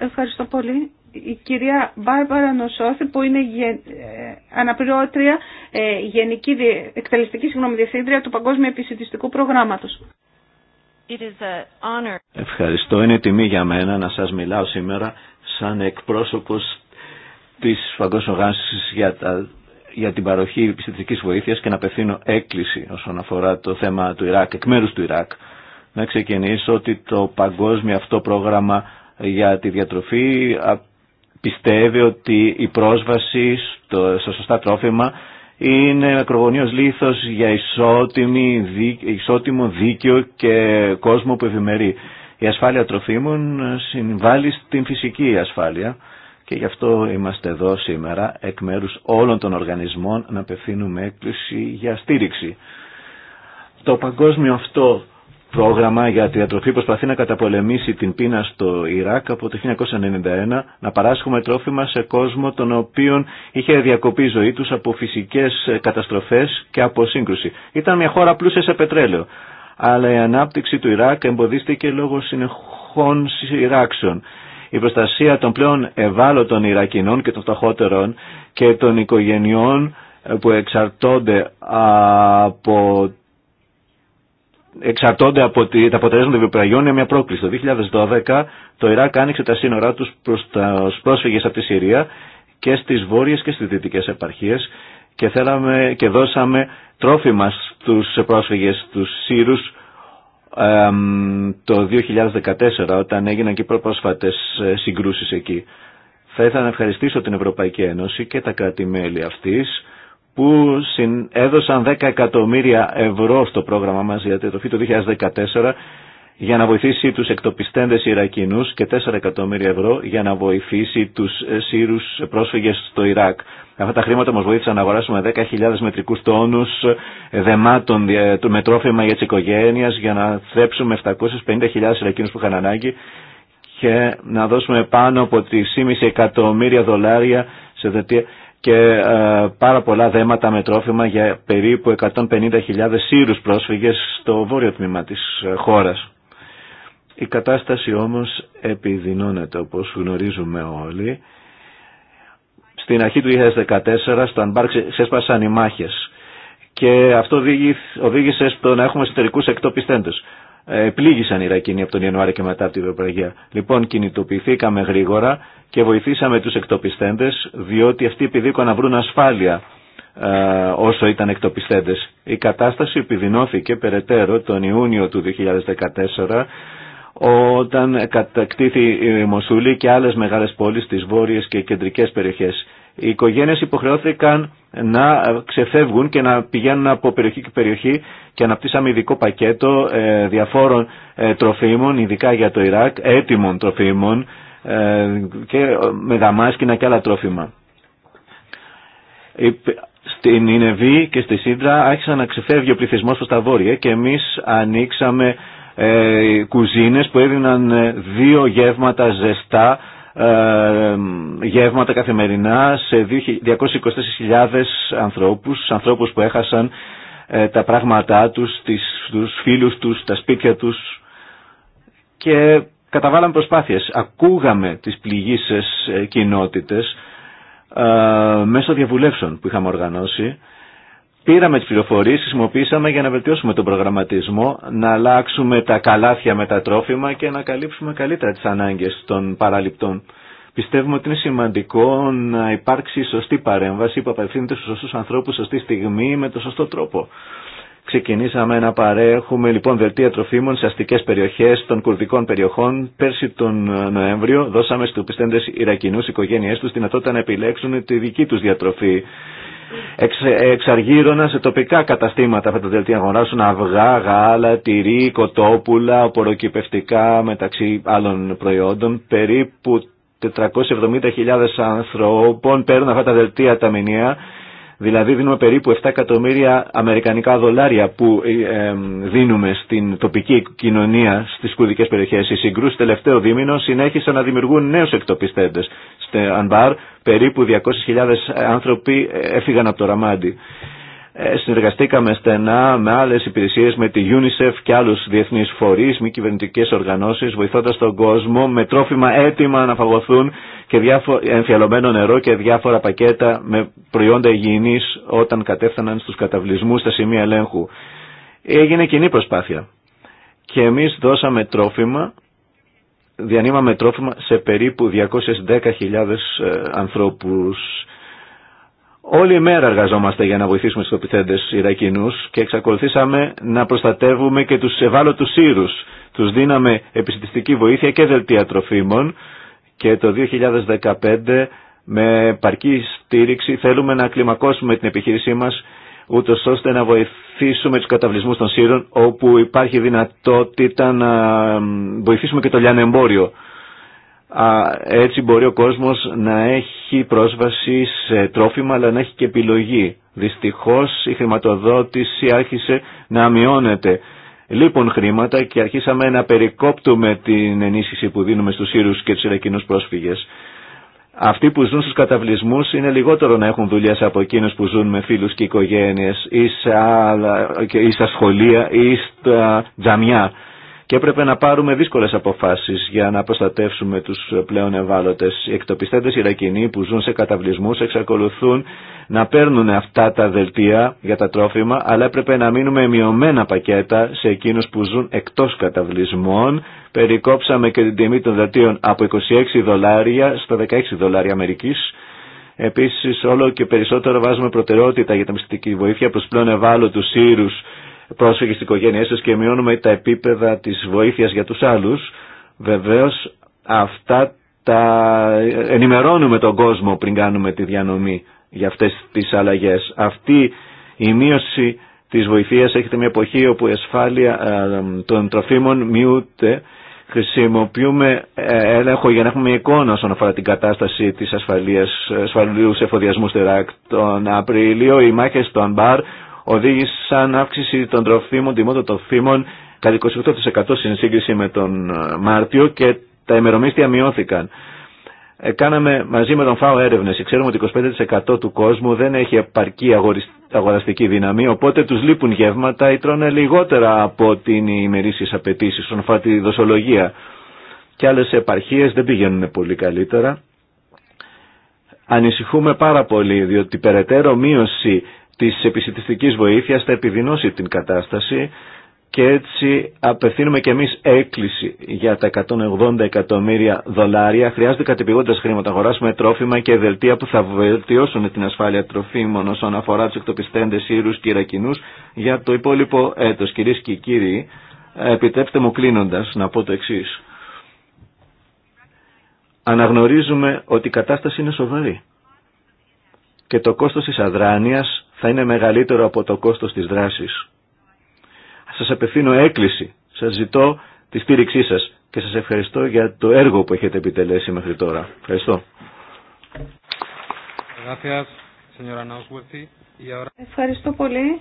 Ευχαριστώ πολύ η κυρία Μπάρμπαρα Νοσόθη που είναι ε, αναπληρώτρια ε, γενική εκτελεστική συγγνώμη, διευθύντρια του Παγκόσμιου Επιστημιστικού Προγράμματος. Ευχαριστώ. Είναι τιμή για μένα να σας μιλάω σήμερα σαν εκπρόσωπος της Παγκόσμιου Οργάνωσης για, τα, για την παροχή επιστημικής βοήθειας και να απευθύνω έκκληση όσον αφορά το θέμα του Ιράκ, εκ μέρους του Ιράκ. Να ξεκινήσω ότι το παγκόσμιο αυτό πρόγραμμα για τη διατροφή πιστεύει ότι η πρόσβαση στο, στο σωστά τρόφιμα είναι ακρογωνίως λήθος για ισότιμη, δί, ισότιμο δίκαιο και κόσμο που ευημερεί. Η ασφάλεια τροφίμων συμβάλλει στην φυσική ασφάλεια και γι' αυτό είμαστε εδώ σήμερα εκ μέρους όλων των οργανισμών να απευθύνουμε έκκληση για στήριξη. Το παγκόσμιο αυτό πρόγραμμα για τη διατροφή προσπαθεί να καταπολεμήσει την πείνα στο Ιράκ από το 1991, να παράσχουμε τρόφιμα σε κόσμο τον οποίον είχε διακοπεί η ζωή τους από φυσικές καταστροφές και από σύγκρουση. Ήταν μια χώρα πλούσια σε πετρέλαιο, αλλά η ανάπτυξη του Ιράκ εμποδίστηκε λόγω συνεχών σειράξεων. Η προστασία των πλέον ευάλωτων Ιρακινών και των φτωχότερων και των οικογενειών που εξαρτώνται από εξαρτώνται από τη, τα αποτελέσματα των βιοπραγιών είναι μια πρόκληση. Το 2012 το Ιράκ άνοιξε τα σύνορά τους προς τα πρόσφυγες από τη Συρία και στις βόρειες και στις δυτικές επαρχίες και, θέλαμε, και δώσαμε τρόφιμα στους πρόσφυγες, στους Σύρους το 2014 όταν έγιναν και πρόσφατες ε, συγκρούσεις εκεί. Θα ήθελα να ευχαριστήσω την Ευρωπαϊκή Ένωση και τα κράτη-μέλη αυτής που έδωσαν 10 εκατομμύρια ευρώ στο πρόγραμμα μας για το φύτο 2014 για να βοηθήσει τους εκτοπιστέντες Ιρακινούς και 4 εκατομμύρια ευρώ για να βοηθήσει τους ε, Σύρους πρόσφυγες στο Ιράκ. Αυτά τα χρήματα μας βοήθησαν να αγοράσουμε 10.000 μετρικούς τόνους ε, δεμάτων με τρόφιμα για τις οικογένειες για να θρέψουμε 750.000 Ιρακινούς που είχαν ανάγκη και να δώσουμε πάνω από 3,5 εκατομμύρια δολάρια σε δετία και ε, πάρα πολλά δέματα με τρόφιμα για περίπου 150.000 Σύρους πρόσφυγες στο βόρειο τμήμα της ε, χώρας. Η κατάσταση όμως επιδεινώνεται όπως γνωρίζουμε όλοι. Στην αρχή του 2014 στο Ανμπάρ ξέσπασαν οι μάχες και αυτό οδήγησε στο να έχουμε εσωτερικού εκτοπιστέντες. Ε, πλήγησαν οι Ρακίνοι από τον Ιανουάριο και μετά από την Ευρωπαϊκή. Λοιπόν, κινητοποιηθήκαμε γρήγορα και βοηθήσαμε τους εκτοπιστέντες διότι αυτοί επιδίκουν να βρουν ασφάλεια ε, όσο ήταν εκτοπιστέντες. Η κατάσταση επιδεινώθηκε περαιτέρω τον Ιούνιο του 2014 όταν κατακτήθη η Μοσούλη και άλλες μεγάλες πόλεις στις βόρειες και κεντρικές περιοχές. Οι οικογένειες υποχρεώθηκαν να ξεφεύγουν και να πηγαίνουν από περιοχή και περιοχή και αναπτύσσαμε ειδικό πακέτο ε, διαφόρων ε, τροφίμων, ειδικά για το Ιράκ, έτοιμων τροφίμων, ε, και με δαμάσκηνα και άλλα τρόφιμα. Στην Ινεβή και στη Σύντρα άρχισαν να ξεφεύγει ο πληθυσμό προ τα βόρεια και εμεί ανοίξαμε ε, κουζίνες που έδιναν ε, δύο γεύματα ζεστά ε, γεύματα καθημερινά σε 224.000 ανθρώπους, ανθρώπους που έχασαν ε, τα πράγματά τους, τις, τους φίλους τους, τα σπίτια τους και καταβάλαμε προσπάθειες, ακούγαμε τις πληγήσεις ε, κοινότητες ε, μέσω διαβουλεύσεων που είχαμε οργανώσει. Πήραμε τις πληροφορίες, χρησιμοποίησαμε για να βελτιώσουμε τον προγραμματισμό, να αλλάξουμε τα καλάθια με τα τρόφιμα και να καλύψουμε καλύτερα τις ανάγκες των παραληπτών. Πιστεύουμε ότι είναι σημαντικό να υπάρξει σωστή παρέμβαση που απευθύνεται στους σωστούς ανθρώπους, σωστή στιγμή, με το σωστό τρόπο. Ξεκινήσαμε να παρέχουμε λοιπόν δελτία τροφίμων σε αστικές περιοχές των κουρδικών περιοχών. Πέρσι τον ε, Νοέμβριο δώσαμε στους πιστέντες Ιρακινούς οικογένειές τους δυνατότητα να επιλέξουν τη δική τους διατροφή. Εξ, εξαργύρωνα σε τοπικά καταστήματα αυτά τα δελτία αγοράσουν αυγά, γάλα, τυρί, κοτόπουλα, οποροκυπευτικά μεταξύ άλλων προϊόντων. Περίπου 470.000 ανθρώπων παίρνουν αυτά τα δελτία τα μηνύα. Δηλαδή δίνουμε περίπου 7 εκατομμύρια αμερικανικά δολάρια που ε, δίνουμε στην τοπική κοινωνία στις κουρδικές περιοχές. Οι συγκρούσεις τελευταίο δίμηνο συνέχισαν να δημιουργούν νέους εκτοπιστέντες. Στην Ανμπάρ περίπου 200.000 άνθρωποι ε, έφυγαν από το Ραμάντι. Ε, συνεργαστήκαμε στενά με άλλες υπηρεσίες, με τη UNICEF και άλλους διεθνείς φορείς, μη κυβερνητικές οργανώσεις, βοηθώντας τον κόσμο με τρόφιμα έτοιμα να φαγωθούν και διάφο... νερό και διάφορα πακέτα με προϊόντα υγιεινής όταν κατέφθαναν στους καταβλισμούς στα σημεία ελέγχου. Έγινε κοινή προσπάθεια και εμείς δώσαμε τρόφιμα, διανύμαμε τρόφιμα σε περίπου 210.000 ε, ανθρώπους Όλη η μέρα εργαζόμαστε για να βοηθήσουμε στους επιθέντες Ιρακινούς και εξακολουθήσαμε να προστατεύουμε και τους ευάλωτους Σύρους. Τους δίναμε επιστηστική βοήθεια και δελτία τροφίμων και το 2015 με παρκή στήριξη θέλουμε να κλιμακώσουμε την επιχείρησή μας ούτω ώστε να βοηθήσουμε τους καταβλισμούς των Σύρων όπου υπάρχει δυνατότητα να βοηθήσουμε και το λιανεμπόριο έτσι μπορεί ο κόσμος να έχει πρόσβαση σε τρόφιμα αλλά να έχει και επιλογή. Δυστυχώς η χρηματοδότηση άρχισε να μειώνεται. Λείπουν χρήματα και αρχίσαμε να περικόπτουμε την ενίσχυση που δίνουμε στους Σύρους και τους Ιρακινούς πρόσφυγες. Αυτοί που ζουν στους καταβλισμούς είναι λιγότερο να έχουν δουλειές από εκείνους που ζουν με φίλους και οικογένειες ή στα σχολεία ή στα τζαμιά και έπρεπε να πάρουμε δύσκολες αποφάσεις για να προστατεύσουμε τους πλέον ευάλωτες. Οι εκτοπιστέντες Ιρακινοί που ζουν σε καταβλισμούς εξακολουθούν να παίρνουν αυτά τα δελτία για τα τρόφιμα, αλλά έπρεπε να μείνουμε μειωμένα πακέτα σε εκείνους που ζουν εκτός καταβλισμών. Περικόψαμε και την τιμή των δελτίων από 26 δολάρια στα 16 δολάρια Αμερικής. Επίσης όλο και περισσότερο βάζουμε προτεραιότητα για τα μυστική βοήθεια προς πλέον ευάλωτους Σύρους πρόσφυγες οικογένεια σα και μειώνουμε τα επίπεδα τη βοήθεια για του άλλου. Βεβαίω αυτά τα ενημερώνουμε τον κόσμο πριν κάνουμε τη διανομή για αυτές τις αλλαγές. Αυτή η μείωση της βοηθείας έχετε μια εποχή όπου η ασφάλεια των τροφίμων μειούται. Χρησιμοποιούμε ε, έλεγχο για να έχουμε εικόνα όσον αφορά την κατάσταση της ασφαλείας, ασφαλείου εφοδιασμού ΡΑΚ. Τον Απρίλιο οι μάχες των Μπαρ οδήγησαν αύξηση των τροφίμων, τιμών των τροφίμων κατά 28% στην σύγκριση με τον ε, Μάρτιο και τα ημερομίστια μειώθηκαν. Ε, κάναμε μαζί με τον ΦΑΟ έρευνε. Ξέρουμε ότι 25% του κόσμου δεν έχει επαρκή αγοραστική δύναμη, οπότε του λείπουν γεύματα ή τρώνε λιγότερα από την ημερήσιε απαιτήσει, όσον αφορά τη δοσολογία. Και άλλε επαρχίε δεν πηγαίνουν πολύ καλύτερα. Ανησυχούμε πάρα πολύ, διότι περαιτέρω μείωση της επισητιστικής βοήθειας θα επιδεινώσει την κατάσταση και έτσι απευθύνουμε και εμείς έκκληση για τα 180 εκατομμύρια δολάρια. Χρειάζεται κατεπηγόντας χρήματα αγοράσουμε τρόφιμα και δελτία που θα βελτιώσουν την ασφάλεια τροφίμων όσον αφορά τους εκτοπιστέντες ήρους και ρακινούς για το υπόλοιπο έτος. Κυρίες και κύριοι, επιτρέψτε μου κλείνοντας να πω το εξή. Αναγνωρίζουμε ότι η κατάσταση είναι σοβαρή και το κόστος της αδράνειας θα είναι μεγαλύτερο από το κόστος της δράσης. Σας απευθύνω έκκληση, σας ζητώ τη στήριξή σας και σας ευχαριστώ για το έργο που έχετε επιτελέσει μέχρι τώρα. Ευχαριστώ. Ευχαριστώ πολύ.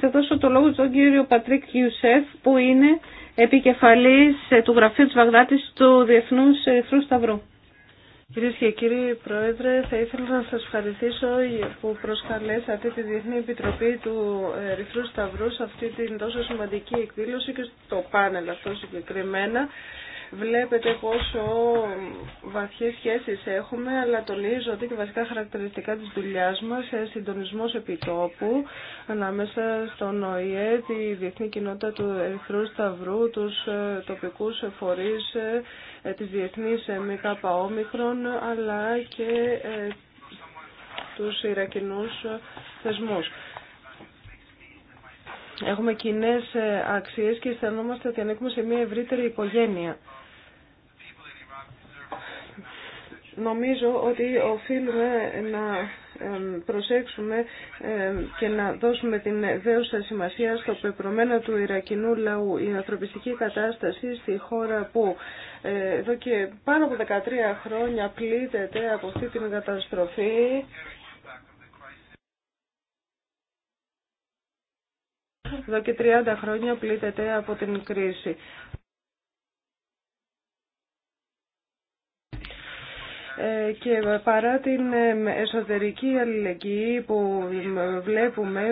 Θα δώσω το λόγο στον κύριο Πατρίκ Ιουσέφ που είναι επικεφαλής ε, του Γραφείου της Βαγδάτης του Διεθνούς Ερυθρού Σταυρού. Κυρίε και κύριοι Πρόεδρε, θα ήθελα να σας ευχαριστήσω που προσκαλέσατε τη Διεθνή Επιτροπή του ε, Ερυθρού Σταυρού σε αυτή την τόσο σημαντική εκδήλωση και στο πάνελ αυτό συγκεκριμένα. Βλέπετε πόσο βαθιές σχέσεις έχουμε, αλλά τονίζω ότι και βασικά χαρακτηριστικά της δουλειάς μας, ε, συντονισμός επιτόπου ανάμεσα στον ΟΗΕ, τη Διεθνή Κοινότητα του Ερυθρού Σταυρού, τους ε, τοπικούς φορείς, ε, της διεθνής ε, ΜΚΟ αλλά και ε, τους Ιρακινούς θεσμούς. Έχουμε κοινέ αξίες και αισθανόμαστε ότι ανήκουμε σε μια ευρύτερη οικογένεια. Νομίζω ότι οφείλουμε να προσέξουμε και να δώσουμε την δέουσα σημασία στο πεπρωμένο του Ιρακινού λαού. Η ανθρωπιστική κατάσταση στη χώρα που ε, εδώ και πάνω από 13 χρόνια πλήττεται από αυτή την καταστροφή εδώ και 30 χρόνια πλήττεται από την κρίση. Ε, και παρά την ε, εσωτερική αλληλεγγύη που βλέπουμε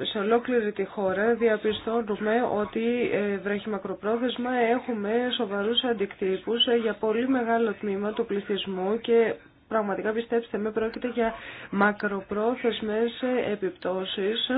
σε ολόκληρη τη χώρα διαπιστώνουμε ότι ε, βρέχει μακροπρόθεσμα, έχουμε σοβαρούς αντικτύπους για πολύ μεγάλο τμήμα του πληθυσμού και πραγματικά πιστέψτε με πρόκειται για μακροπρόθεσμες επιπτώσεις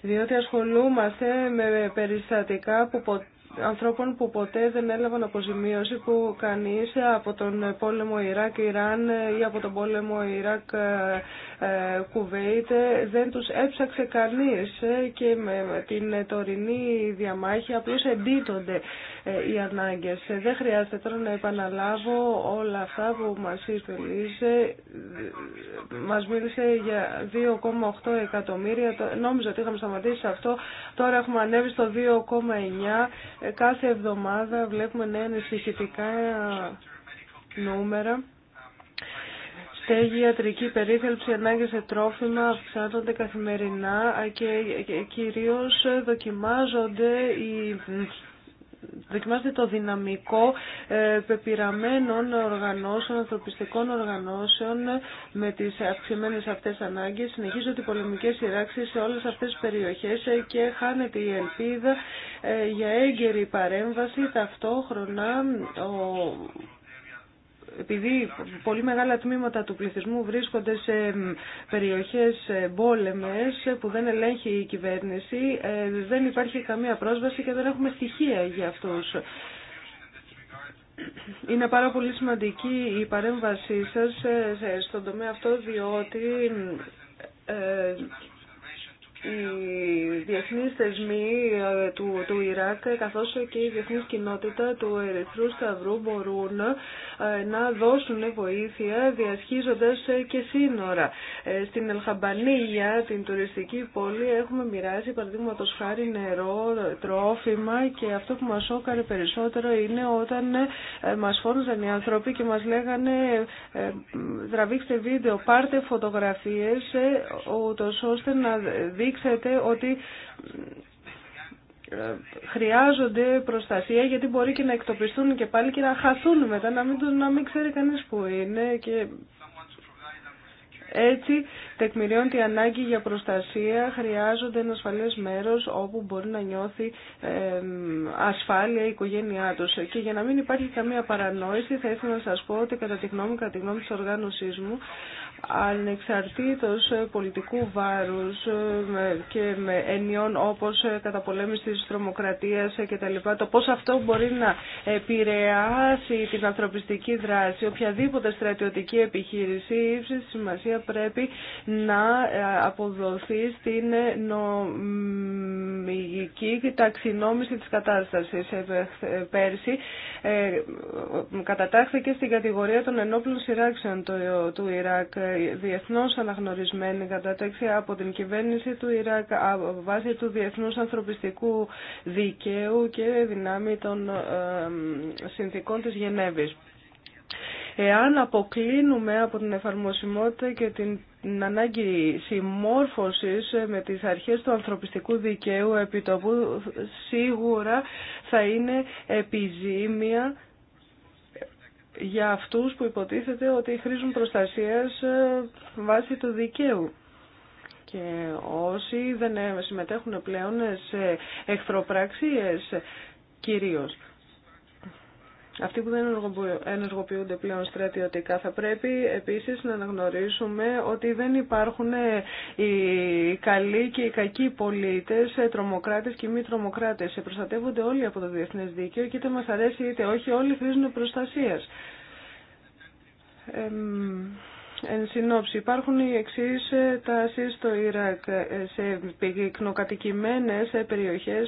διότι ασχολούμαστε με περιστατικά που ποτέ ανθρώπων που ποτέ δεν έλαβαν αποζημίωση που κανείς από τον πόλεμο Ιράκ-Ιράν ή από τον πόλεμο Ιράκ ε, ε, Κουβέιτ ε, δεν τους έψαξε κανείς ε, και με την τωρινή διαμάχη απλώς ε, οι ανάγκες. Δεν χρειάζεται τώρα να επαναλάβω όλα αυτά που μας είπε Λίζε. Μας μίλησε για 2,8 εκατομμύρια. Νόμιζα ότι είχαμε σταματήσει αυτό. Τώρα έχουμε ανέβει στο 2,9. Κάθε εβδομάδα βλέπουμε νέα ανησυχητικά νούμερα στέγη, ιατρική περίθαλψη, ανάγκη σε τρόφιμα αυξάνονται καθημερινά και κυρίως δοκιμάζονται οι δοκιμάζεται το δυναμικό ε, πεπειραμένων οργανώσεων, ανθρωπιστικών οργανώσεων με τις αυξημένες αυτές ανάγκες. Συνεχίζονται οι πολεμικές σειράξεις σε όλες αυτές τις περιοχές και χάνεται η ελπίδα ε, για έγκαιρη παρέμβαση. Ταυτόχρονα ο επειδή πολύ μεγάλα τμήματα του πληθυσμού βρίσκονται σε περιοχές μπόλεμες που δεν ελέγχει η κυβέρνηση, ε, δεν υπάρχει καμία πρόσβαση και δεν έχουμε στοιχεία για αυτούς. Είναι πάρα πολύ σημαντική η παρέμβασή σας ε, στον τομέα αυτό, διότι ε, οι διεθνείς θεσμοί ε, του, του Ιράκ καθώς και η διεθνής κοινότητα του Ερυθρού Σταυρού μπορούν ε, να δώσουν βοήθεια διασχίζοντας ε, και σύνορα. Στην Ελχαμπανίλια την τουριστική πόλη, έχουμε μοιράσει παραδείγματο χάρη νερό, τρόφιμα και αυτό που μας σώκαρε περισσότερο είναι όταν μας φώναζαν οι άνθρωποι και μας λέγανε τραβήξτε βίντεο, πάρτε φωτογραφίες ούτως ώστε να δείξετε ότι ε, χρειάζονται προστασία γιατί μπορεί και να εκτοπιστούν και πάλι και να χαθούν μετά, να μην, να μην ξέρει κανείς που είναι και έτσι τεκμηριώνει τη ανάγκη για προστασία, χρειάζονται ένα ασφαλές μέρος όπου μπορεί να νιώθει ασφάλεια η οικογένειά τους. Και για να μην υπάρχει καμία παρανόηση θα ήθελα να σας πω ότι κατά τη γνώμη, κατά τη γνώμη της οργάνωσής μου ανεξαρτήτως πολιτικού βάρους ε, και με ενιών όπως ε, καταπολέμηση της τρομοκρατίας ε, και τα το πώς αυτό μπορεί να επηρεάσει την ανθρωπιστική δράση, οποιαδήποτε στρατιωτική επιχείρηση, η ύψη σημασία πρέπει να αποδοθεί στην νομική ταξινόμηση της κατάστασης. Πέρσι κατατάχθηκε στην κατηγορία των ενόπλων σειράξεων του Ιράκ διεθνώς αναγνωρισμένη κατάταξη από την κυβέρνηση του Ιράκ βάσει του διεθνούς ανθρωπιστικού δικαίου και δυνάμει των συνθήκων της Γενέβης. Εάν αποκλίνουμε από την εφαρμοσιμότητα και την ανάγκη συμμόρφωσης με τις αρχές του ανθρωπιστικού δικαίου επί το που σίγουρα θα είναι επιζήμια για αυτούς που υποτίθεται ότι χρήζουν προστασίας ε, βάσει του δικαίου. Και όσοι δεν ε, συμμετέχουν πλέον σε εχθροπραξίες κυρίως. Αυτοί που δεν ενεργοποιούνται πλέον στρατιωτικά θα πρέπει επίσης να αναγνωρίσουμε ότι δεν υπάρχουν ε, οι καλοί και οι κακοί πολίτες, ε, τρομοκράτες και μη τρομοκράτες. Ε, προστατεύονται όλοι από το διεθνές δίκαιο και είτε μας αρέσει είτε όχι όλοι χρήζουν προστασίας. Εν συνόψη, υπάρχουν οι εξή ε, τάσει στο Ιράκ. Ε, σε πυκνοκατοικημένε ε, περιοχέ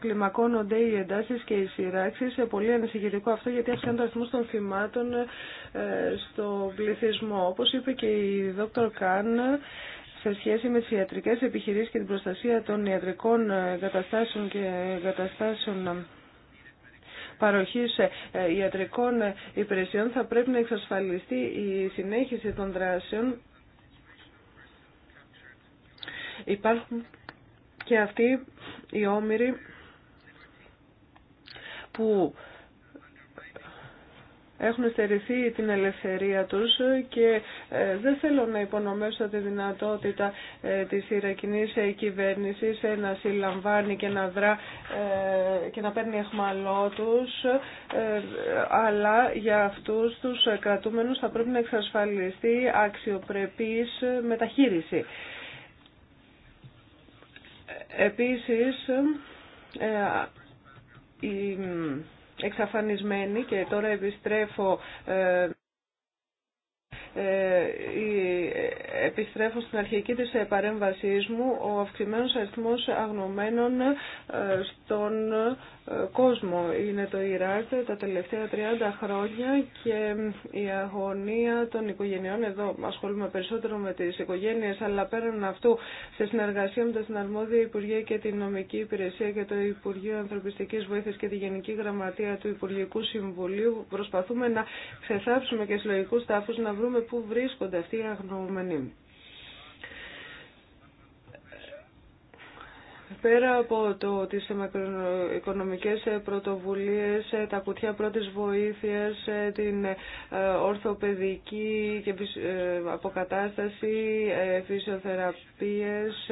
κλιμακώνονται οι εντάσει και οι σειράξει. Πολύ ανησυχητικό αυτό γιατί αυξάνει το αριθμό των θυμάτων στον πληθυσμό. Όπω είπε και η Δόκτωρ Καν, σε σχέση με τις ιατρικές επιχειρήσεις και την προστασία των ιατρικών καταστάσεων και εγκαταστάσεων παροχής ε, ε, ιατρικών ε, υπηρεσιών θα πρέπει να εξασφαλιστεί η συνέχιση των δράσεων. Υπάρχουν και αυτοί οι όμοιροι που έχουν στερηθεί την ελευθερία τους και ε, δεν θέλω να υπονομεύσω τη δυνατότητα ε, της Ιρακινής ε, κυβέρνησης να συλλαμβάνει και να δρά και να παίρνει εχμαλό τους, αλλά για αυτούς τους κρατούμενους θα πρέπει να εξασφαλιστεί αξιοπρεπής μεταχείριση. Επίσης, η εξαφανισμένη και τώρα επιστρέφω ε, ε, επιστρέφω στην αρχική της παρέμβασής μου ο αυξημένος αριθμός αγνωμένων ε, στον ε, κόσμο είναι το Ιράκ τα τελευταία 30 χρόνια και η αγωνία των οικογενειών εδώ ασχολούμαι περισσότερο με τις οικογένειες αλλά πέραν αυτού σε συνεργασία με τα συναρμόδια Υπουργεία και την Νομική Υπηρεσία και το Υπουργείο Ανθρωπιστικής Βοήθειας και τη Γενική Γραμματεία του Υπουργικού Συμβουλίου προσπαθούμε να ξεθάψουμε και συλλογικούς τάφους να βρούμε πού βρίσκονται αυτοί οι αγνοούμενοι. Πέρα από το τις πρωτοβουλίες, τα κουτιά πρώτης βοήθειας, την ε, ορθοπαιδική και ε, αποκατάσταση, ε, φυσιοθεραπείες,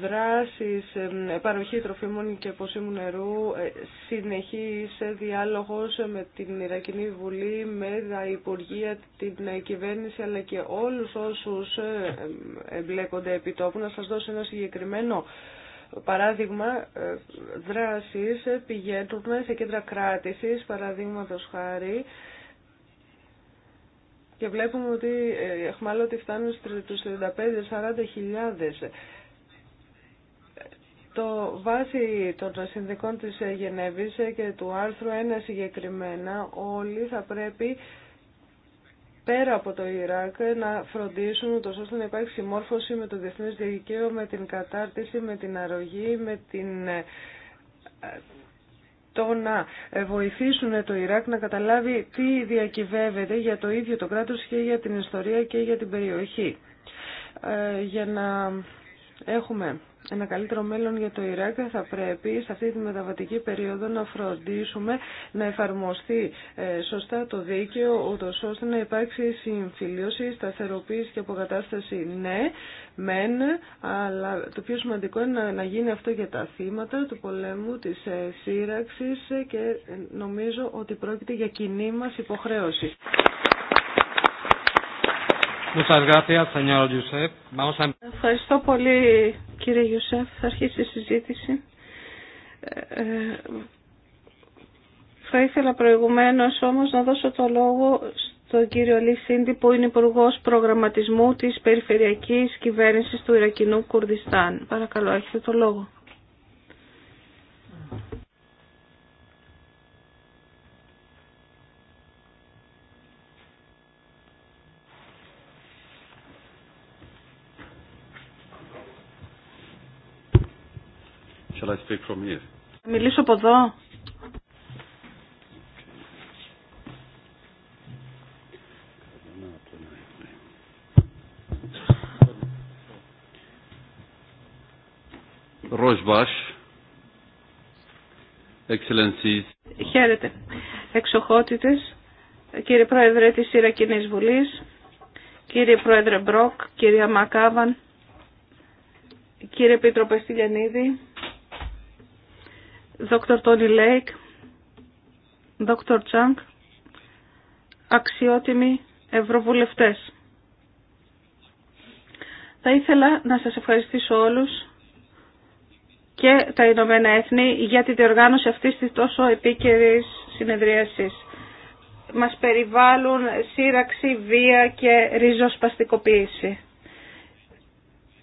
δράσεις ε, παροχή τροφίμων και ποσίμου νερού, ε, σε διάλογος με την Ιρακινή Βουλή, με τα Υπουργεία, την κυβέρνηση αλλά και όλους όσους ε, εμπλέκονται επί τόπου. Να σας δώσω ένα συγκεκριμένο παράδειγμα δράση, πηγαίνουμε σε κέντρα κράτησης, παραδείγματος χάρη, και βλέπουμε ότι ε, ότι φτάνουν στους 35-40 χιλιάδες. Το βάση των συνδικών της ε, Γενέβης ε, και του άρθρου 1 συγκεκριμένα όλοι θα πρέπει πέρα από το Ιράκ να φροντίσουν ούτως ώστε να υπάρξει συμμόρφωση με το διεθνές δικαίωμα, με την κατάρτιση, με την αρρωγή, με την το να βοηθήσουν το Ιράκ να καταλάβει τι διακυβεύεται για το ίδιο το κράτος και για την ιστορία και για την περιοχή. Ε, για να έχουμε ένα καλύτερο μέλλον για το Ιράκ θα πρέπει σε αυτή τη μεταβατική περίοδο να φροντίσουμε να εφαρμοστεί ε, σωστά το δίκαιο ούτω ώστε να υπάρξει συμφιλίωση, σταθεροποίηση και αποκατάσταση ναι, μεν, αλλά το πιο σημαντικό είναι να, γίνει αυτό για τα θύματα του πολέμου, της ε, ε και ε, νομίζω ότι πρόκειται για κοινή μας υποχρέωση. Ευχαριστώ πολύ κύριε Ιουσέφ. Θα αρχίσει η συζήτηση. Ε, ε, θα ήθελα προηγουμένως όμως να δώσω το λόγο στον κύριο Λισίντη που είναι υπουργό Προγραμματισμού της Περιφερειακής Κυβέρνησης του Ιρακινού Κουρδιστάν. Παρακαλώ, έχετε το λόγο. Shall I speak from here? Θα μιλήσω από εδώ. Excellencies. Χαίρετε. Εξοχότητες, κύριε Πρόεδρε της Ιρακινής Βουλής, κύριε Πρόεδρε Μπροκ, κυρία Μακάβαν, κύριε Πίτρο Στυλιανίδη, Δόκτωρ Τόνι Λέικ, Δόκτωρ Τσάνκ, αξιότιμοι ευρωβουλευτές. Θα ήθελα να σας ευχαριστήσω όλους και τα Ηνωμένα Έθνη για την διοργάνωση αυτής της τόσο επίκαιρης συνεδρίασης. Μας περιβάλλουν σύραξη, βία και ριζοσπαστικοποίηση.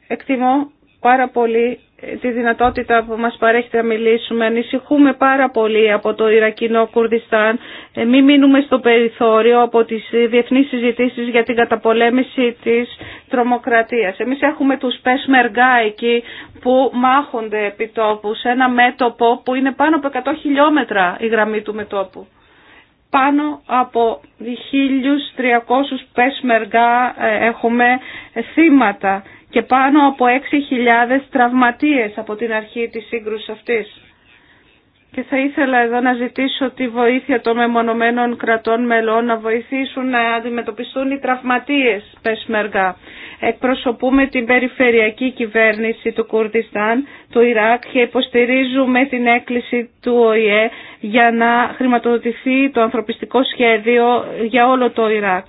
Εκτιμώ πάρα πολύ ε, τη δυνατότητα που μας παρέχει να μιλήσουμε. Ανησυχούμε πάρα πολύ από το Ιρακινό Κουρδιστάν. Ε, Μην μείνουμε στο περιθώριο από τις ε, διεθνείς συζητήσεις για την καταπολέμηση της τρομοκρατίας. Εμείς έχουμε τους Πεσμεργά εκεί που μάχονται επί τόπου σε ένα μέτωπο που είναι πάνω από 100 χιλιόμετρα η γραμμή του μετώπου. Πάνω από 1.300 Πεσμεργά έχουμε θύματα και πάνω από 6.000 τραυματίες από την αρχή της σύγκρουσης αυτής. Και θα ήθελα εδώ να ζητήσω τη βοήθεια των μεμονωμένων κρατών μελών να βοηθήσουν να αντιμετωπιστούν οι τραυματίες Πεσμεργά. Εκπροσωπούμε την περιφερειακή κυβέρνηση του Κουρδιστάν, του Ιράκ και υποστηρίζουμε την έκκληση του ΟΗΕ για να χρηματοδοτηθεί το ανθρωπιστικό σχέδιο για όλο το Ιράκ.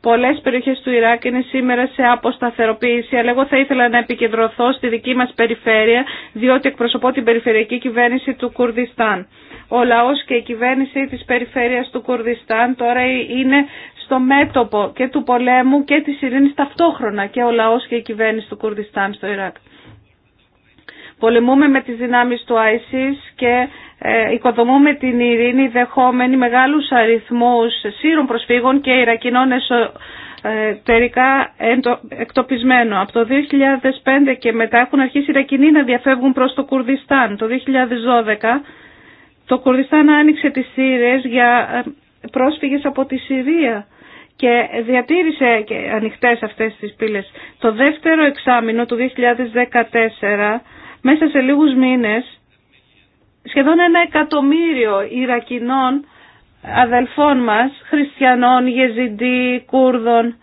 Πολλές περιοχές του Ιράκ είναι σήμερα σε αποσταθεροποίηση, αλλά εγώ θα ήθελα να επικεντρωθώ στη δική μας περιφέρεια, διότι εκπροσωπώ την περιφερειακή κυβέρνηση του Κουρδιστάν. Ο λαός και η κυβέρνηση της περιφέρειας του Κουρδιστάν τώρα είναι στο μέτωπο και του πολέμου και της ειρήνης ταυτόχρονα και ο λαό και η κυβέρνηση του Κουρδιστάν στο Ιράκ. Πολεμούμε με τις δυνάμεις του ISIS και ε, οικοδομούμε την ειρήνη δεχόμενη μεγάλους αριθμούς σύρων προσφύγων και Ιρακινών εσωτερικά ε, εκτοπισμένο Από το 2005 και μετά έχουν αρχίσει οι Ιρακινοί να διαφεύγουν προς το Κουρδιστάν. Το 2012 το Κουρδιστάν άνοιξε τις σύρες για ε, πρόσφυγες από τη Συρία και διατήρησε ανοιχτές αυτές τις πύλες. Το δεύτερο εξάμεινο του 2014, μέσα σε λίγους μήνες, σχεδόν ένα εκατομμύριο Ιρακινών αδελφών μας, χριστιανών, γεζιντή, Κούρδων,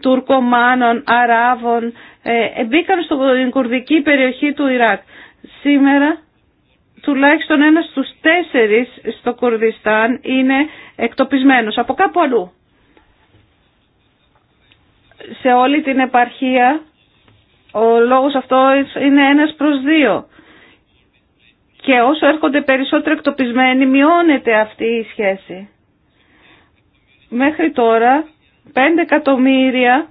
Τουρκομάνων, Αράβων, ε, μπήκαν στην κουρδική περιοχή του Ιράκ. Σήμερα τουλάχιστον ένας στους τέσσερις στο Κουρδιστάν είναι εκτοπισμένος από κάπου αλλού. Σε όλη την επαρχία ο λόγος αυτό είναι ένας προς δύο. Και όσο έρχονται περισσότερο εκτοπισμένοι μειώνεται αυτή η σχέση. Μέχρι τώρα 5 εκατομμύρια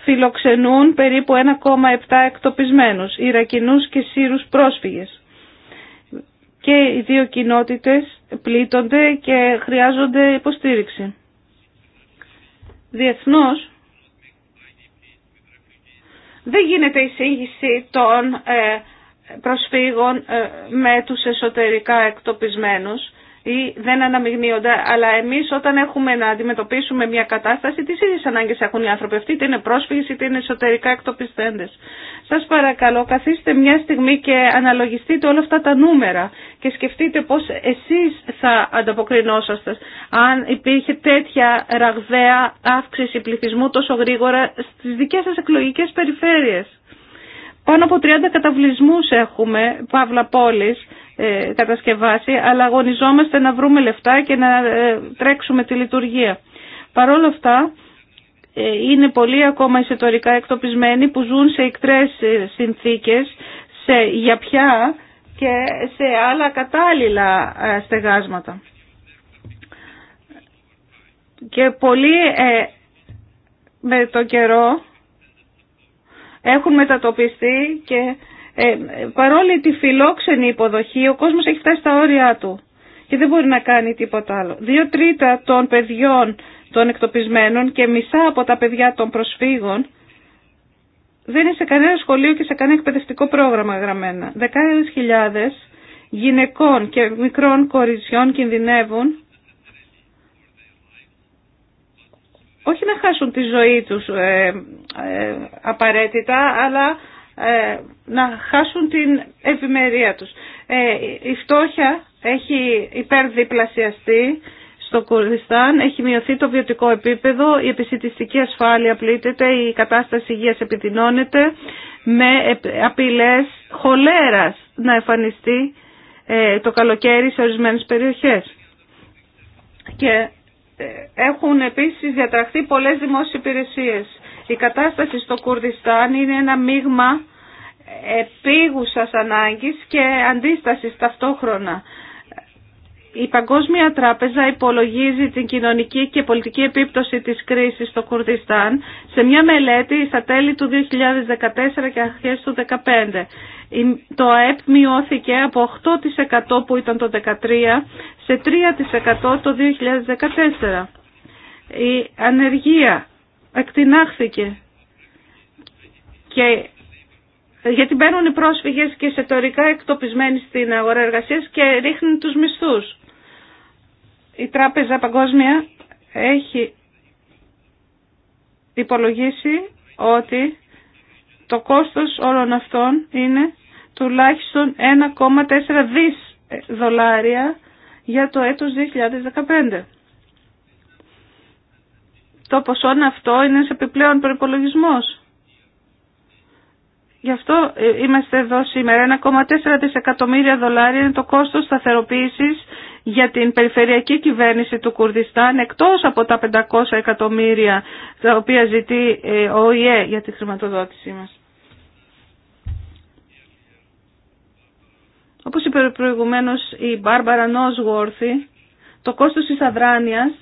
φιλοξενούν περίπου 1,7 εκτοπισμένους, Ιρακινούς και Σύρους πρόσφυγες. Και οι δύο κοινότητες πλήττονται και χρειάζονται υποστήριξη. Διεθνώς δεν γίνεται εισήγηση των ε, προσφύγων ε, με τους εσωτερικά εκτοπισμένους ή δεν αναμειγνύονται, αλλά εμείς όταν έχουμε να αντιμετωπίσουμε μια κατάσταση, τις ίδιες ανάγκες έχουν οι άνθρωποι αυτοί, είτε είναι πρόσφυγες είτε είναι εσωτερικά εκτοπιστέντες. Σας παρακαλώ, καθίστε μια στιγμή και αναλογιστείτε όλα αυτά τα νούμερα και σκεφτείτε πώς εσείς θα ανταποκρινόσαστε αν υπήρχε τέτοια ραγδαία αύξηση πληθυσμού τόσο γρήγορα στις δικές σας εκλογικές περιφέρειες. Πάνω από 30 καταβλισμούς έχουμε, Παύλα Πόλης, ε, κατασκευάσει, αλλά αγωνιζόμαστε να βρούμε λεφτά και να ε, τρέξουμε τη λειτουργία. Παρ' όλα αυτά, ε, είναι πολλοί ακόμα εισιτορικά εκτοπισμένοι που ζουν σε εκτρές ε, συνθήκες, σε γιαπιά και σε άλλα κατάλληλα στεγάσματα. Και πολλοί με το καιρό έχουν μετατοπιστεί και ε, παρόλη τη φιλόξενη υποδοχή ο κόσμος έχει φτάσει στα όρια του και δεν μπορεί να κάνει τίποτα άλλο. Δύο τρίτα των παιδιών των εκτοπισμένων και μισά από τα παιδιά των προσφύγων δεν είναι σε κανένα σχολείο και σε κανένα εκπαιδευτικό πρόγραμμα γραμμένα. Δεκάδες χιλιάδες γυναικών και μικρών κοριτσιών κινδυνεύουν όχι να χάσουν τη ζωή τους ε, ε απαραίτητα, αλλά ε, να χάσουν την ευημερία τους. Ε, η φτώχεια έχει υπερδιπλασιαστεί στο Κουρδιστάν, έχει μειωθεί το βιωτικό επίπεδο, η επισητιστική ασφάλεια πλήττεται, η κατάσταση υγείας επιδεινώνεται με απειλές χολέρας να εμφανιστεί το καλοκαίρι σε ορισμένες περιοχές. Και έχουν επίσης διατραχθεί πολλές δημόσιες υπηρεσίες. Η κατάσταση στο Κουρδιστάν είναι ένα μείγμα επίγουσας ανάγκης και αντίστασης ταυτόχρονα. Η Παγκόσμια Τράπεζα υπολογίζει την κοινωνική και πολιτική επίπτωση της κρίσης στο Κουρδιστάν σε μια μελέτη στα τέλη του 2014 και αρχές του 2015. Το ΑΕΠ μειώθηκε από 8% που ήταν το 2013 σε 3% το 2014. Η ανεργία εκτινάχθηκε και γιατί μπαίνουν οι πρόσφυγες και εσωτερικά εκτοπισμένοι στην αγορά εργασίας και ρίχνουν τους μισθούς. Η Τράπεζα Παγκόσμια έχει υπολογίσει ότι το κόστος όλων αυτών είναι τουλάχιστον 1,4 δις ε, δολάρια για το έτος 2015. Το ποσό αυτό είναι σε επιπλέον προϋπολογισμός. Γι' αυτό ε, είμαστε εδώ σήμερα. 1,4 δισεκατομμύρια δολάρια είναι το κόστος σταθεροποίησης για την περιφερειακή κυβέρνηση του Κουρδιστάν εκτός από τα 500 εκατομμύρια τα οποία ζητεί ε, ο ΙΕ για τη χρηματοδότησή μας. Όπως είπε προηγουμένως η Μπάρμπαρα Νόσγουόρθη, το κόστος της αδράνειας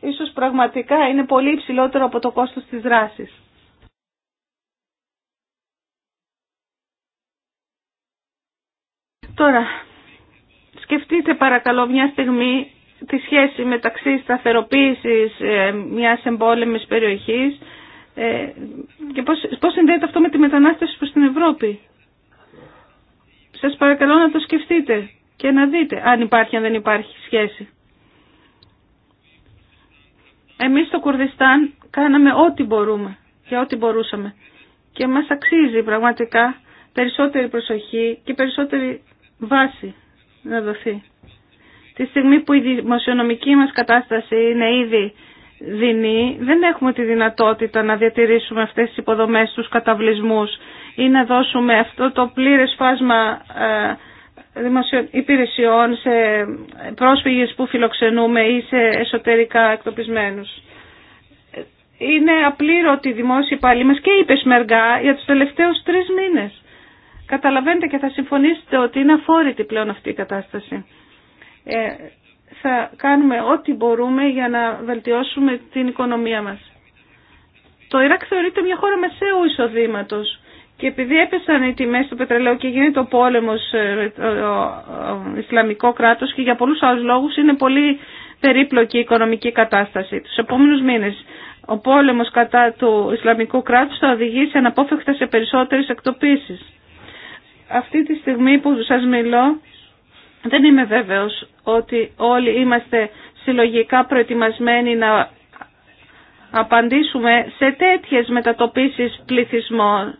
ίσως πραγματικά είναι πολύ υψηλότερο από το κόστος της δράσης. Τώρα, σκεφτείτε παρακαλώ μια στιγμή τη σχέση μεταξύ σταθεροποίησης ε, μιας εμπόλεμης περιοχής ε, και πώς, πώς συνδέεται αυτό με τη μετανάστευση προς την Ευρώπη. Σας παρακαλώ να το σκεφτείτε και να δείτε αν υπάρχει, αν δεν υπάρχει σχέση. Εμείς στο Κουρδιστάν κάναμε ό,τι μπορούμε και ό,τι μπορούσαμε. Και μας αξίζει πραγματικά περισσότερη προσοχή και περισσότερη βάση να δοθεί. Τη στιγμή που η δημοσιονομική μας κατάσταση είναι ήδη δεινή, δεν έχουμε τη δυνατότητα να διατηρήσουμε αυτές τις υποδομές, τους καταβλισμούς ή να δώσουμε αυτό το πλήρες φάσμα ε, δημοσίων υπηρεσιών σε πρόσφυγες που φιλοξενούμε ή σε εσωτερικά εκτοπισμένους. Είναι απλήρωτη η να δωσουμε αυτο το πληρες φασμα υπηρεσιων σε προσφυγες που φιλοξενουμε η σε εσωτερικα εκτοπισμενους ειναι απληρωτη η δημοσια πάλι μας και είπε για τους τελευταίους τρεις μήνες. Καταλαβαίνετε και θα συμφωνήσετε ότι είναι αφόρητη πλέον αυτή η κατάσταση. Ε, θα κάνουμε ό,τι μπορούμε για να βελτιώσουμε την οικονομία μας. Το Ιράκ θεωρείται μια χώρα μεσαίου εισοδήματος και επειδή έπεσαν οι τιμές του πετρελαίου και γίνεται ο πόλεμος ε, το Ισλαμικό κράτος και για πολλού άλλου λόγους είναι πολύ περίπλοκη η οικονομική κατάσταση. Του επόμενου μήνες ο πόλεμος κατά του Ισλαμικού κράτους θα οδηγήσει αναπόφευκτα σε περισσότερες εκτοπίσεις. Αυτή τη στιγμή που σα μιλώ δεν είμαι βέβαιο ότι όλοι είμαστε συλλογικά προετοιμασμένοι να απαντήσουμε σε τέτοιες μετατοπίσεις πληθυσμών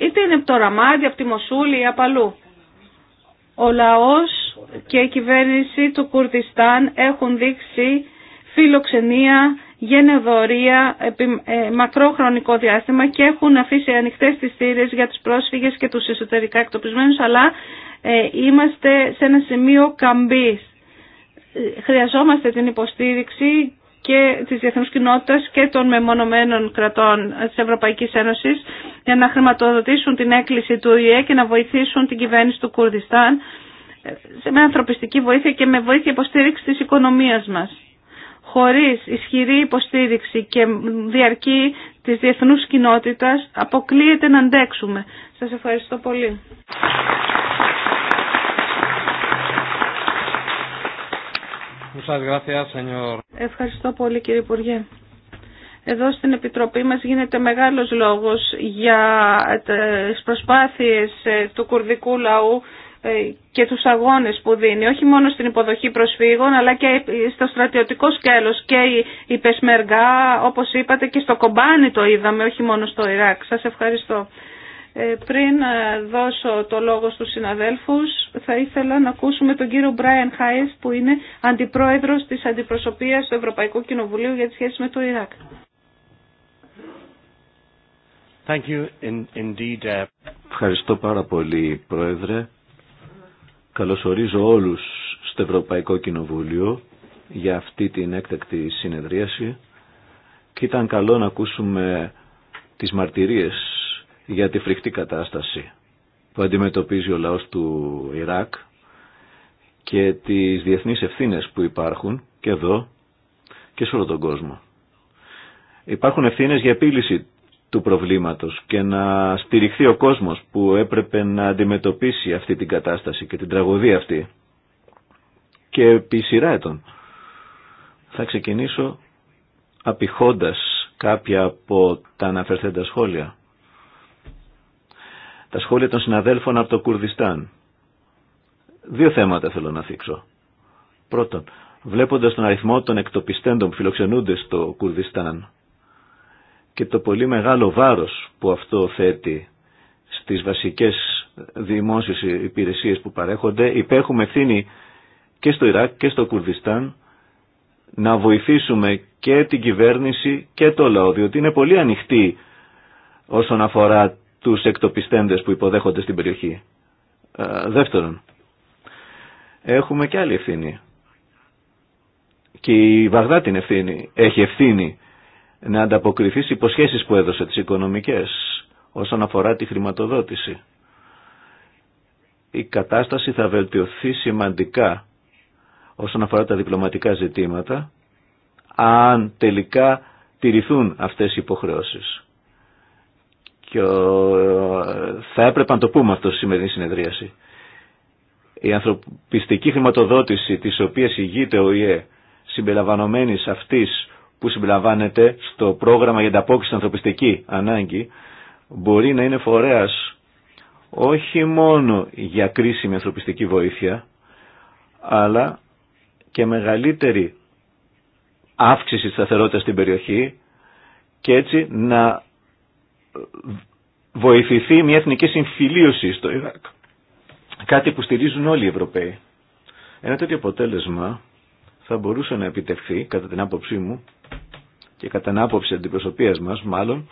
Είτε είναι από το Ραμάντι, από τη Μοσούλη ή από αλλού. Ο λαός και η κυβέρνηση του Κουρδιστάν έχουν δείξει φιλοξενία, γενεδορία, ε, μακρόχρονικό διάστημα και έχουν αφήσει ανοιχτές τις θύρες για τους πρόσφυγες και τους εσωτερικά εκτοπισμένους, αλλά ε, είμαστε σε ένα σημείο καμπής. Ε, χρειαζόμαστε την υποστήριξη και τη διεθνού κοινότητα και των μεμονωμένων κρατών τη ευρωπαϊκή Ένωσης για να χρηματοδοτήσουν την έκκληση του ΟΗΕ και να βοηθήσουν την κυβέρνηση του Κουρδιστάν με ανθρωπιστική βοήθεια και με βοήθεια υποστήριξη της οικονομίας μας. Χωρίς ισχυρή υποστήριξη και διαρκή της διεθνούς κοινότητας αποκλείεται να αντέξουμε. Σας ευχαριστώ πολύ. Ευχαριστώ πολύ κύριε Υπουργέ. Εδώ στην Επιτροπή μας γίνεται μεγάλος λόγος για τις προσπάθειες ε, του κουρδικού λαού ε, και τους αγώνες που δίνει, όχι μόνο στην υποδοχή προσφύγων, αλλά και στο στρατιωτικό σκέλος και η Πεσμεργά, όπως είπατε, και στο Κομπάνι το είδαμε, όχι μόνο στο Ιράκ. Σας ευχαριστώ. Ε, πριν ε, δώσω το λόγο στους συναδέλφους, θα ήθελα να ακούσουμε τον κύριο Μπράιν Χάιεφ, που είναι αντιπρόεδρος της Αντιπροσωπείας του Ευρωπαϊκού Κοινοβουλίου για τις σχέσεις με το Ιράκ. Uh, Ευχαριστώ πάρα πολύ, Πρόεδρε. Καλωσορίζω όλους στο Ευρωπαϊκό Κοινοβούλιο για αυτή την έκτακτη συνεδρίαση και ήταν καλό να ακούσουμε τις μαρτυρίες για τη φρικτή κατάσταση που αντιμετωπίζει ο λαός του Ιράκ και τις διεθνείς ευθύνες που υπάρχουν και εδώ και σε όλο τον κόσμο. Υπάρχουν ευθύνες για επίλυση του προβλήματος και να στηριχθεί ο κόσμος που έπρεπε να αντιμετωπίσει αυτή την κατάσταση και την τραγωδία αυτή και επί σειρά ετών. Θα ξεκινήσω απηχώντας κάποια από τα αναφερθέντα σχόλια τα σχόλια των συναδέλφων από το Κουρδιστάν. Δύο θέματα θέλω να θίξω. Πρώτον, βλέποντας τον αριθμό των εκτοπιστέντων που φιλοξενούνται στο Κουρδιστάν και το πολύ μεγάλο βάρος που αυτό θέτει στις βασικές δημόσιες υπηρεσίες που παρέχονται, υπέχουμε ευθύνη και στο Ιράκ και στο Κουρδιστάν να βοηθήσουμε και την κυβέρνηση και το λαό, διότι είναι πολύ ανοιχτή όσον αφορά τους εκτοπιστέντες που υποδέχονται στην περιοχή. Ε, δεύτερον, έχουμε και άλλη ευθύνη. Και η Βαγδά την ευθύνη, έχει ευθύνη να ανταποκριθεί στις υποσχέσεις που έδωσε τις οικονομικές όσον αφορά τη χρηματοδότηση. Η κατάσταση θα βελτιωθεί σημαντικά όσον αφορά τα διπλωματικά ζητήματα αν τελικά τηρηθούν αυτές οι υποχρεώσεις. Και ε, θα έπρεπε να το πούμε αυτό στη σημερινή συνεδρίαση. Η ανθρωπιστική χρηματοδότηση της οποίας ηγείται ο ΙΕ συμπεριλαμβανομένης αυτής που συμπεριλαμβάνεται στο πρόγραμμα για ανταπόκριση ανθρωπιστική ανάγκη μπορεί να είναι φορέας όχι μόνο για κρίσιμη ανθρωπιστική βοήθεια αλλά και μεγαλύτερη αύξηση της σταθερότητας στην περιοχή και έτσι να βοηθηθεί μια εθνική συμφιλίωση στο Ιράκ. Κάτι που στηρίζουν όλοι οι Ευρωπαίοι. Ένα τέτοιο αποτέλεσμα θα μπορούσε να επιτευχθεί, κατά την άποψή μου και κατά την άποψη αντιπροσωπείας μας μάλλον,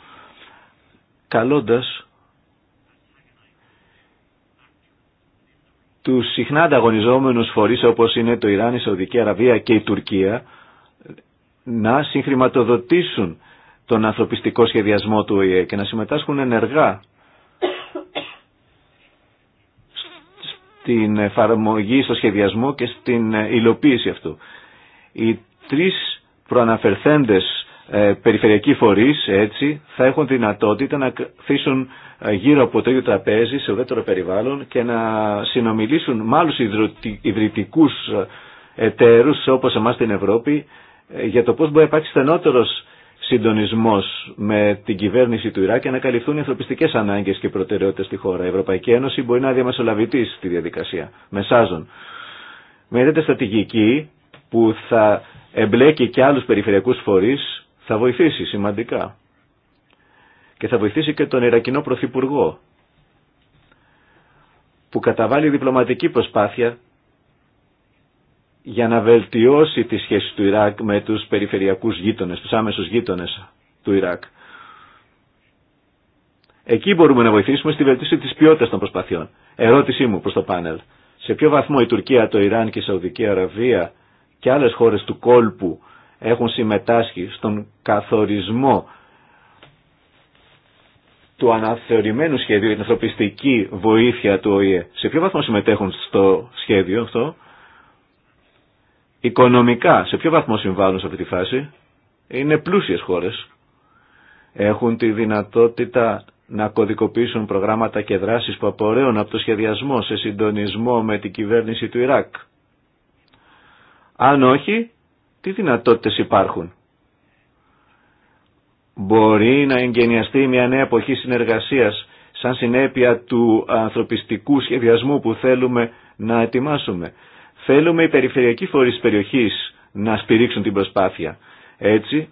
καλώντας τους συχνά ανταγωνιζόμενους φορείς όπως είναι το Ιράν, η Σαουδική Αραβία και η Τουρκία να συγχρηματοδοτήσουν τον ανθρωπιστικό σχεδιασμό του ΟΗΕ και να συμμετάσχουν ενεργά στην εφαρμογή, στο σχεδιασμό και στην ε, υλοποίηση αυτού. Οι τρεις προαναφερθέντες ε, περιφερειακοί φορείς έτσι θα έχουν δυνατότητα να θύσουν ε, γύρω από το ίδιο τραπέζι σε ουδέτερο περιβάλλον και να συνομιλήσουν με άλλους ιδρυτικούς εταίρους όπως εμάς στην Ευρώπη για το πώς μπορεί να υπάρξει στενότερος συντονισμός με την κυβέρνηση του Ιράκ και να καλυφθούν οι ανθρωπιστικές ανάγκες και προτεραιότητες στη χώρα. Η Ευρωπαϊκή Ένωση μπορεί να διαμεσολαβητή στη διαδικασία, μεσάζων. Με τέτοια στρατηγική που θα εμπλέκει και άλλους περιφερειακούς φορείς θα βοηθήσει σημαντικά. Και θα βοηθήσει και τον Ιρακινό Πρωθυπουργό που καταβάλει διπλωματική προσπάθεια για να βελτιώσει τη σχέση του Ιράκ με τους περιφερειακούς γείτονες, τους άμεσους γείτονες του Ιράκ. Εκεί μπορούμε να βοηθήσουμε στη βελτίωση της ποιότητας των προσπαθειών. Ερώτησή μου προς το πάνελ. Σε ποιο βαθμό η Τουρκία, το Ιράν και η Σαουδική Αραβία και άλλες χώρες του κόλπου έχουν συμμετάσχει στον καθορισμό του αναθεωρημένου σχεδίου για την ανθρωπιστική βοήθεια του ΟΗΕ. Σε ποιο βαθμό συμμετέχουν στο σχέδιο αυτό Οικονομικά, σε ποιο βαθμό συμβάλλουν σε αυτή τη φάση, είναι πλούσιες χώρες. Έχουν τη δυνατότητα να κωδικοποιήσουν προγράμματα και δράσεις που απορρέουν από το σχεδιασμό σε συντονισμό με την κυβέρνηση του Ιράκ. Αν όχι, τι δυνατότητες υπάρχουν. Μπορεί να εγκαινιαστεί μια νέα εποχή συνεργασίας σαν συνέπεια του ανθρωπιστικού σχεδιασμού που θέλουμε να ετοιμάσουμε. Θέλουμε οι περιφερειακοί φορείς της περιοχής να σπηρίξουν την προσπάθεια. Έτσι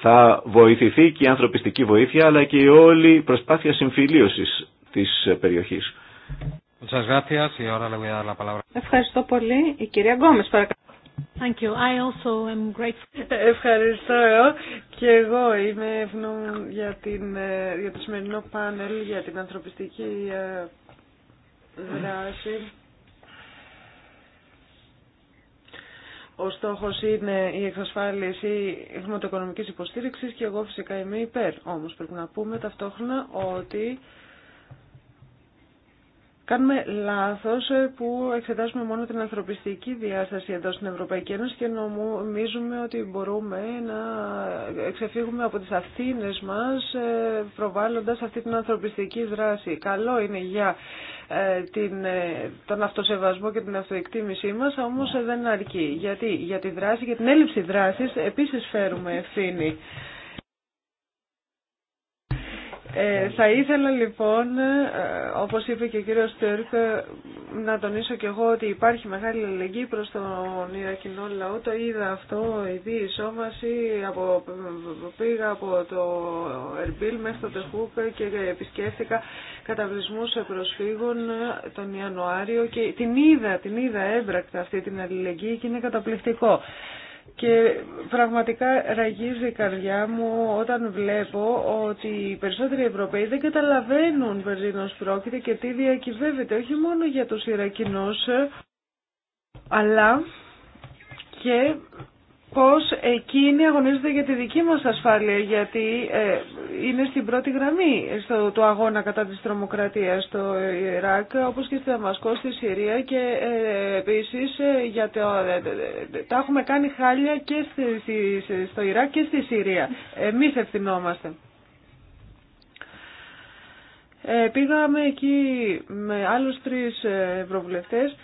θα βοηθηθεί και η ανθρωπιστική βοήθεια αλλά και η όλη προσπάθεια συμφιλίωσης της περιοχής. Ευχαριστώ πολύ. Η κυρία Γκόμες παρακαλώ. Thank you. I also am grateful. Ευχαριστώ και εγώ είμαι ευγνώμη για, ε, για το σημερινό πάνελ για την ανθρωπιστική ε, δράση. Ο στόχος είναι η εξασφάλιση χρηματοοικονομικής υποστήριξης και εγώ φυσικά είμαι υπέρ. Όμως πρέπει να πούμε ταυτόχρονα ότι Κάνουμε λάθος ε, που εξετάζουμε μόνο την ανθρωπιστική διάσταση εδώ στην Ευρωπαϊκή Ένωση και νομίζουμε ότι μπορούμε να ξεφύγουμε από τις αυθύνες μας ε, προβάλλοντας αυτή την ανθρωπιστική δράση. Καλό είναι για ε, την, τον αυτοσεβασμό και την αυτοεκτίμησή μας, όμως δεν αρκεί. Γιατί για τη δράση και την έλλειψη δράσης επίσης φέρουμε ευθύνη. Ε, θα ήθελα λοιπόν, ε, όπως είπε και ο κύριος Τέρκ, ε, να τονίσω και εγώ ότι υπάρχει μεγάλη αλληλεγγύη προς τον Ιρακινό λαό. Το είδα αυτό, η διεισόμαση, από, πήγα από το Ερμπίλ μέχρι το Τεχούκ και επισκέφθηκα καταβλισμούς προσφύγων τον Ιανουάριο και την είδα, την είδα έμπρακτα αυτή την αλληλεγγύη και είναι καταπληκτικό. Και πραγματικά ραγίζει η καρδιά μου όταν βλέπω ότι οι περισσότεροι Ευρωπαίοι δεν καταλαβαίνουν Περζίνος πρόκειται και τι διακυβεύεται όχι μόνο για τους Ιρακινούς αλλά και πώς εκείνοι αγωνίζονται για τη δική μας ασφάλεια, γιατί ε, είναι στην πρώτη γραμμή στο, του αγώνα κατά της τρομοκρατίας στο Ιράκ, όπως και στη Δαμασκό, στη Συρία και ε, επίσης ε, για ε, τα έχουμε κάνει χάλια και στη, στο Ιράκ και στη Συρία. Εμείς ευθυνόμαστε. Ε, πήγαμε εκεί με άλλους τρεις ευρωβουλευτές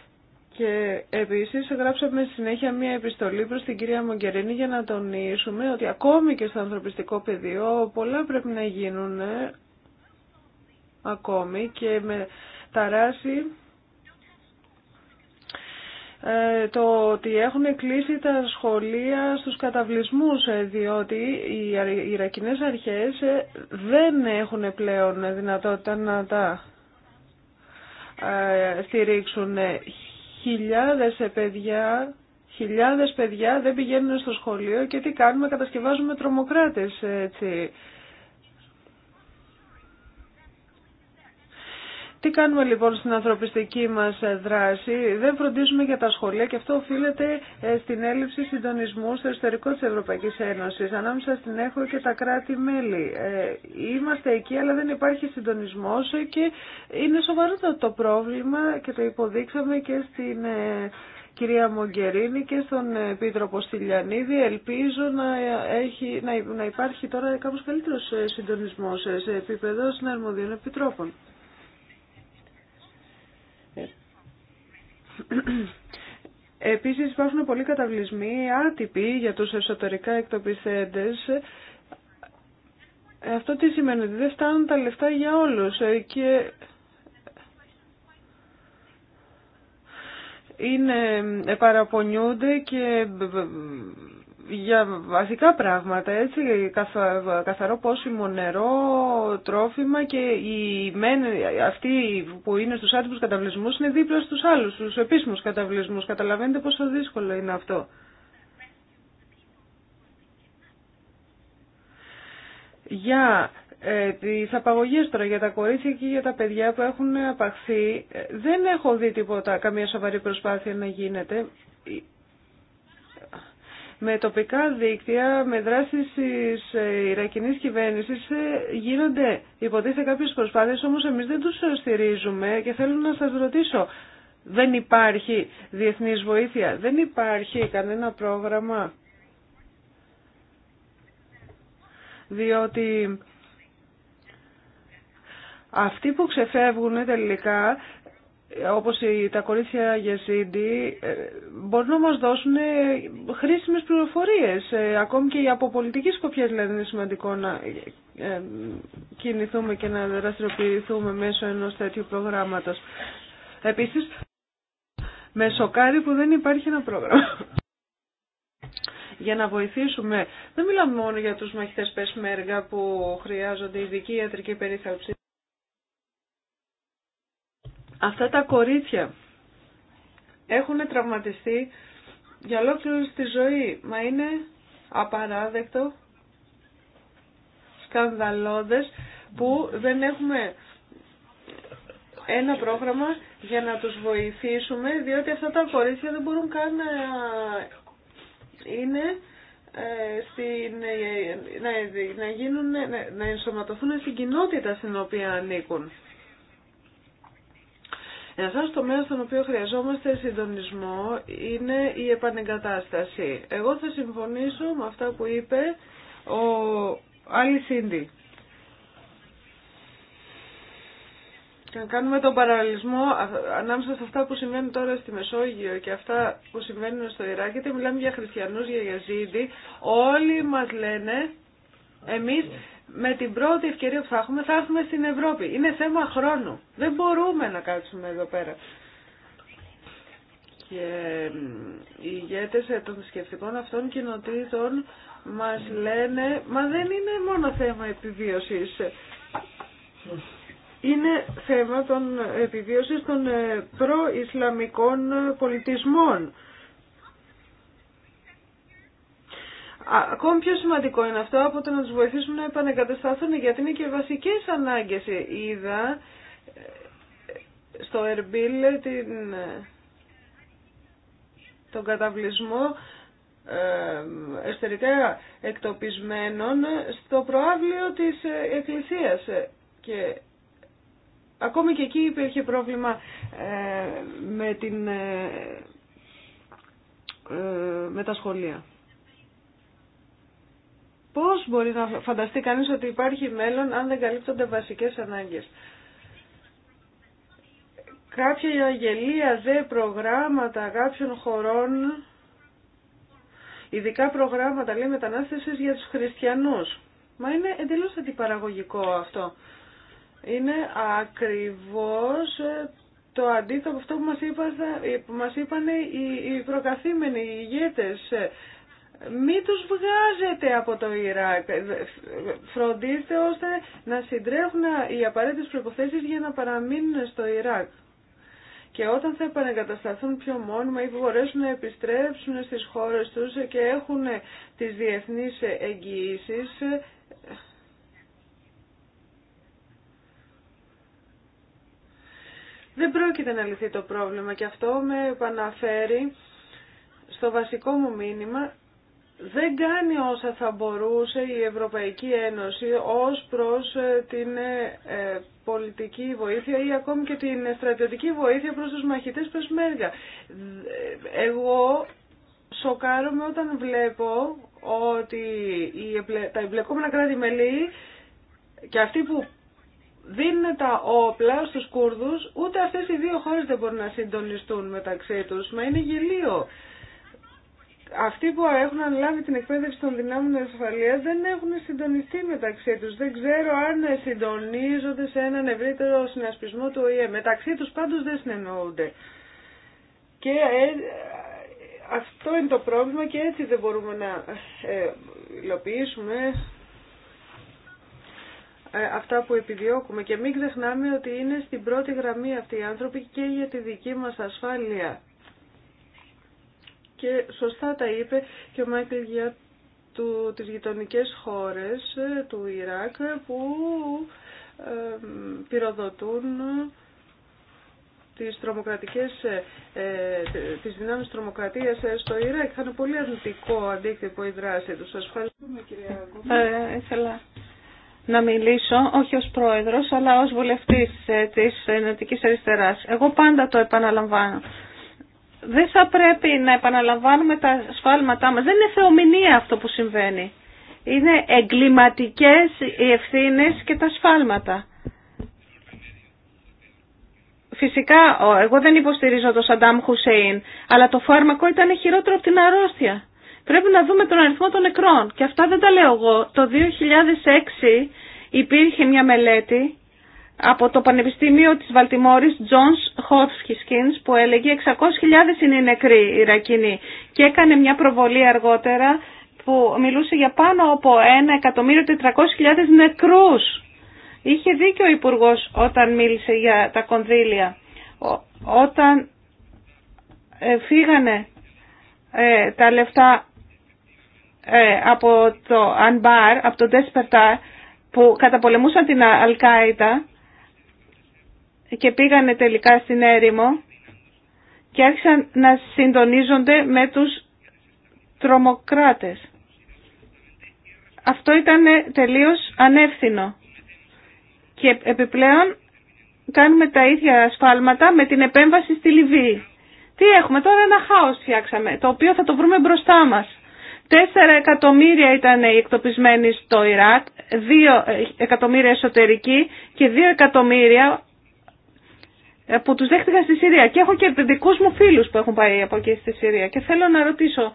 και επίσης γράψαμε συνέχεια μία επιστολή προς την κυρία Μογκερίνη για να τονίσουμε ότι ακόμη και στο ανθρωπιστικό πεδίο πολλά πρέπει να γίνουν ε, ακόμη και με ταράσει ε, το ότι έχουν κλείσει τα σχολεία στους καταβλισμούς ε, διότι οι Ιρακινές αρχές δεν έχουν πλέον δυνατότητα να τα στηρίξουν χιλιάδες ε, παιδιά, χιλιάδες παιδιά δεν πηγαίνουν στο σχολείο και τι κάνουμε, κατασκευάζουμε τρομοκράτες έτσι. Τι κάνουμε λοιπόν στην ανθρωπιστική μας ε, δράση. Δεν φροντίζουμε για τα σχολεία και αυτό οφείλεται ε, στην έλλειψη συντονισμού στο εσωτερικό της Ευρωπαϊκής Ένωσης. Ανάμεσα στην ΕΧΟ και τα κράτη-μέλη. Ε, είμαστε εκεί αλλά δεν υπάρχει συντονισμός και είναι σοβαρό το πρόβλημα και το υποδείξαμε και στην κυρία Μογκερίνη και στον Επίτροπο Στυλιανίδη. Ελπίζω να, έχει, να υπάρχει τώρα κάπως καλύτερος συντονισμός σε επίπεδο συναρμοδίων επιτρόπων. Επίσης υπάρχουν πολλοί καταβλισμοί άτυποι για τους εσωτερικά εκτοπιστέντε. Αυτό τι σημαίνει, δεν φτάνουν τα λεφτά για όλους και είναι παραπονιούνται και για βασικά πράγματα, έτσι, καθαρό πόσιμο νερό, τρόφιμα και οι μεν, αυτοί που είναι στους άτυπους καταβλισμούς είναι δίπλα στους άλλους, στους επίσημους καταβλισμούς. Καταλαβαίνετε πόσο δύσκολο είναι αυτό. Για ε, τις απαγωγές τώρα για τα κορίτσια και για τα παιδιά που έχουν απαχθεί, ε, δεν έχω δει τίποτα, καμία σοβαρή προσπάθεια να γίνεται με τοπικά δίκτυα, με δράσεις τη ε, Ιρακινής κυβέρνησης ε, γίνονται υποτίθεται κάποιε προσπάθειε, όμως εμεί δεν του ε, στηρίζουμε και θέλω να σας ρωτήσω, δεν υπάρχει διεθνής βοήθεια, δεν υπάρχει κανένα πρόγραμμα, διότι αυτοί που ξεφεύγουν τελικά όπως τα κορίτσια ΣΥΝΤΗ, ε, μπορούν να μας δώσουν ε, χρήσιμες πληροφορίες. Ε, ακόμη και από πολιτική σκοπιά δηλαδή είναι σημαντικό να κινηθούμε και να δραστηριοποιηθούμε μέσω ενός τέτοιου προγράμματος. Επίσης, με σοκάρι που δεν υπάρχει ένα πρόγραμμα. Για να βοηθήσουμε, δεν μιλάμε μόνο για τους μαχητές πεσμέργα που χρειάζονται ειδική ιατρική περίθαλψη. Αυτά τα κορίτσια έχουν τραυματιστεί για ολόκληρη τη ζωή, μα είναι απαράδεκτο, σκανδαλώδες, που δεν έχουμε ένα πρόγραμμα για να τους βοηθήσουμε, διότι αυτά τα κορίτσια δεν μπορούν καν να είναι ε, στην, ε, να, γίνουν, να ενσωματωθούν στην κοινότητα στην οποία ανήκουν. Ένα τομέα στον οποίο χρειαζόμαστε συντονισμό είναι η επανεγκατάσταση. Εγώ θα συμφωνήσω με αυτά που είπε ο Άλλη Σίντι. Και να κάνουμε τον παραλληλισμό ανάμεσα σε αυτά που συμβαίνουν τώρα στη Μεσόγειο και αυτά που συμβαίνουν στο Ιράκ, είτε μιλάμε για χριστιανούς, για Ιαζίδη, όλοι μας λένε, εμείς με την πρώτη ευκαιρία που θα έχουμε θα έρθουμε στην Ευρώπη. Είναι θέμα χρόνου. Δεν μπορούμε να κάτσουμε εδώ πέρα. Και οι ηγέτες των θρησκευτικών αυτών κοινοτήτων μας λένε «Μα δεν είναι μόνο θέμα επιβίωσης». Είναι θέμα των επιβίωσης των ε, προ-Ισλαμικών πολιτισμών. Ακόμη πιο σημαντικό είναι αυτό από το να τους βοηθήσουμε να επανεγκατασταθούν γιατί είναι και βασικές ανάγκες. Ε, είδα ε, στο Ερμπίλ ε, την, τον καταβλισμό εστερικά εκτοπισμένων στο προάβλιο της εκκλησίας και ακόμη και εκεί υπήρχε πρόβλημα με, την, με τα σχολεία. Πώς μπορεί να φανταστεί κανείς ότι υπάρχει μέλλον αν δεν καλύπτονται βασικές ανάγκες. Κάποια γελία δε προγράμματα κάποιων χωρών, ειδικά προγράμματα λέει μετανάστευσης για τους χριστιανούς. Μα είναι εντελώς αντιπαραγωγικό αυτό. Είναι ακριβώς ε, το αντίθετο από αυτό που μας, είπαν, που μας οι, οι προκαθήμενοι, οι ηγέτες ε, μην τους βγάζετε από το Ιράκ. Φροντίστε ώστε να συντρέχουν οι απαραίτητες προϋποθέσεις για να παραμείνουν στο Ιράκ. Και όταν θα επανεγκατασταθούν πιο μόνιμα ή μπορέσουν να επιστρέψουν στις χώρες τους και έχουν τις διεθνείς εγγυήσεις, δεν πρόκειται να λυθεί το πρόβλημα. Και αυτό με επαναφέρει στο βασικό μου μήνυμα δεν κάνει όσα θα μπορούσε η Ευρωπαϊκή Ένωση ως προς ε, την ε, ε, πολιτική βοήθεια ή ακόμη και την στρατιωτική βοήθεια προς τους μαχητές Πεσμέρια. Εγώ σοκάρομαι όταν βλέπω ότι τα εμπλεκόμενα κράτη-μελή και αυτοί που δίνουν τα όπλα στους Κούρδους, ούτε αυτές οι δύο χώρες δεν μπορούν να συντονιστούν μεταξύ τους. Μα είναι γελίο αυτοί που έχουν αναλάβει την εκπαίδευση των δυνάμων ασφαλεία δεν έχουν συντονιστεί μεταξύ του. Δεν ξέρω αν συντονίζονται σε έναν ευρύτερο συνασπισμό του ΟΗΕ. Μεταξύ του πάντω δεν συνεννοούνται. Και ε, αυτό είναι το πρόβλημα και έτσι δεν μπορούμε να ε, υλοποιήσουμε ε, αυτά που επιδιώκουμε. Και μην ξεχνάμε ότι είναι στην πρώτη γραμμή αυτοί οι άνθρωποι και για τη δική μας ασφάλεια και σωστά τα είπε και ο Μάικλ για του, τις γειτονικές χώρες ε, του Ιράκ που ε, πυροδοτούν τις, τρομοκρατικές, ε, ε τις δυνάμεις στο Ιράκ. Θα είναι πολύ αρνητικό αντίκτυπο η δράση τους. Σας ευχαριστούμε κυρία ε, ήθελα να μιλήσω, όχι ως πρόεδρος, αλλά ως βουλευτής της Ενωτικής Αριστεράς. Εγώ πάντα το επαναλαμβάνω δεν θα πρέπει να επαναλαμβάνουμε τα σφάλματά μας. Δεν είναι θεομηνία αυτό που συμβαίνει. Είναι εγκληματικές οι ευθύνε και τα σφάλματα. Φυσικά, εγώ δεν υποστηρίζω τον Σαντάμ Χουσέιν, αλλά το φάρμακο ήταν χειρότερο από την αρρώστια. Πρέπει να δούμε τον αριθμό των νεκρών. Και αυτά δεν τα λέω εγώ. Το 2006 υπήρχε μια μελέτη από το Πανεπιστήμιο της Βαλτιμόρης Τζόνς Χόφσκισκινς που έλεγε 600.000 είναι οι νεκροί Ιρακινοί και έκανε μια προβολή αργότερα που μιλούσε για πάνω από 1.400.000 νεκρούς. Είχε δίκιο ο υπουργό όταν μίλησε για τα κονδύλια. όταν ε, φύγανε ε, τα λεφτά ε, από το Ανμπάρ, από το Ντεσπερτάρ, που καταπολεμούσαν την Αλκάιτα, και πήγανε τελικά στην έρημο και άρχισαν να συντονίζονται με τους τρομοκράτες. Αυτό ήταν τελείως ανεύθυνο. Και επιπλέον κάνουμε τα ίδια ασφάλματα με την επέμβαση στη Λιβύη. Τι έχουμε τώρα ένα χάος φτιάξαμε, το οποίο θα το βρούμε μπροστά μας. Τέσσερα εκατομμύρια ήταν οι εκτοπισμένοι στο Ιράκ, δύο εκατομμύρια εσωτερικοί και δύο εκατομμύρια ε, που τους δέχτηκαν στη Συρία και έχω και δικού μου φίλους που έχουν πάει από εκεί στη Συρία και θέλω να ρωτήσω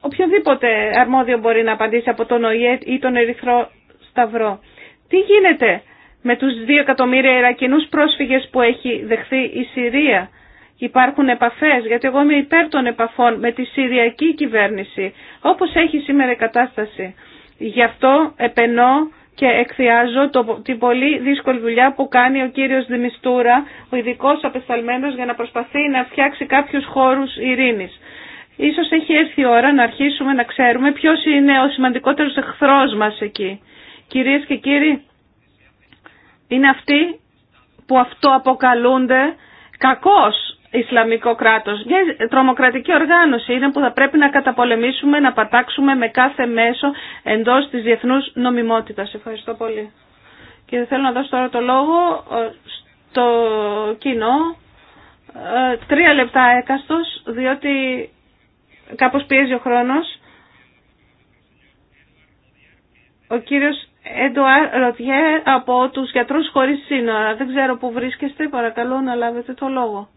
οποιονδήποτε αρμόδιο μπορεί να απαντήσει από τον ΟΗΕ ή τον Ερυθρό Σταυρό. Τι γίνεται με τους δύο εκατομμύρια Ιρακινούς πρόσφυγες που έχει δεχθεί η Συρία. Υπάρχουν επαφές, γιατί εγώ είμαι υπέρ των επαφών με τη Συριακή κυβέρνηση, όπως έχει σήμερα η κατάσταση. Γι' αυτό επενώ και εκθιάζω την πολύ δύσκολη δουλειά που κάνει ο κύριος Δημιστούρα, ο ειδικό απεσταλμένος για να προσπαθεί να φτιάξει κάποιους χώρους ειρήνης. Ίσως έχει έρθει η ώρα να αρχίσουμε να ξέρουμε ποιος είναι ο σημαντικότερος εχθρός μας εκεί. Κυρίες και κύριοι, είναι αυτοί που αυτό αποκαλούνται κακός Ισλαμικό κράτος. Μια τρομοκρατική οργάνωση είναι που θα πρέπει να καταπολεμήσουμε, να πατάξουμε με κάθε μέσο εντός της διεθνούς νομιμότητας. Ευχαριστώ πολύ. Και θέλω να δώσω τώρα το λόγο ε, στο κοινό. Ε, τρία λεπτά έκαστο, διότι κάπως πιέζει ο χρόνος. Ο κύριος Εντουάρ Ροτιέ από τους Γιατρούς χωρί Σύνορα. Δεν ξέρω που βρίσκεστε, παρακαλώ να λάβετε το λόγο.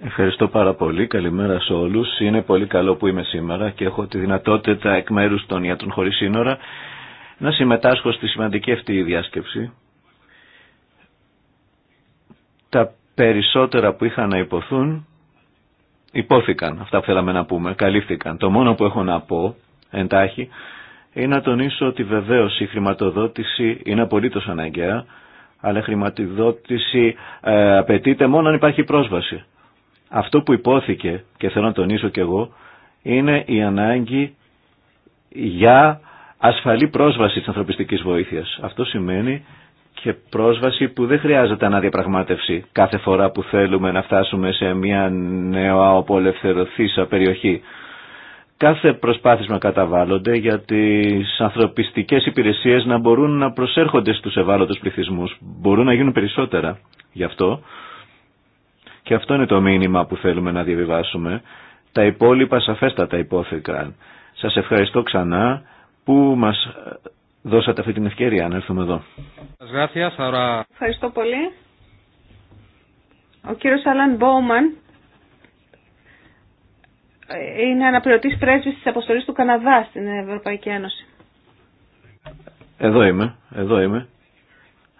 Ευχαριστώ πάρα πολύ. Καλημέρα σε όλου. Είναι πολύ καλό που είμαι σήμερα και έχω τη δυνατότητα εκ μέρου των Ιατρών χωρί Σύνορα να συμμετάσχω στη σημαντική αυτή διάσκεψη. Τα περισσότερα που είχα να υποθούν υπόθηκαν. Αυτά που θέλαμε να πούμε, καλύφθηκαν. Το μόνο που έχω να πω εντάχει είναι να τονίσω ότι βεβαίω η χρηματοδότηση είναι απολύτω αναγκαία αλλά η χρηματοδότηση ε, απαιτείται μόνο αν υπάρχει πρόσβαση. Αυτό που υπόθηκε και θέλω να τονίσω και εγώ είναι η ανάγκη για ασφαλή πρόσβαση της ανθρωπιστικής βοήθειας. Αυτό σημαίνει και πρόσβαση που δεν χρειάζεται αναδιαπραγμάτευση κάθε φορά που θέλουμε να φτάσουμε σε μια νέα απολευθερωθήσα περιοχή. Κάθε προσπάθισμα καταβάλλονται για τις ανθρωπιστικές υπηρεσίες να μπορούν να προσέρχονται στους ευάλωτους πληθυσμούς. Μπορούν να γίνουν περισσότερα γι' αυτό. Και αυτό είναι το μήνυμα που θέλουμε να διαβιβάσουμε. Τα υπόλοιπα σαφέστατα υπόθηκαν. Σας ευχαριστώ ξανά που μας ε, δώσατε αυτή την ευκαιρία να έρθουμε εδώ. Ευχαριστώ πολύ. Ο κύριος Αλάν Μπόουμαν ε, είναι αναπληρωτής πρέσβης της αποστολής του Καναδά στην Ευρωπαϊκή Ένωση. Εδώ είμαι, εδώ είμαι.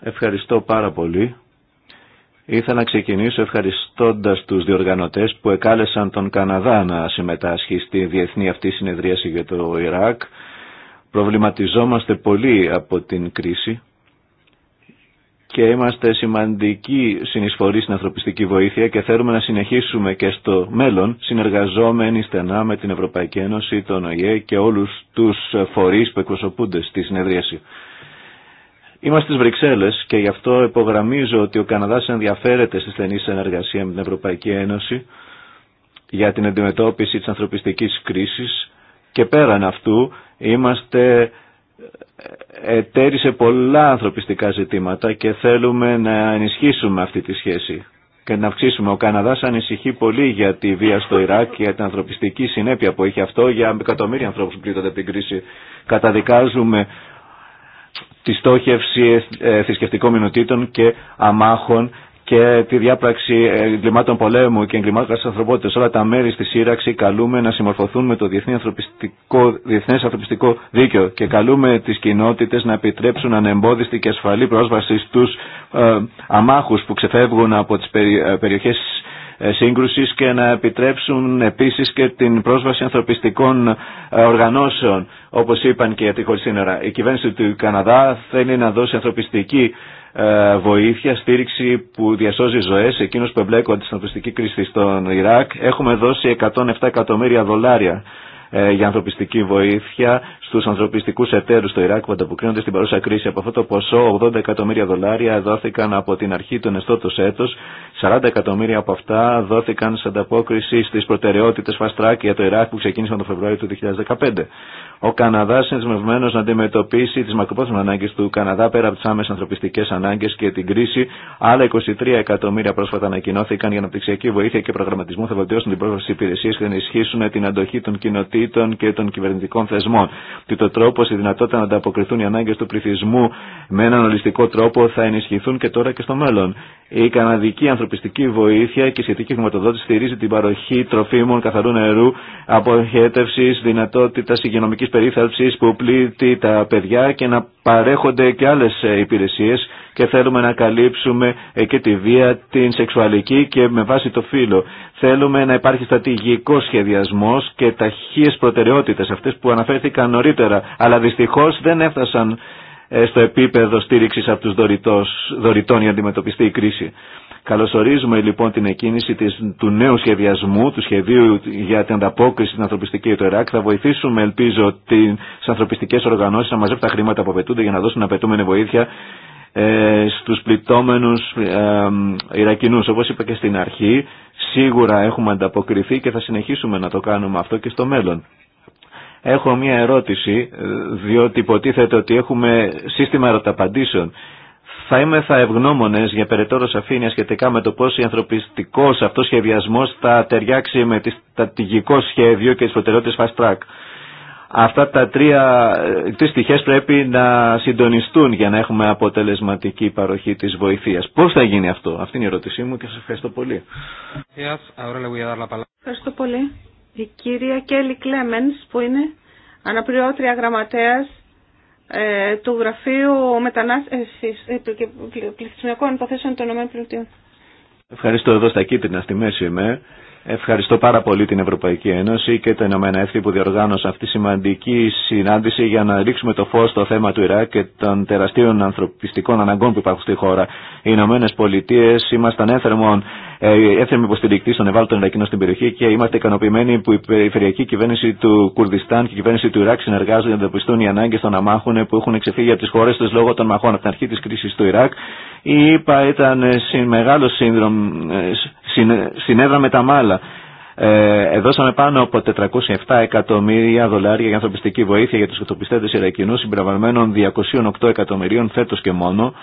Ευχαριστώ πάρα πολύ. Ήθελα να ξεκινήσω ευχαριστώντας τους διοργανωτές που εκάλεσαν τον Καναδά να συμμετάσχει στη διεθνή αυτή συνεδρίαση για το Ιράκ. Προβληματιζόμαστε πολύ από την κρίση και είμαστε σημαντικοί συνεισφοροί στην ανθρωπιστική βοήθεια και θέλουμε να συνεχίσουμε και στο μέλλον συνεργαζόμενοι στενά με την Ευρωπαϊκή Ένωση, τον ΟΗΕ και όλους τους φορείς που εκπροσωπούνται στη συνεδρίαση. Είμαστε στις Βρυξέλλες και γι' αυτό υπογραμμίζω ότι ο Καναδάς ενδιαφέρεται στη στενή συνεργασία με την Ευρωπαϊκή Ένωση για την αντιμετώπιση της ανθρωπιστικής κρίσης και πέραν αυτού είμαστε εταίροι σε πολλά ανθρωπιστικά ζητήματα και θέλουμε να ενισχύσουμε αυτή τη σχέση και να αυξήσουμε. Ο Καναδάς ανησυχεί πολύ για τη βία στο Ιράκ και για την ανθρωπιστική συνέπεια που έχει αυτό για εκατομμύρια ανθρώπους που πλήττονται από την κρίση. Καταδικάζουμε τη στόχευση ε, ε, θρησκευτικών μηνοτήτων και αμάχων και τη διάπραξη ε, εγκλημάτων πολέμου και εγκλημάτων κατά ανθρωπότητα όλα τα μέρη στη σύραξη καλούμε να συμμορφωθούν με το διεθνές ανθρωπιστικό, διεθνές ανθρωπιστικό δίκαιο και καλούμε τις κοινότητες να επιτρέψουν ανεμπόδιστη και ασφαλή πρόσβαση στους ε, αμάχους που ξεφεύγουν από τις περιοχές ε, σύγκρουσης και να επιτρέψουν επίσης και την πρόσβαση ανθρωπιστικών ε, οργανώσεων, όπως είπαν και για τη σύνορα. Η κυβέρνηση του Καναδά θέλει να δώσει ανθρωπιστική ε, βοήθεια, στήριξη που διασώζει ζωές, εκείνους που εμπλέκονται στην ανθρωπιστική κρίση στον Ιράκ. Έχουμε δώσει 107 εκατομμύρια δολάρια ε, για ανθρωπιστική βοήθεια στους ανθρωπιστικούς εταίρους στο Ιράκ που ανταποκρίνονται στην παρούσα κρίση. Από αυτό το ποσό 80 εκατομμύρια δολάρια δόθηκαν από την αρχή του νεστό έτος. 40 εκατομμύρια από αυτά δόθηκαν σε ανταπόκριση στις προτεραιότητες Fast Track για το Ιράκ που ξεκίνησαν τον Φεβρουάριο του 2015. Ο Καναδά είναι να αντιμετωπίσει τι μακροπρόθεσμε ανάγκε του Καναδά πέρα από τι άμεσε ανθρωπιστικέ ανάγκε και την κρίση. Άλλα 23 εκατομμύρια πρόσφατα ανακοινώθηκαν για αναπτυξιακή βοήθεια και προγραμματισμό θα βελτιώσουν την πρόσβαση υπηρεσίε και θα ενισχύσουν την αντοχή των κοινοτήτων και των κυβερνητικών θεσμών. Τι το τρόπο, η δυνατότητα να ανταποκριθούν οι ανάγκε του πληθυσμού με έναν ολιστικό τρόπο θα ενισχυθούν και τώρα και στο μέλλον. Η καναδική ανθρωπιστική βοήθεια και η σχετική χρηματοδότηση στηρίζει την παροχή τροφίμων, καθαρού νερού, αποχέτευση, δυνατότητα υγειονομική περίθαλψη που πλήττει τα παιδιά και να παρέχονται και άλλε υπηρεσίε και θέλουμε να καλύψουμε ε, και τη βία, την σεξουαλική και με βάση το φύλλο. Θέλουμε να υπάρχει στρατηγικό σχεδιασμό και ταχείε προτεραιότητε, αυτέ που αναφέρθηκαν νωρίτερα, αλλά δυστυχώ δεν έφτασαν ε, στο επίπεδο στήριξη από του δωρητών για να αντιμετωπιστεί η κρίση. Καλωσορίζουμε λοιπόν την εκκίνηση της, του νέου σχεδιασμού, του σχεδίου για την ανταπόκριση στην ανθρωπιστική του ΕΡΑΚ. Θα βοηθήσουμε, ελπίζω, τι ανθρωπιστικέ οργανώσει να μαζεύουν τα χρήματα που απαιτούνται για να δώσουν απαιτούμενη βοήθεια ε, στους πληττόμενους ε, Ιρακινούς. Όπως είπα και στην αρχή, σίγουρα έχουμε ανταποκριθεί και θα συνεχίσουμε να το κάνουμε αυτό και στο μέλλον. Έχω μια ερώτηση, ε, διότι υποτίθεται ότι έχουμε σύστημα ερωταπαντήσεων. Θα είμαι θα ευγνώμονε για περαιτέρω σαφήνεια σχετικά με το πώ η ανθρωπιστικό αυτό σχεδιασμό θα ταιριάξει με το στρατηγικό σχέδιο και τι προτεραιότητε fast track. Αυτά τα τρία, ε, τρεις στοιχές πρέπει να συντονιστούν για να έχουμε αποτελεσματική παροχή της βοηθείας. Πώς θα γίνει αυτό, αυτή είναι η ερώτησή μου και σας ευχαριστώ πολύ. Ευχαριστώ πολύ. Η κυρία Κέλλη Κλέμενς που είναι αναπληρώτρια γραμματέας ε, του Γραφείου Μετανάστευσης ε, Πληθυσμιακών Υποθέσεων των ΗΠΑ. Ευχαριστώ εδώ στα κίτρινα, στη μέση είμαι. Ευχαριστώ πάρα πολύ την Ευρωπαϊκή Ένωση και το Ηνωμένα Έθνη που διοργάνωσαν αυτή τη σημαντική συνάντηση για να ρίξουμε το φως στο θέμα του Ιράκ και των τεραστίων ανθρωπιστικών αναγκών που υπάρχουν στη χώρα. Οι Ηνωμένε Πολιτείε ήμασταν έθερμον ε, έθεμε υποστηρικτή στον ευάλωτο Ιρακινό στην περιοχή και είμαστε ικανοποιημένοι που η περιφερειακή κυβέρνηση του Κουρδιστάν και η κυβέρνηση του Ιράκ συνεργάζονται για να εντοπιστούν οι ανάγκε των αμάχων που έχουν ξεφύγει από τι χώρε του λόγω των μαχών από την αρχή τη κρίση του Ιράκ. Η ΕΠΑ ήταν μεγάλο ε, συνέδρα με τα μάλα. Ε, ε, δώσαμε πάνω από 407 εκατομμύρια δολάρια για ανθρωπιστική βοήθεια για τους εκτοπιστέντες Ιρακινούς συμπεριλαμβανομένων 208 εκατομμυρίων φέτος και μόνο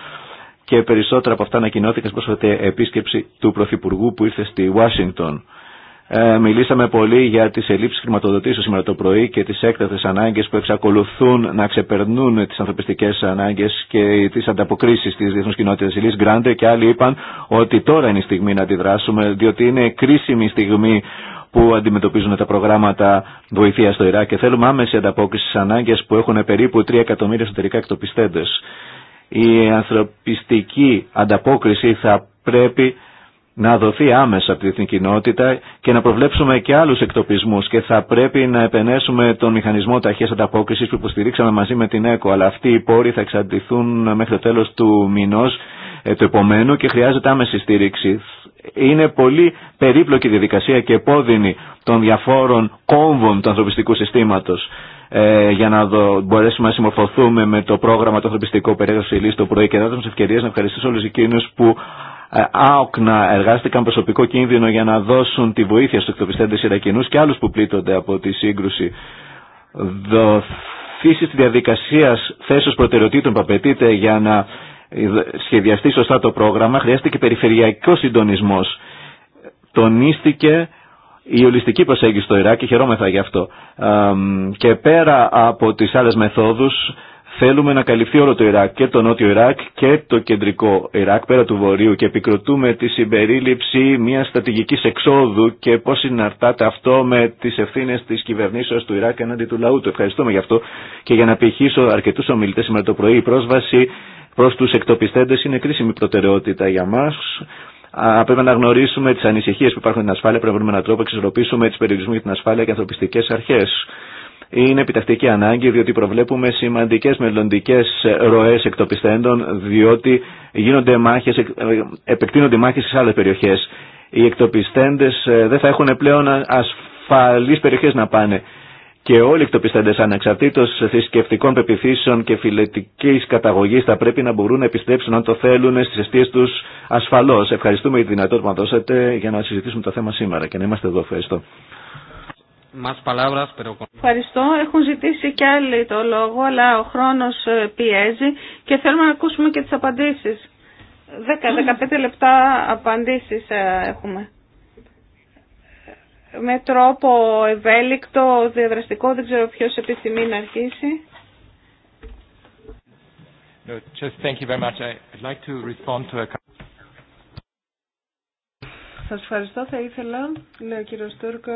και περισσότερα από αυτά ανακοινώθηκαν στην πρόσφατη επίσκεψη του Πρωθυπουργού που ήρθε στη Ουάσιγκτον. Ε, μιλήσαμε πολύ για τι ελλείψει χρηματοδοτήσεω σήμερα το πρωί και τι έκτατε ανάγκε που εξακολουθούν να ξεπερνούν τι ανθρωπιστικέ ανάγκε και τι ανταποκρίσει τη διεθνού κοινότητα Η Γκράντε και άλλοι είπαν ότι τώρα είναι η στιγμή να αντιδράσουμε διότι είναι κρίσιμη στιγμή που αντιμετωπίζουν τα προγράμματα βοηθεία στο Ιράκ και θέλουμε άμεση ανταπόκριση στι ανάγκε που έχουν περίπου 3 εκατομμύρια εσωτερικά εκτοπιστέντε η ανθρωπιστική ανταπόκριση θα πρέπει να δοθεί άμεσα από την κοινότητα και να προβλέψουμε και άλλους εκτοπισμούς και θα πρέπει να επενέσουμε τον μηχανισμό ταχείας ανταπόκρισης που υποστηρίξαμε μαζί με την ΕΚΟ αλλά αυτοί οι πόροι θα εξαντληθούν μέχρι το τέλος του μηνός ε, του επομένου και χρειάζεται άμεση στήριξη. Είναι πολύ περίπλοκη διαδικασία και επώδυνη των διαφόρων κόμβων του ανθρωπιστικού συστήματος. Ε, για να μπορέσουμε να συμμορφωθούμε με το πρόγραμμα το ανθρωπιστικό περίεργο Λύση το πρωί και να δώσουμε ευκαιρίε να ευχαριστήσω όλου εκείνου που ε, άοκνα εργάστηκαν προσωπικό κίνδυνο για να δώσουν τη βοήθεια στου εκτοπιστέντε Ιρακινού και άλλου που πλήττονται από τη σύγκρουση. Δοθήσει τη διαδικασία θέσεω προτεραιοτήτων που απαιτείται για να ε, σχεδιαστεί σωστά το πρόγραμμα, χρειάστηκε περιφερειακό συντονισμό. Τονίστηκε η ολιστική προσέγγιση στο Ιράκ και χαιρόμεθα γι' αυτό. Και πέρα από τις άλλες μεθόδους θέλουμε να καλυφθεί όλο το Ιράκ και το νότιο Ιράκ και το κεντρικό Ιράκ πέρα του βορείου και επικροτούμε τη συμπερίληψη μια στρατηγικής εξόδου και πώς συναρτάται αυτό με τις ευθύνες της κυβερνήσεως του Ιράκ εναντί του λαού του. Ευχαριστούμε γι' αυτό και για να πηχήσω αρκετούς ομιλητές σήμερα το πρωί η πρόσβαση προς τους εκτοπιστέντες είναι κρίσιμη προτεραιότητα για μας πρέπει να γνωρίσουμε τι ανησυχίε που υπάρχουν στην ασφάλεια, πρέπει να βρούμε έναν τρόπο να εξισορροπήσουμε του περιορισμού για την ασφάλεια και ανθρωπιστικέ αρχέ. Είναι επιτακτική ανάγκη διότι προβλέπουμε σημαντικέ μελλοντικέ ροέ εκτοπιστέντων, διότι γίνονται μάχες, ε, επεκτείνονται μάχε σε άλλε περιοχέ. Οι εκτοπιστέντε ε, δεν θα έχουν πλέον ασφαλεί περιοχέ να πάνε και όλοι οι εκτοπιστέντες ανεξαρτήτως θρησκευτικών πεπιθήσεων και φιλετικής καταγωγής θα πρέπει να μπορούν να επιστρέψουν αν το θέλουν στις αιστείες τους ασφαλώς. Ευχαριστούμε για τη δυνατότητα που μας δώσατε για να συζητήσουμε το θέμα σήμερα και να είμαστε εδώ. Ευχαριστώ. Ευχαριστώ. Έχουν ζητήσει κι άλλοι το λόγο, αλλά ο χρόνος ε, πιέζει και θέλουμε να ακούσουμε και τις απαντήσεις. 10-15 λεπτά απαντήσεις ε, έχουμε με τρόπο ευέλικτο, διαδραστικό, δεν ξέρω ποιος επιθυμεί να αρχίσει. No, just Σας ευχαριστώ. Θα ήθελα, λέει ο κύριος Τούρκο,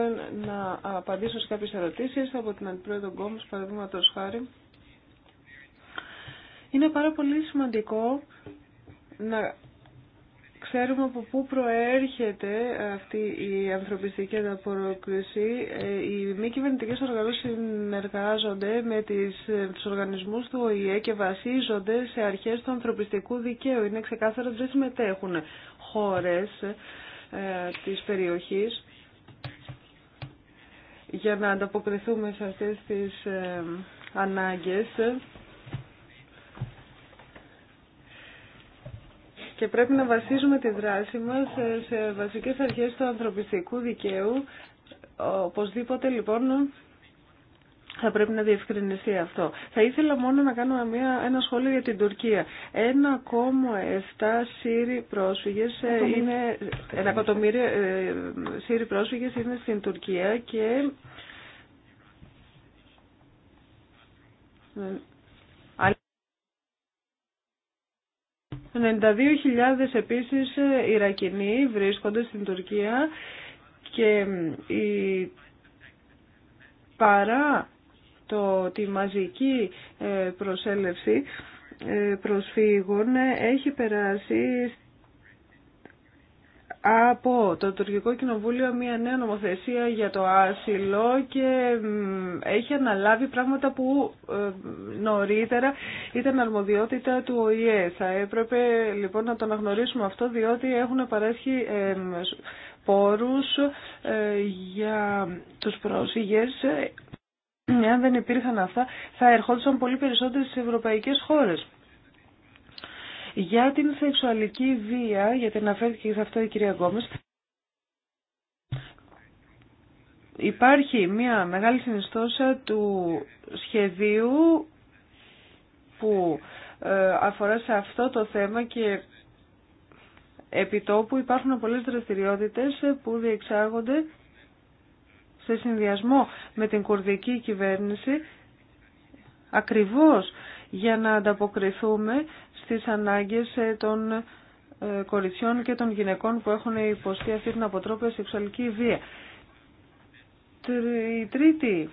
να απαντήσω σε κάποιες ερωτήσεις από την Αντιπρόεδρο Γκόμους, παραδείγματος χάρη. Είναι πάρα πολύ σημαντικό να Ξέρουμε από πού προέρχεται αυτή η ανθρωπιστική ανταπόκριση. Ε, οι μη κυβερνητικέ οργανώσει συνεργάζονται με ε, τους οργανισμούς του ΟΗΕ και βασίζονται σε αρχές του ανθρωπιστικού δικαίου. Είναι ξεκάθαρο ότι δεν συμμετέχουν χώρε ε, τη περιοχή για να ανταποκριθούμε σε αυτές τις ανάγκες. και πρέπει να βασίζουμε τη δράση μας ε, σε βασικές αρχές του ανθρωπιστικού δικαίου. Οπωσδήποτε λοιπόν θα πρέπει να διευκρινιστεί αυτό. Θα ήθελα μόνο να κάνω μια, ένα σχόλιο για την Τουρκία. 1,7 συρι πρόσφυγες ε, είναι, ένα ε, πρόσφυγες είναι στην Τουρκία και 92.000 επίσης ε, Ιρακινοί βρίσκονται στην Τουρκία και η... παρά το, τη μαζική ε, προσέλευση ε, προσφύγων έχει περάσει από το τουρκικό κοινοβούλιο μια νέα νομοθεσία για το άσυλο και έχει αναλάβει πράγματα που ε, νωρίτερα ήταν αρμοδιότητα του ΟΗΕ. Θα έπρεπε λοιπόν να το αναγνωρίσουμε αυτό διότι έχουν παρέσχει πόρους ε, για τους πρόσφυγες. Αν ε, δεν υπήρχαν αυτά θα ερχόντουσαν πολύ περισσότερες ευρωπαϊκές χώρες. Για την σεξουαλική βία, γιατί αναφέρθηκε σε αυτό η κυρία Γκόμες, υπάρχει μια μεγάλη συνιστόσα του σχεδίου που ε, αφορά σε αυτό το θέμα και επιτόπου υπάρχουν πολλές δραστηριότητες που διεξάγονται σε συνδυασμό με την κουρδική κυβέρνηση ακριβώς για να ανταποκριθούμε στις ανάγκες ε, των ε, κοριτσιών και των γυναικών που έχουν υποστεί αυτή την αποτρόπια σεξουαλική βία. Η τρίτη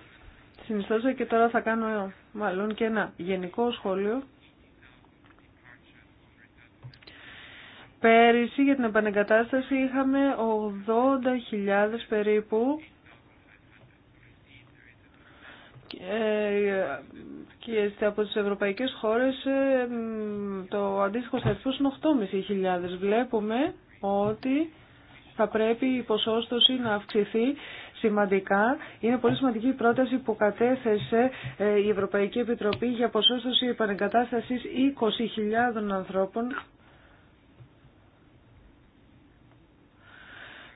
συνιστόσα και τώρα θα κάνω μάλλον και ένα γενικό σχόλιο. Πέρυσι για την επανεγκατάσταση είχαμε 80.000 περίπου ε, και από τις ευρωπαϊκές χώρες ε, το αντίστοιχο σταθμό είναι 8.500. Βλέπουμε ότι θα πρέπει η ποσόστοση να αυξηθεί σημαντικά. Είναι πολύ σημαντική η πρόταση που κατέθεσε ε, η Ευρωπαϊκή Επιτροπή για ποσόστοση επανεγκατάστασης 20.000 ανθρώπων.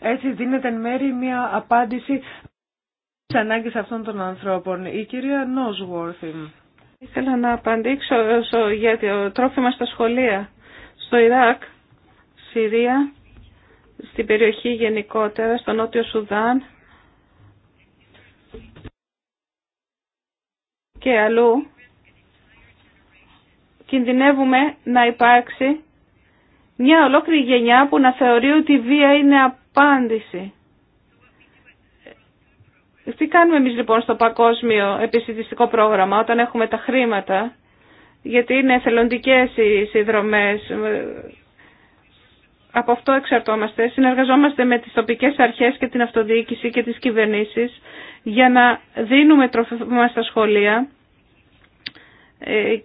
Έτσι δίνεται εν μέρη μια απάντηση τις ανάγκες αυτών των ανθρώπων. Η κυρία Νόσουόρθη. Ήθελα να απαντήσω για το τρόφιμα στα σχολεία. Στο Ιράκ, Συρία, στην περιοχή γενικότερα, στο Νότιο Σουδάν και αλλού, κινδυνεύουμε να υπάρξει μια ολόκληρη γενιά που να θεωρεί ότι η βία είναι απάντηση τι κάνουμε εμείς λοιπόν στο παγκόσμιο επιστημιστικό πρόγραμμα όταν έχουμε τα χρήματα, γιατί είναι εθελοντικές οι συνδρομές, ε, από αυτό εξαρτόμαστε. Συνεργαζόμαστε με τις τοπικές αρχές και την αυτοδιοίκηση και τις κυβερνήσεις για να δίνουμε μας στα σχολεία ε,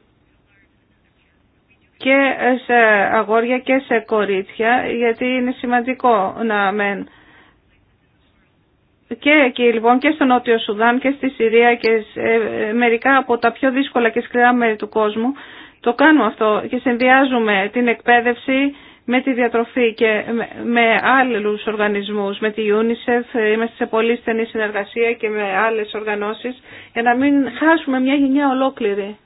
και σε αγόρια και σε κορίτσια γιατί είναι σημαντικό να μεν και εκεί λοιπόν και στο Νότιο Σουδάν και στη Συρία και σε ε, μερικά από τα πιο δύσκολα και σκληρά μέρη του κόσμου το κάνουμε αυτό και συνδυάζουμε την εκπαίδευση με τη διατροφή και με άλλους οργανισμούς, με τη UNICEF, ε, είμαστε σε πολύ στενή συνεργασία και με άλλες οργανώσεις για να μην χάσουμε μια γενιά ολόκληρη.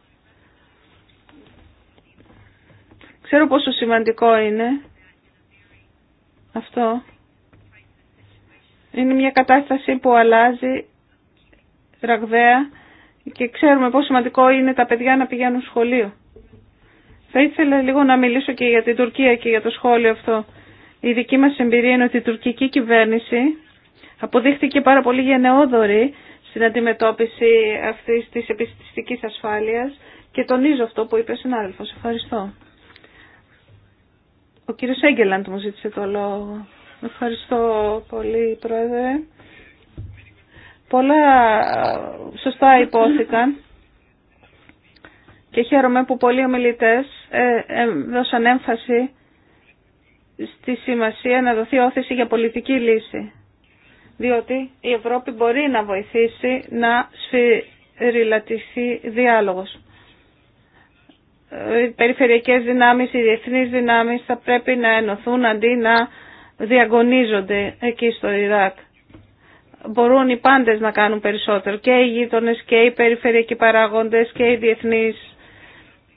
Ξέρω πόσο σημαντικό είναι αυτό είναι μια κατάσταση που αλλάζει ραγδαία και ξέρουμε πόσο σημαντικό είναι τα παιδιά να πηγαίνουν σχολείο. Θα ήθελα λίγο να μιλήσω και για την Τουρκία και για το σχόλιο αυτό. Η δική μας εμπειρία είναι ότι η τουρκική κυβέρνηση αποδείχθηκε πάρα πολύ γενναιόδορη στην αντιμετώπιση αυτής της επιστημιστικής ασφάλειας και τονίζω αυτό που είπε ο συνάδελφος. Ευχαριστώ. Ο κύριος Έγκελαντ μου ζήτησε το λόγο. Ευχαριστώ πολύ, Πρόεδρε. Πολλά σωστά υπόθηκαν και χαίρομαι που πολλοί ομιλητές ε, ε, δώσαν έμφαση στη σημασία να δοθεί όθηση για πολιτική λύση. Διότι η Ευρώπη μπορεί να βοηθήσει να σφυριλατηθεί διάλογος. Οι περιφερειακές δυνάμεις, οι διεθνείς δυνάμεις θα πρέπει να ενωθούν αντί να διαγωνίζονται εκεί στο Ιράκ. Μπορούν οι πάντες να κάνουν περισσότερο και οι γείτονε και οι περιφερειακοί παράγοντες και οι διεθνείς.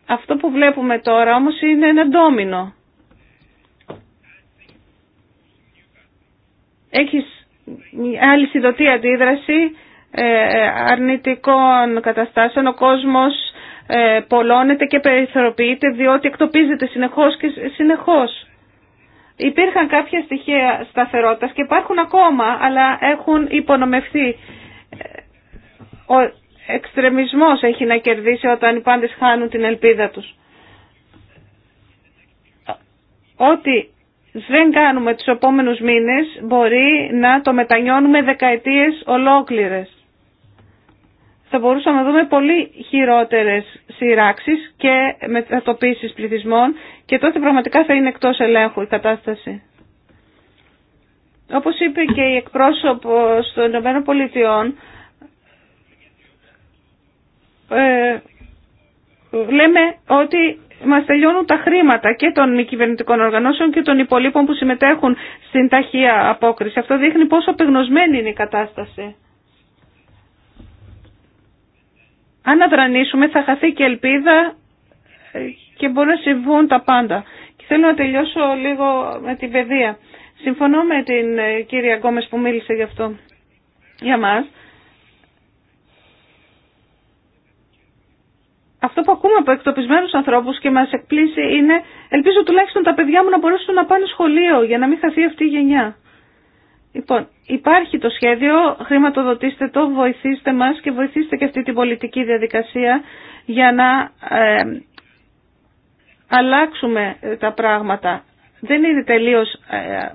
Αυτό που βλέπουμε τώρα όμως είναι ένα ντόμινο. Έχεις άλλη συνδοτή αντίδραση ε, ε, αρνητικών καταστάσεων. Ο κόσμος ε, πολλώνεται και περιθωροποιείται διότι εκτοπίζεται συνεχώς και συνεχώς υπήρχαν κάποια στοιχεία σταθερότητα και υπάρχουν ακόμα, αλλά έχουν υπονομευθεί. Ο εξτρεμισμός έχει να κερδίσει όταν οι πάντες χάνουν την ελπίδα τους. Ό,τι δεν κάνουμε τους επόμενους μήνες μπορεί να το μετανιώνουμε δεκαετίες ολόκληρες θα μπορούσαμε να δούμε πολύ χειρότερες σειράξεις και μετατοπίσεις πληθυσμών και τότε πραγματικά θα είναι εκτός ελέγχου η κατάσταση. Όπως είπε και η εκπρόσωπος των Ηνωμένων Πολιτειών, ε, λέμε ότι μας τελειώνουν τα χρήματα και των μη κυβερνητικών οργανώσεων και των υπολείπων που συμμετέχουν στην ταχεία απόκριση. Αυτό δείχνει πόσο απεγνωσμένη είναι η κατάσταση. Αν αδρανίσουμε θα χαθεί και ελπίδα ε, και μπορεί να συμβούν τα πάντα. Και θέλω να τελειώσω λίγο με την παιδεία. Συμφωνώ με την ε, κυρία Γκόμες που μίλησε γι' αυτό για μας. Αυτό που ακούμε από εκτοπισμένου ανθρώπου και μα εκπλήσει είναι ελπίζω τουλάχιστον τα παιδιά μου να μπορέσουν να πάνε σχολείο για να μην χαθεί αυτή η γενιά. Λοιπόν, υπάρχει το σχέδιο, χρηματοδοτήστε το, βοηθήστε μας και βοηθήστε και αυτή την πολιτική διαδικασία για να ε, αλλάξουμε τα πράγματα. Δεν είναι τελείως ε,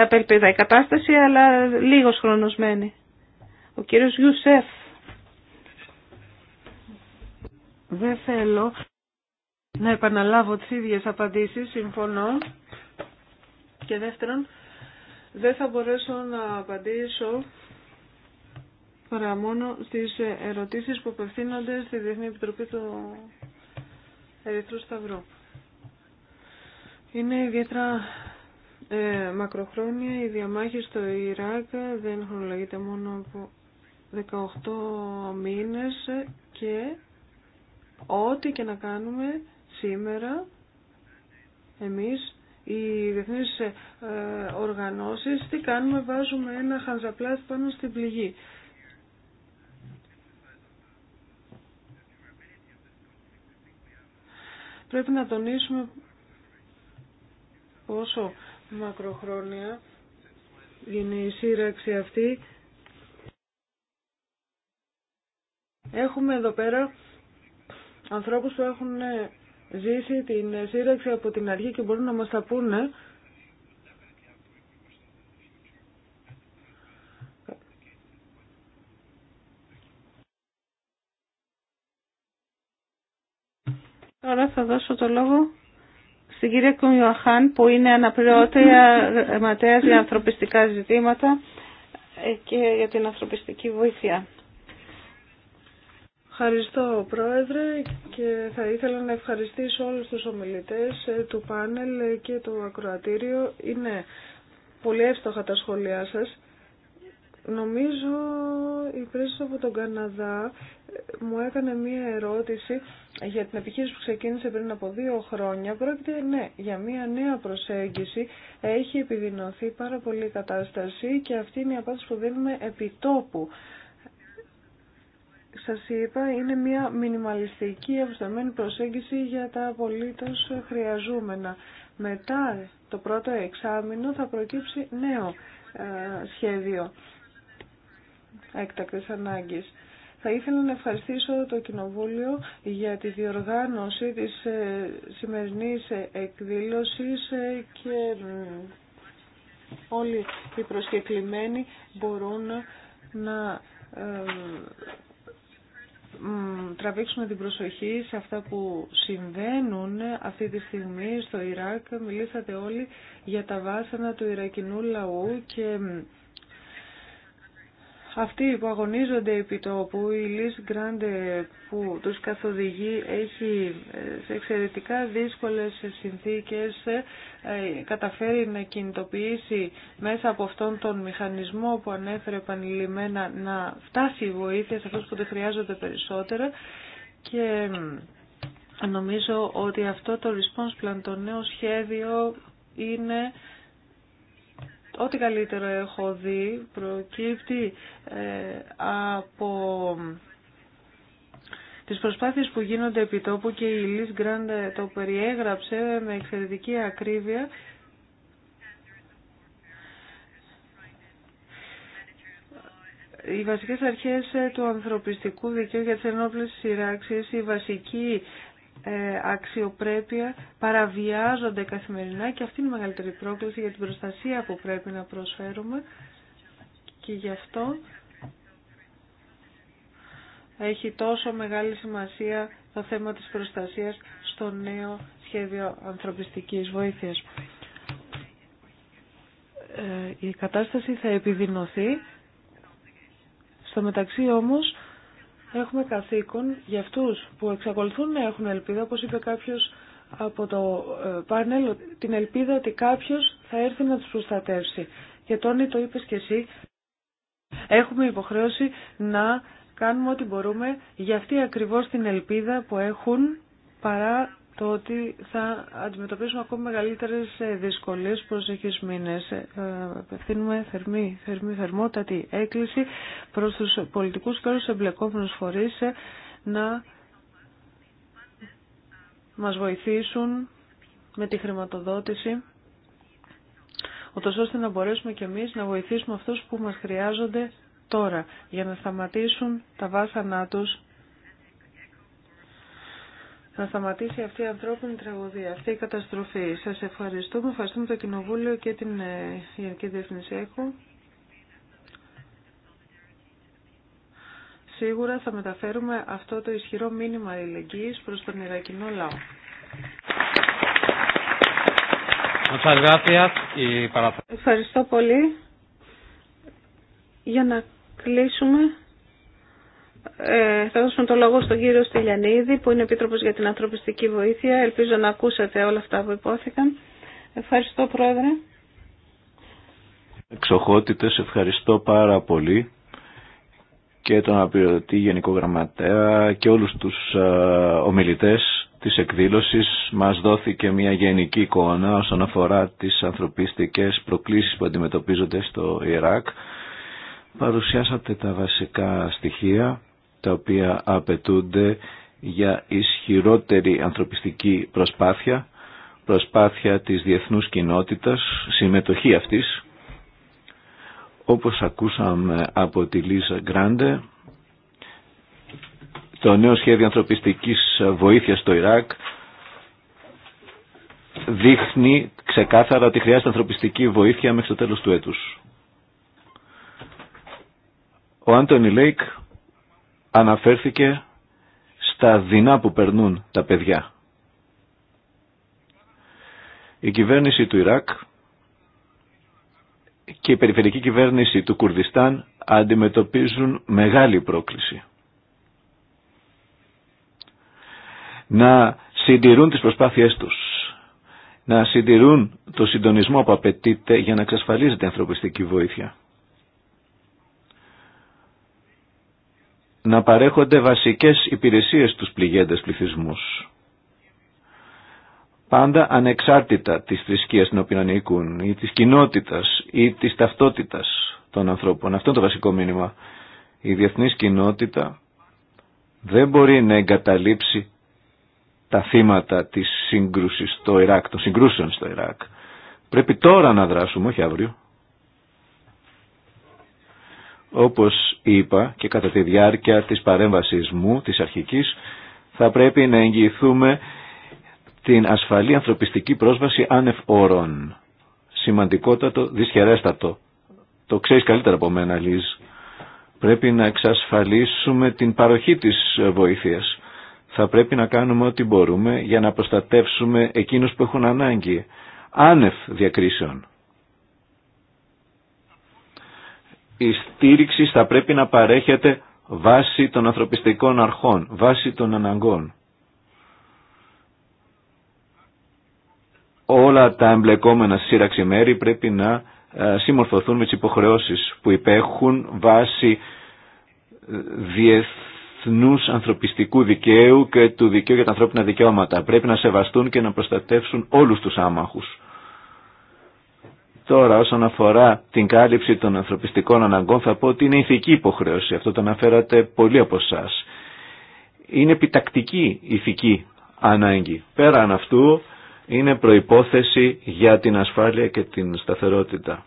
απελπίδα η κατάσταση, αλλά λίγος χρονοσμένη. Ο κύριος Γιουσέφ. Δεν θέλω να επαναλάβω τις ίδιες απαντήσεις, συμφωνώ. Και δεύτερον, δεν θα μπορέσω να απαντήσω παρά μόνο στις ερωτήσεις που απευθύνονται στη Διεθνή Επιτροπή του Ερυθρού Σταυρού. Είναι ιδιαίτερα ε, μακροχρόνια η διαμάχη στο Ιράκ δεν χρονολογείται μόνο από 18 μήνες και ό,τι και να κάνουμε σήμερα εμείς οι διεθνείς ε, οργανώσεις, τι κάνουμε, βάζουμε ένα χανζαπλάστ πάνω στην πληγή. Πρέπει να τονίσουμε πόσο μακροχρόνια είναι η σύραξη αυτή. Έχουμε εδώ πέρα ανθρώπους που έχουν ε, ζήσει την σύραξη από την αρχή και μπορούν να μας τα πούνε. Τώρα θα δώσω το λόγο στην κυρία Κουμιουαχάν που είναι αναπληρώτρια γραμματέας για ανθρωπιστικά ζητήματα και για την ανθρωπιστική βοήθεια. Ευχαριστώ Πρόεδρε και θα ήθελα να ευχαριστήσω όλους τους ομιλητές ε, του πάνελ και του ακροατήριο. Είναι πολύ εύστοχα τα σχόλιά σας. Νομίζω η πρέσβη από τον Καναδά ε, μου έκανε μία ερώτηση για την επιχείρηση που ξεκίνησε πριν από δύο χρόνια. Πρόκειται, ναι, για μία νέα προσέγγιση. Έχει επιδεινωθεί πάρα πολύ η κατάσταση και αυτή είναι η απάντηση που δίνουμε επί σας είπα, είναι μια μινιμαλιστική ευσταμένη προσέγγιση για τα απολύτως χρειαζόμενα. Μετά το πρώτο εξάμεινο θα προκύψει νέο ε, σχέδιο έκτακτες ανάγκης. Θα ήθελα να ευχαριστήσω το Κοινοβούλιο για τη διοργάνωση της ε, σημερινής ε, εκδήλωσης και όλοι οι προσκεκλημένοι μπορούν να τραβήξουμε την προσοχή σε αυτά που συμβαίνουν αυτή τη στιγμή στο Ιράκ. Μιλήσατε όλοι για τα βάσανα του Ιρακινού λαού και αυτοί που αγωνίζονται επί τόπου, η Λις Γκράντε που τους καθοδηγεί έχει ε, σε εξαιρετικά δύσκολες συνθήκες ε, καταφέρει να κινητοποιήσει μέσα από αυτόν τον μηχανισμό που ανέφερε επανειλημμένα να φτάσει η βοήθεια σε αυτούς που δεν χρειάζονται περισσότερα και ε, νομίζω ότι αυτό το response plan, το νέο σχέδιο είναι Ό,τι καλύτερο έχω δει προκύπτει ε, από τις προσπάθειες που γίνονται επί τόπου και η Λις Γκραντ το περιέγραψε με εξαιρετική ακρίβεια οι βασικές αρχές του ανθρωπιστικού δικαίου για τις ενόπλες σειράξεις, η βασική ε, αξιοπρέπεια παραβιάζονται καθημερινά και αυτή είναι η μεγαλύτερη πρόκληση για την προστασία που πρέπει να προσφέρουμε και γι' αυτό έχει τόσο μεγάλη σημασία το θέμα της προστασίας στο νέο σχέδιο ανθρωπιστικής βοήθειας. Ε, η κατάσταση θα επιδεινωθεί. Στο μεταξύ όμως έχουμε καθήκον για αυτούς που εξακολουθούν να έχουν ελπίδα, όπως είπε κάποιος από το ε, πάνελ, την ελπίδα ότι κάποιος θα έρθει να τους προστατεύσει. Και Τόνι το είπες και εσύ, έχουμε υποχρέωση να κάνουμε ό,τι μπορούμε για αυτή ακριβώς την ελπίδα που έχουν παρά το ότι θα αντιμετωπίσουμε ακόμη μεγαλύτερες ε, δυσκολίες προσεχεί μήνες. Ε, απευθύνουμε θερμή, θερμή, θερμότατη έκκληση προς τους πολιτικούς και του εμπλεκόμενους φορείς ε, να μας βοηθήσουν με τη χρηματοδότηση ούτως ώστε να μπορέσουμε και εμείς να βοηθήσουμε αυτούς που μας χρειάζονται τώρα για να σταματήσουν τα βάσανά τους να σταματήσει αυτή η ανθρώπινη τραγωδία, αυτή η καταστροφή. Σας ευχαριστούμε, ευχαριστούμε το Κοινοβούλιο και την ε, Γενική Διεθνή ΕΚΟ. Σίγουρα θα μεταφέρουμε αυτό το ισχυρό μήνυμα αλληλεγγύης προς τον Ιρακινό λαό. Ευχαριστώ πολύ. Για να κλείσουμε. Ε, θα δώσουμε το λόγο στον κύριο Στυλιανίδη που είναι Επίτροπος για την Ανθρωπιστική Βοήθεια. Ελπίζω να ακούσατε όλα αυτά που υπόθηκαν. Ευχαριστώ Πρόεδρε. Εξοχότητες, ευχαριστώ πάρα πολύ και τον Απειρωτή Γενικό Γραμματέα και όλους τους ε, ομιλητές της εκδήλωσης μας δόθηκε μια γενική εικόνα όσον αφορά τις ανθρωπιστικές προκλήσεις που αντιμετωπίζονται στο Ιράκ. Παρουσιάσατε τα βασικά στοιχεία τα οποία απαιτούνται για ισχυρότερη ανθρωπιστική προσπάθεια, προσπάθεια της διεθνούς κοινότητας, συμμετοχή αυτής. Όπως ακούσαμε από τη Λίζα Γκράντε, το νέο σχέδιο ανθρωπιστικής βοήθειας στο Ιράκ δείχνει ξεκάθαρα ότι χρειάζεται ανθρωπιστική βοήθεια μέχρι το τέλος του έτους. Ο Άντωνι Λέικ αναφέρθηκε στα δεινά που περνούν τα παιδιά. Η κυβέρνηση του Ιράκ και η περιφερική κυβέρνηση του Κουρδιστάν αντιμετωπίζουν μεγάλη πρόκληση. Να συντηρούν τις προσπάθειές τους, να συντηρούν το συντονισμό που απαιτείται για να εξασφαλίζεται η ανθρωπιστική βοήθεια. να παρέχονται βασικές υπηρεσίες στους πληγέντες πληθυσμούς. Πάντα ανεξάρτητα της θρησκείας την οποία ανήκουν ή της κοινότητας ή της ταυτότητας των ανθρώπων. Αυτό είναι το βασικό μήνυμα. Η διεθνής κοινότητα δεν μπορεί να εγκαταλείψει τα θύματα της σύγκρουσης στο Ιράκ, των συγκρούσεων στο Ιράκ. Πρέπει τώρα να δράσουμε, όχι αύριο. Όπως είπα και κατά τη διάρκεια της παρέμβασης μου, της αρχικής, θα πρέπει να εγγυηθούμε την ασφαλή ανθρωπιστική πρόσβαση άνευ όρων. Σημαντικότατο, δυσχερέστατο. Το ξέρεις καλύτερα από μένα, Λίζ. Πρέπει να εξασφαλίσουμε την παροχή της βοήθειας. Θα πρέπει να κάνουμε ό,τι μπορούμε για να προστατεύσουμε εκείνους που έχουν ανάγκη. Άνευ διακρίσεων. η στήριξη θα πρέπει να παρέχεται βάσει των ανθρωπιστικών αρχών, βάσει των αναγκών. Όλα τα εμπλεκόμενα σύραξη μέρη πρέπει να ε, συμμορφωθούν με τις υποχρεώσεις που υπέχουν βάσει ε, διεθνούς ανθρωπιστικού δικαίου και του δικαίου για τα ανθρώπινα δικαιώματα. Πρέπει να σεβαστούν και να προστατεύσουν όλους τους άμαχους. Τώρα όσον αφορά την κάλυψη των ανθρωπιστικών αναγκών θα πω ότι είναι ηθική υποχρέωση. Αυτό το αναφέρατε πολλοί από εσά. Είναι επιτακτική ηθική ανάγκη. Πέραν αυτού είναι προϋπόθεση για την ασφάλεια και την σταθερότητα.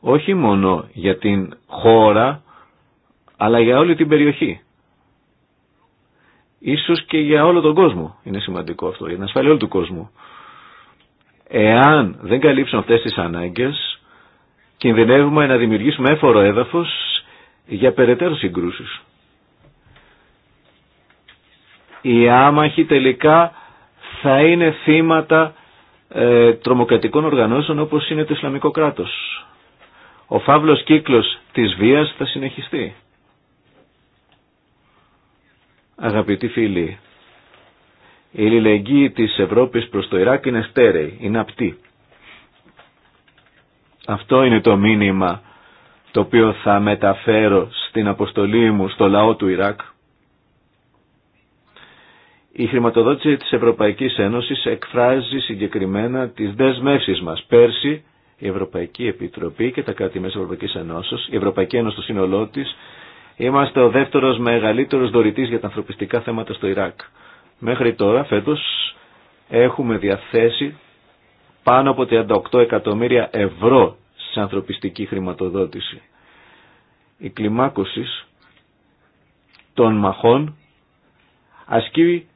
Όχι μόνο για την χώρα αλλά για όλη την περιοχή. Ίσως και για όλο τον κόσμο είναι σημαντικό αυτό, για την ασφάλεια όλου του κόσμου. Εάν δεν καλύψουν αυτές τις ανάγκες, κινδυνεύουμε να δημιουργήσουμε έφορο έδαφος για περαιτέρω συγκρούσεις. Οι άμαχοι τελικά θα είναι θύματα ε, τρομοκρατικών οργανώσεων όπως είναι το Ισλαμικό κράτος. Ο φαύλος κύκλος της βίας θα συνεχιστεί. Αγαπητοί φίλοι, η λιλεγγύη της Ευρώπης προς το Ιράκ είναι στέρεη, είναι απτή. Αυτό είναι το μήνυμα το οποίο θα μεταφέρω στην αποστολή μου στο λαό του Ιράκ. Η χρηματοδότηση της Ευρωπαϊκής Ένωσης εκφράζει συγκεκριμένα τις δεσμεύσεις μας. Πέρσι η Ευρωπαϊκή Επιτροπή και τα κράτη μέσα Ευρωπαϊκής Ένωσης, η Ευρωπαϊκή Ένωση στο σύνολό τη, είμαστε ο δεύτερος μεγαλύτερος δωρητής για τα ανθρωπιστικά θέματα στο Ιράκ. Μέχρι τώρα, φέτος, έχουμε διαθέσει πάνω από 38 εκατομμύρια ευρώ σε ανθρωπιστική χρηματοδότηση. Η κλιμάκωση των μαχών ασκεί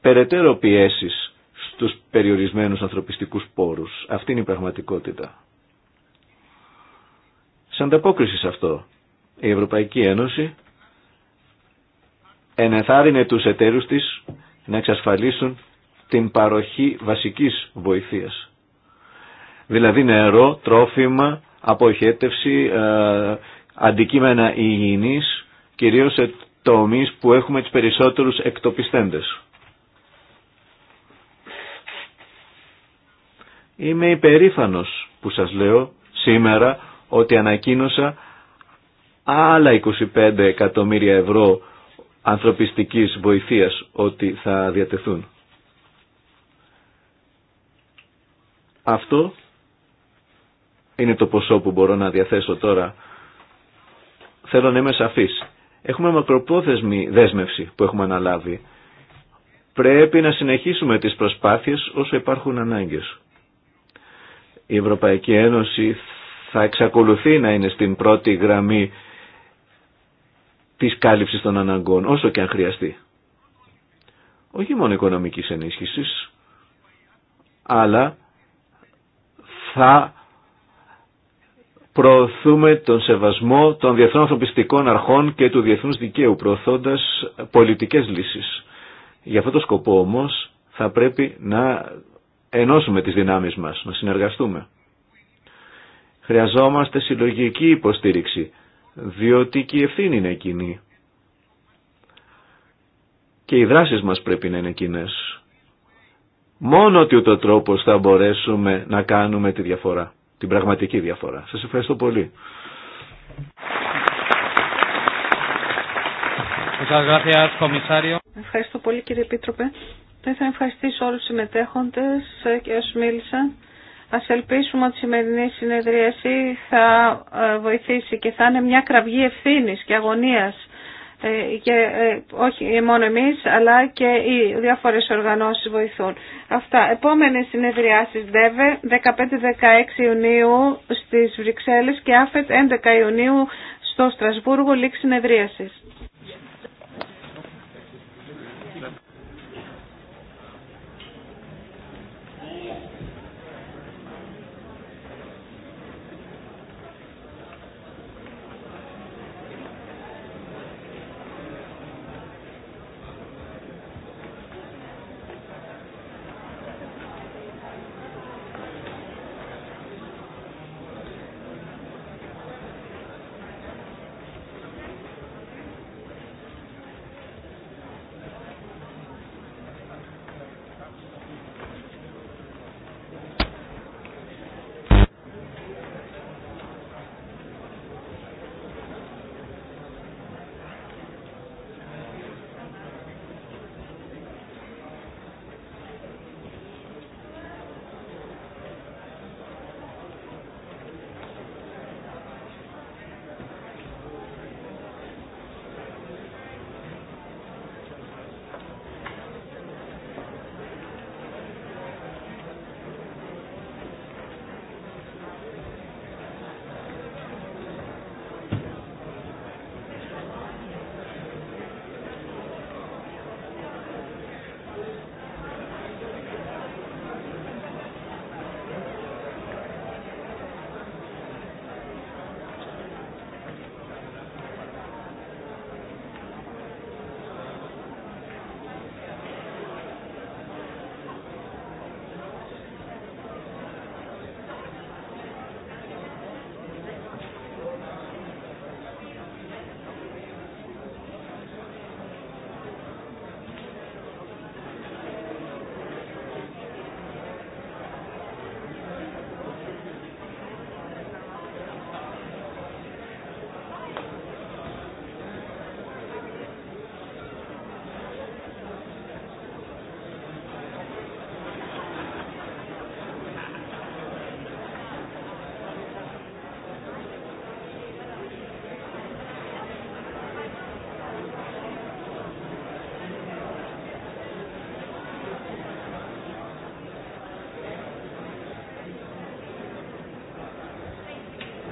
περαιτέρω πιέσεις στους περιορισμένους ανθρωπιστικούς πόρους. Αυτή είναι η πραγματικότητα. Σε ανταπόκριση σε αυτό, η Ευρωπαϊκή Ένωση ενεθάρρυνε τους εταίρους της να εξασφαλίσουν την παροχή βασικής βοηθείας. Δηλαδή νερό, τρόφιμα, αποχέτευση, ε, αντικείμενα υγιεινής, κυρίως σε τομείς που έχουμε τις περισσότερους εκτοπιστέντες. Είμαι υπερήφανος που σας λέω σήμερα ότι ανακοίνωσα άλλα 25 εκατομμύρια ευρώ ανθρωπιστικής βοηθείας ότι θα διατεθούν. Αυτό είναι το ποσό που μπορώ να διαθέσω τώρα. Θέλω να είμαι σαφής. Έχουμε μακροπρόθεσμη δέσμευση που έχουμε αναλάβει. Πρέπει να συνεχίσουμε τις προσπάθειες όσο υπάρχουν ανάγκες. Η Ευρωπαϊκή Ένωση θα εξακολουθεί να είναι στην πρώτη γραμμή της κάλυψης των αναγκών, όσο και αν χρειαστεί. Όχι μόνο οικονομικής ενίσχυσης, αλλά θα προωθούμε τον σεβασμό των διεθνών ανθρωπιστικών αρχών και του διεθνούς δικαίου, προωθώντας πολιτικές λύσεις. Για αυτό το σκοπό όμως θα πρέπει να ενώσουμε τις δυνάμεις μας, να συνεργαστούμε. Χρειαζόμαστε συλλογική υποστήριξη διότι και η ευθύνη είναι εκείνη. Και οι δράσεις μας πρέπει να είναι κοινέ. Μόνο ότι ούτω τρόπος θα μπορέσουμε να κάνουμε τη διαφορά, την πραγματική διαφορά. Σας ευχαριστώ πολύ. Ευχαριστώ πολύ κύριε Επίτροπε. Θα ήθελα να ευχαριστήσω όλους τους συμμετέχοντες ε, και όσους μίλησαν. Ας ελπίσουμε ότι η σημερινή συνεδρίαση θα ε, βοηθήσει και θα είναι μια κραυγή ευθύνης και αγωνίας ε, και ε, όχι μόνο εμείς αλλά και οι διάφορες οργανώσεις βοηθούν. Αυτά. Επόμενες συνεδριάσεις ΔΕΒΕ 15-16 Ιουνίου στις Βρυξέλλες και ΑΦΕΤ 11 Ιουνίου στο Στρασβούργο λήξη συνεδρίασης.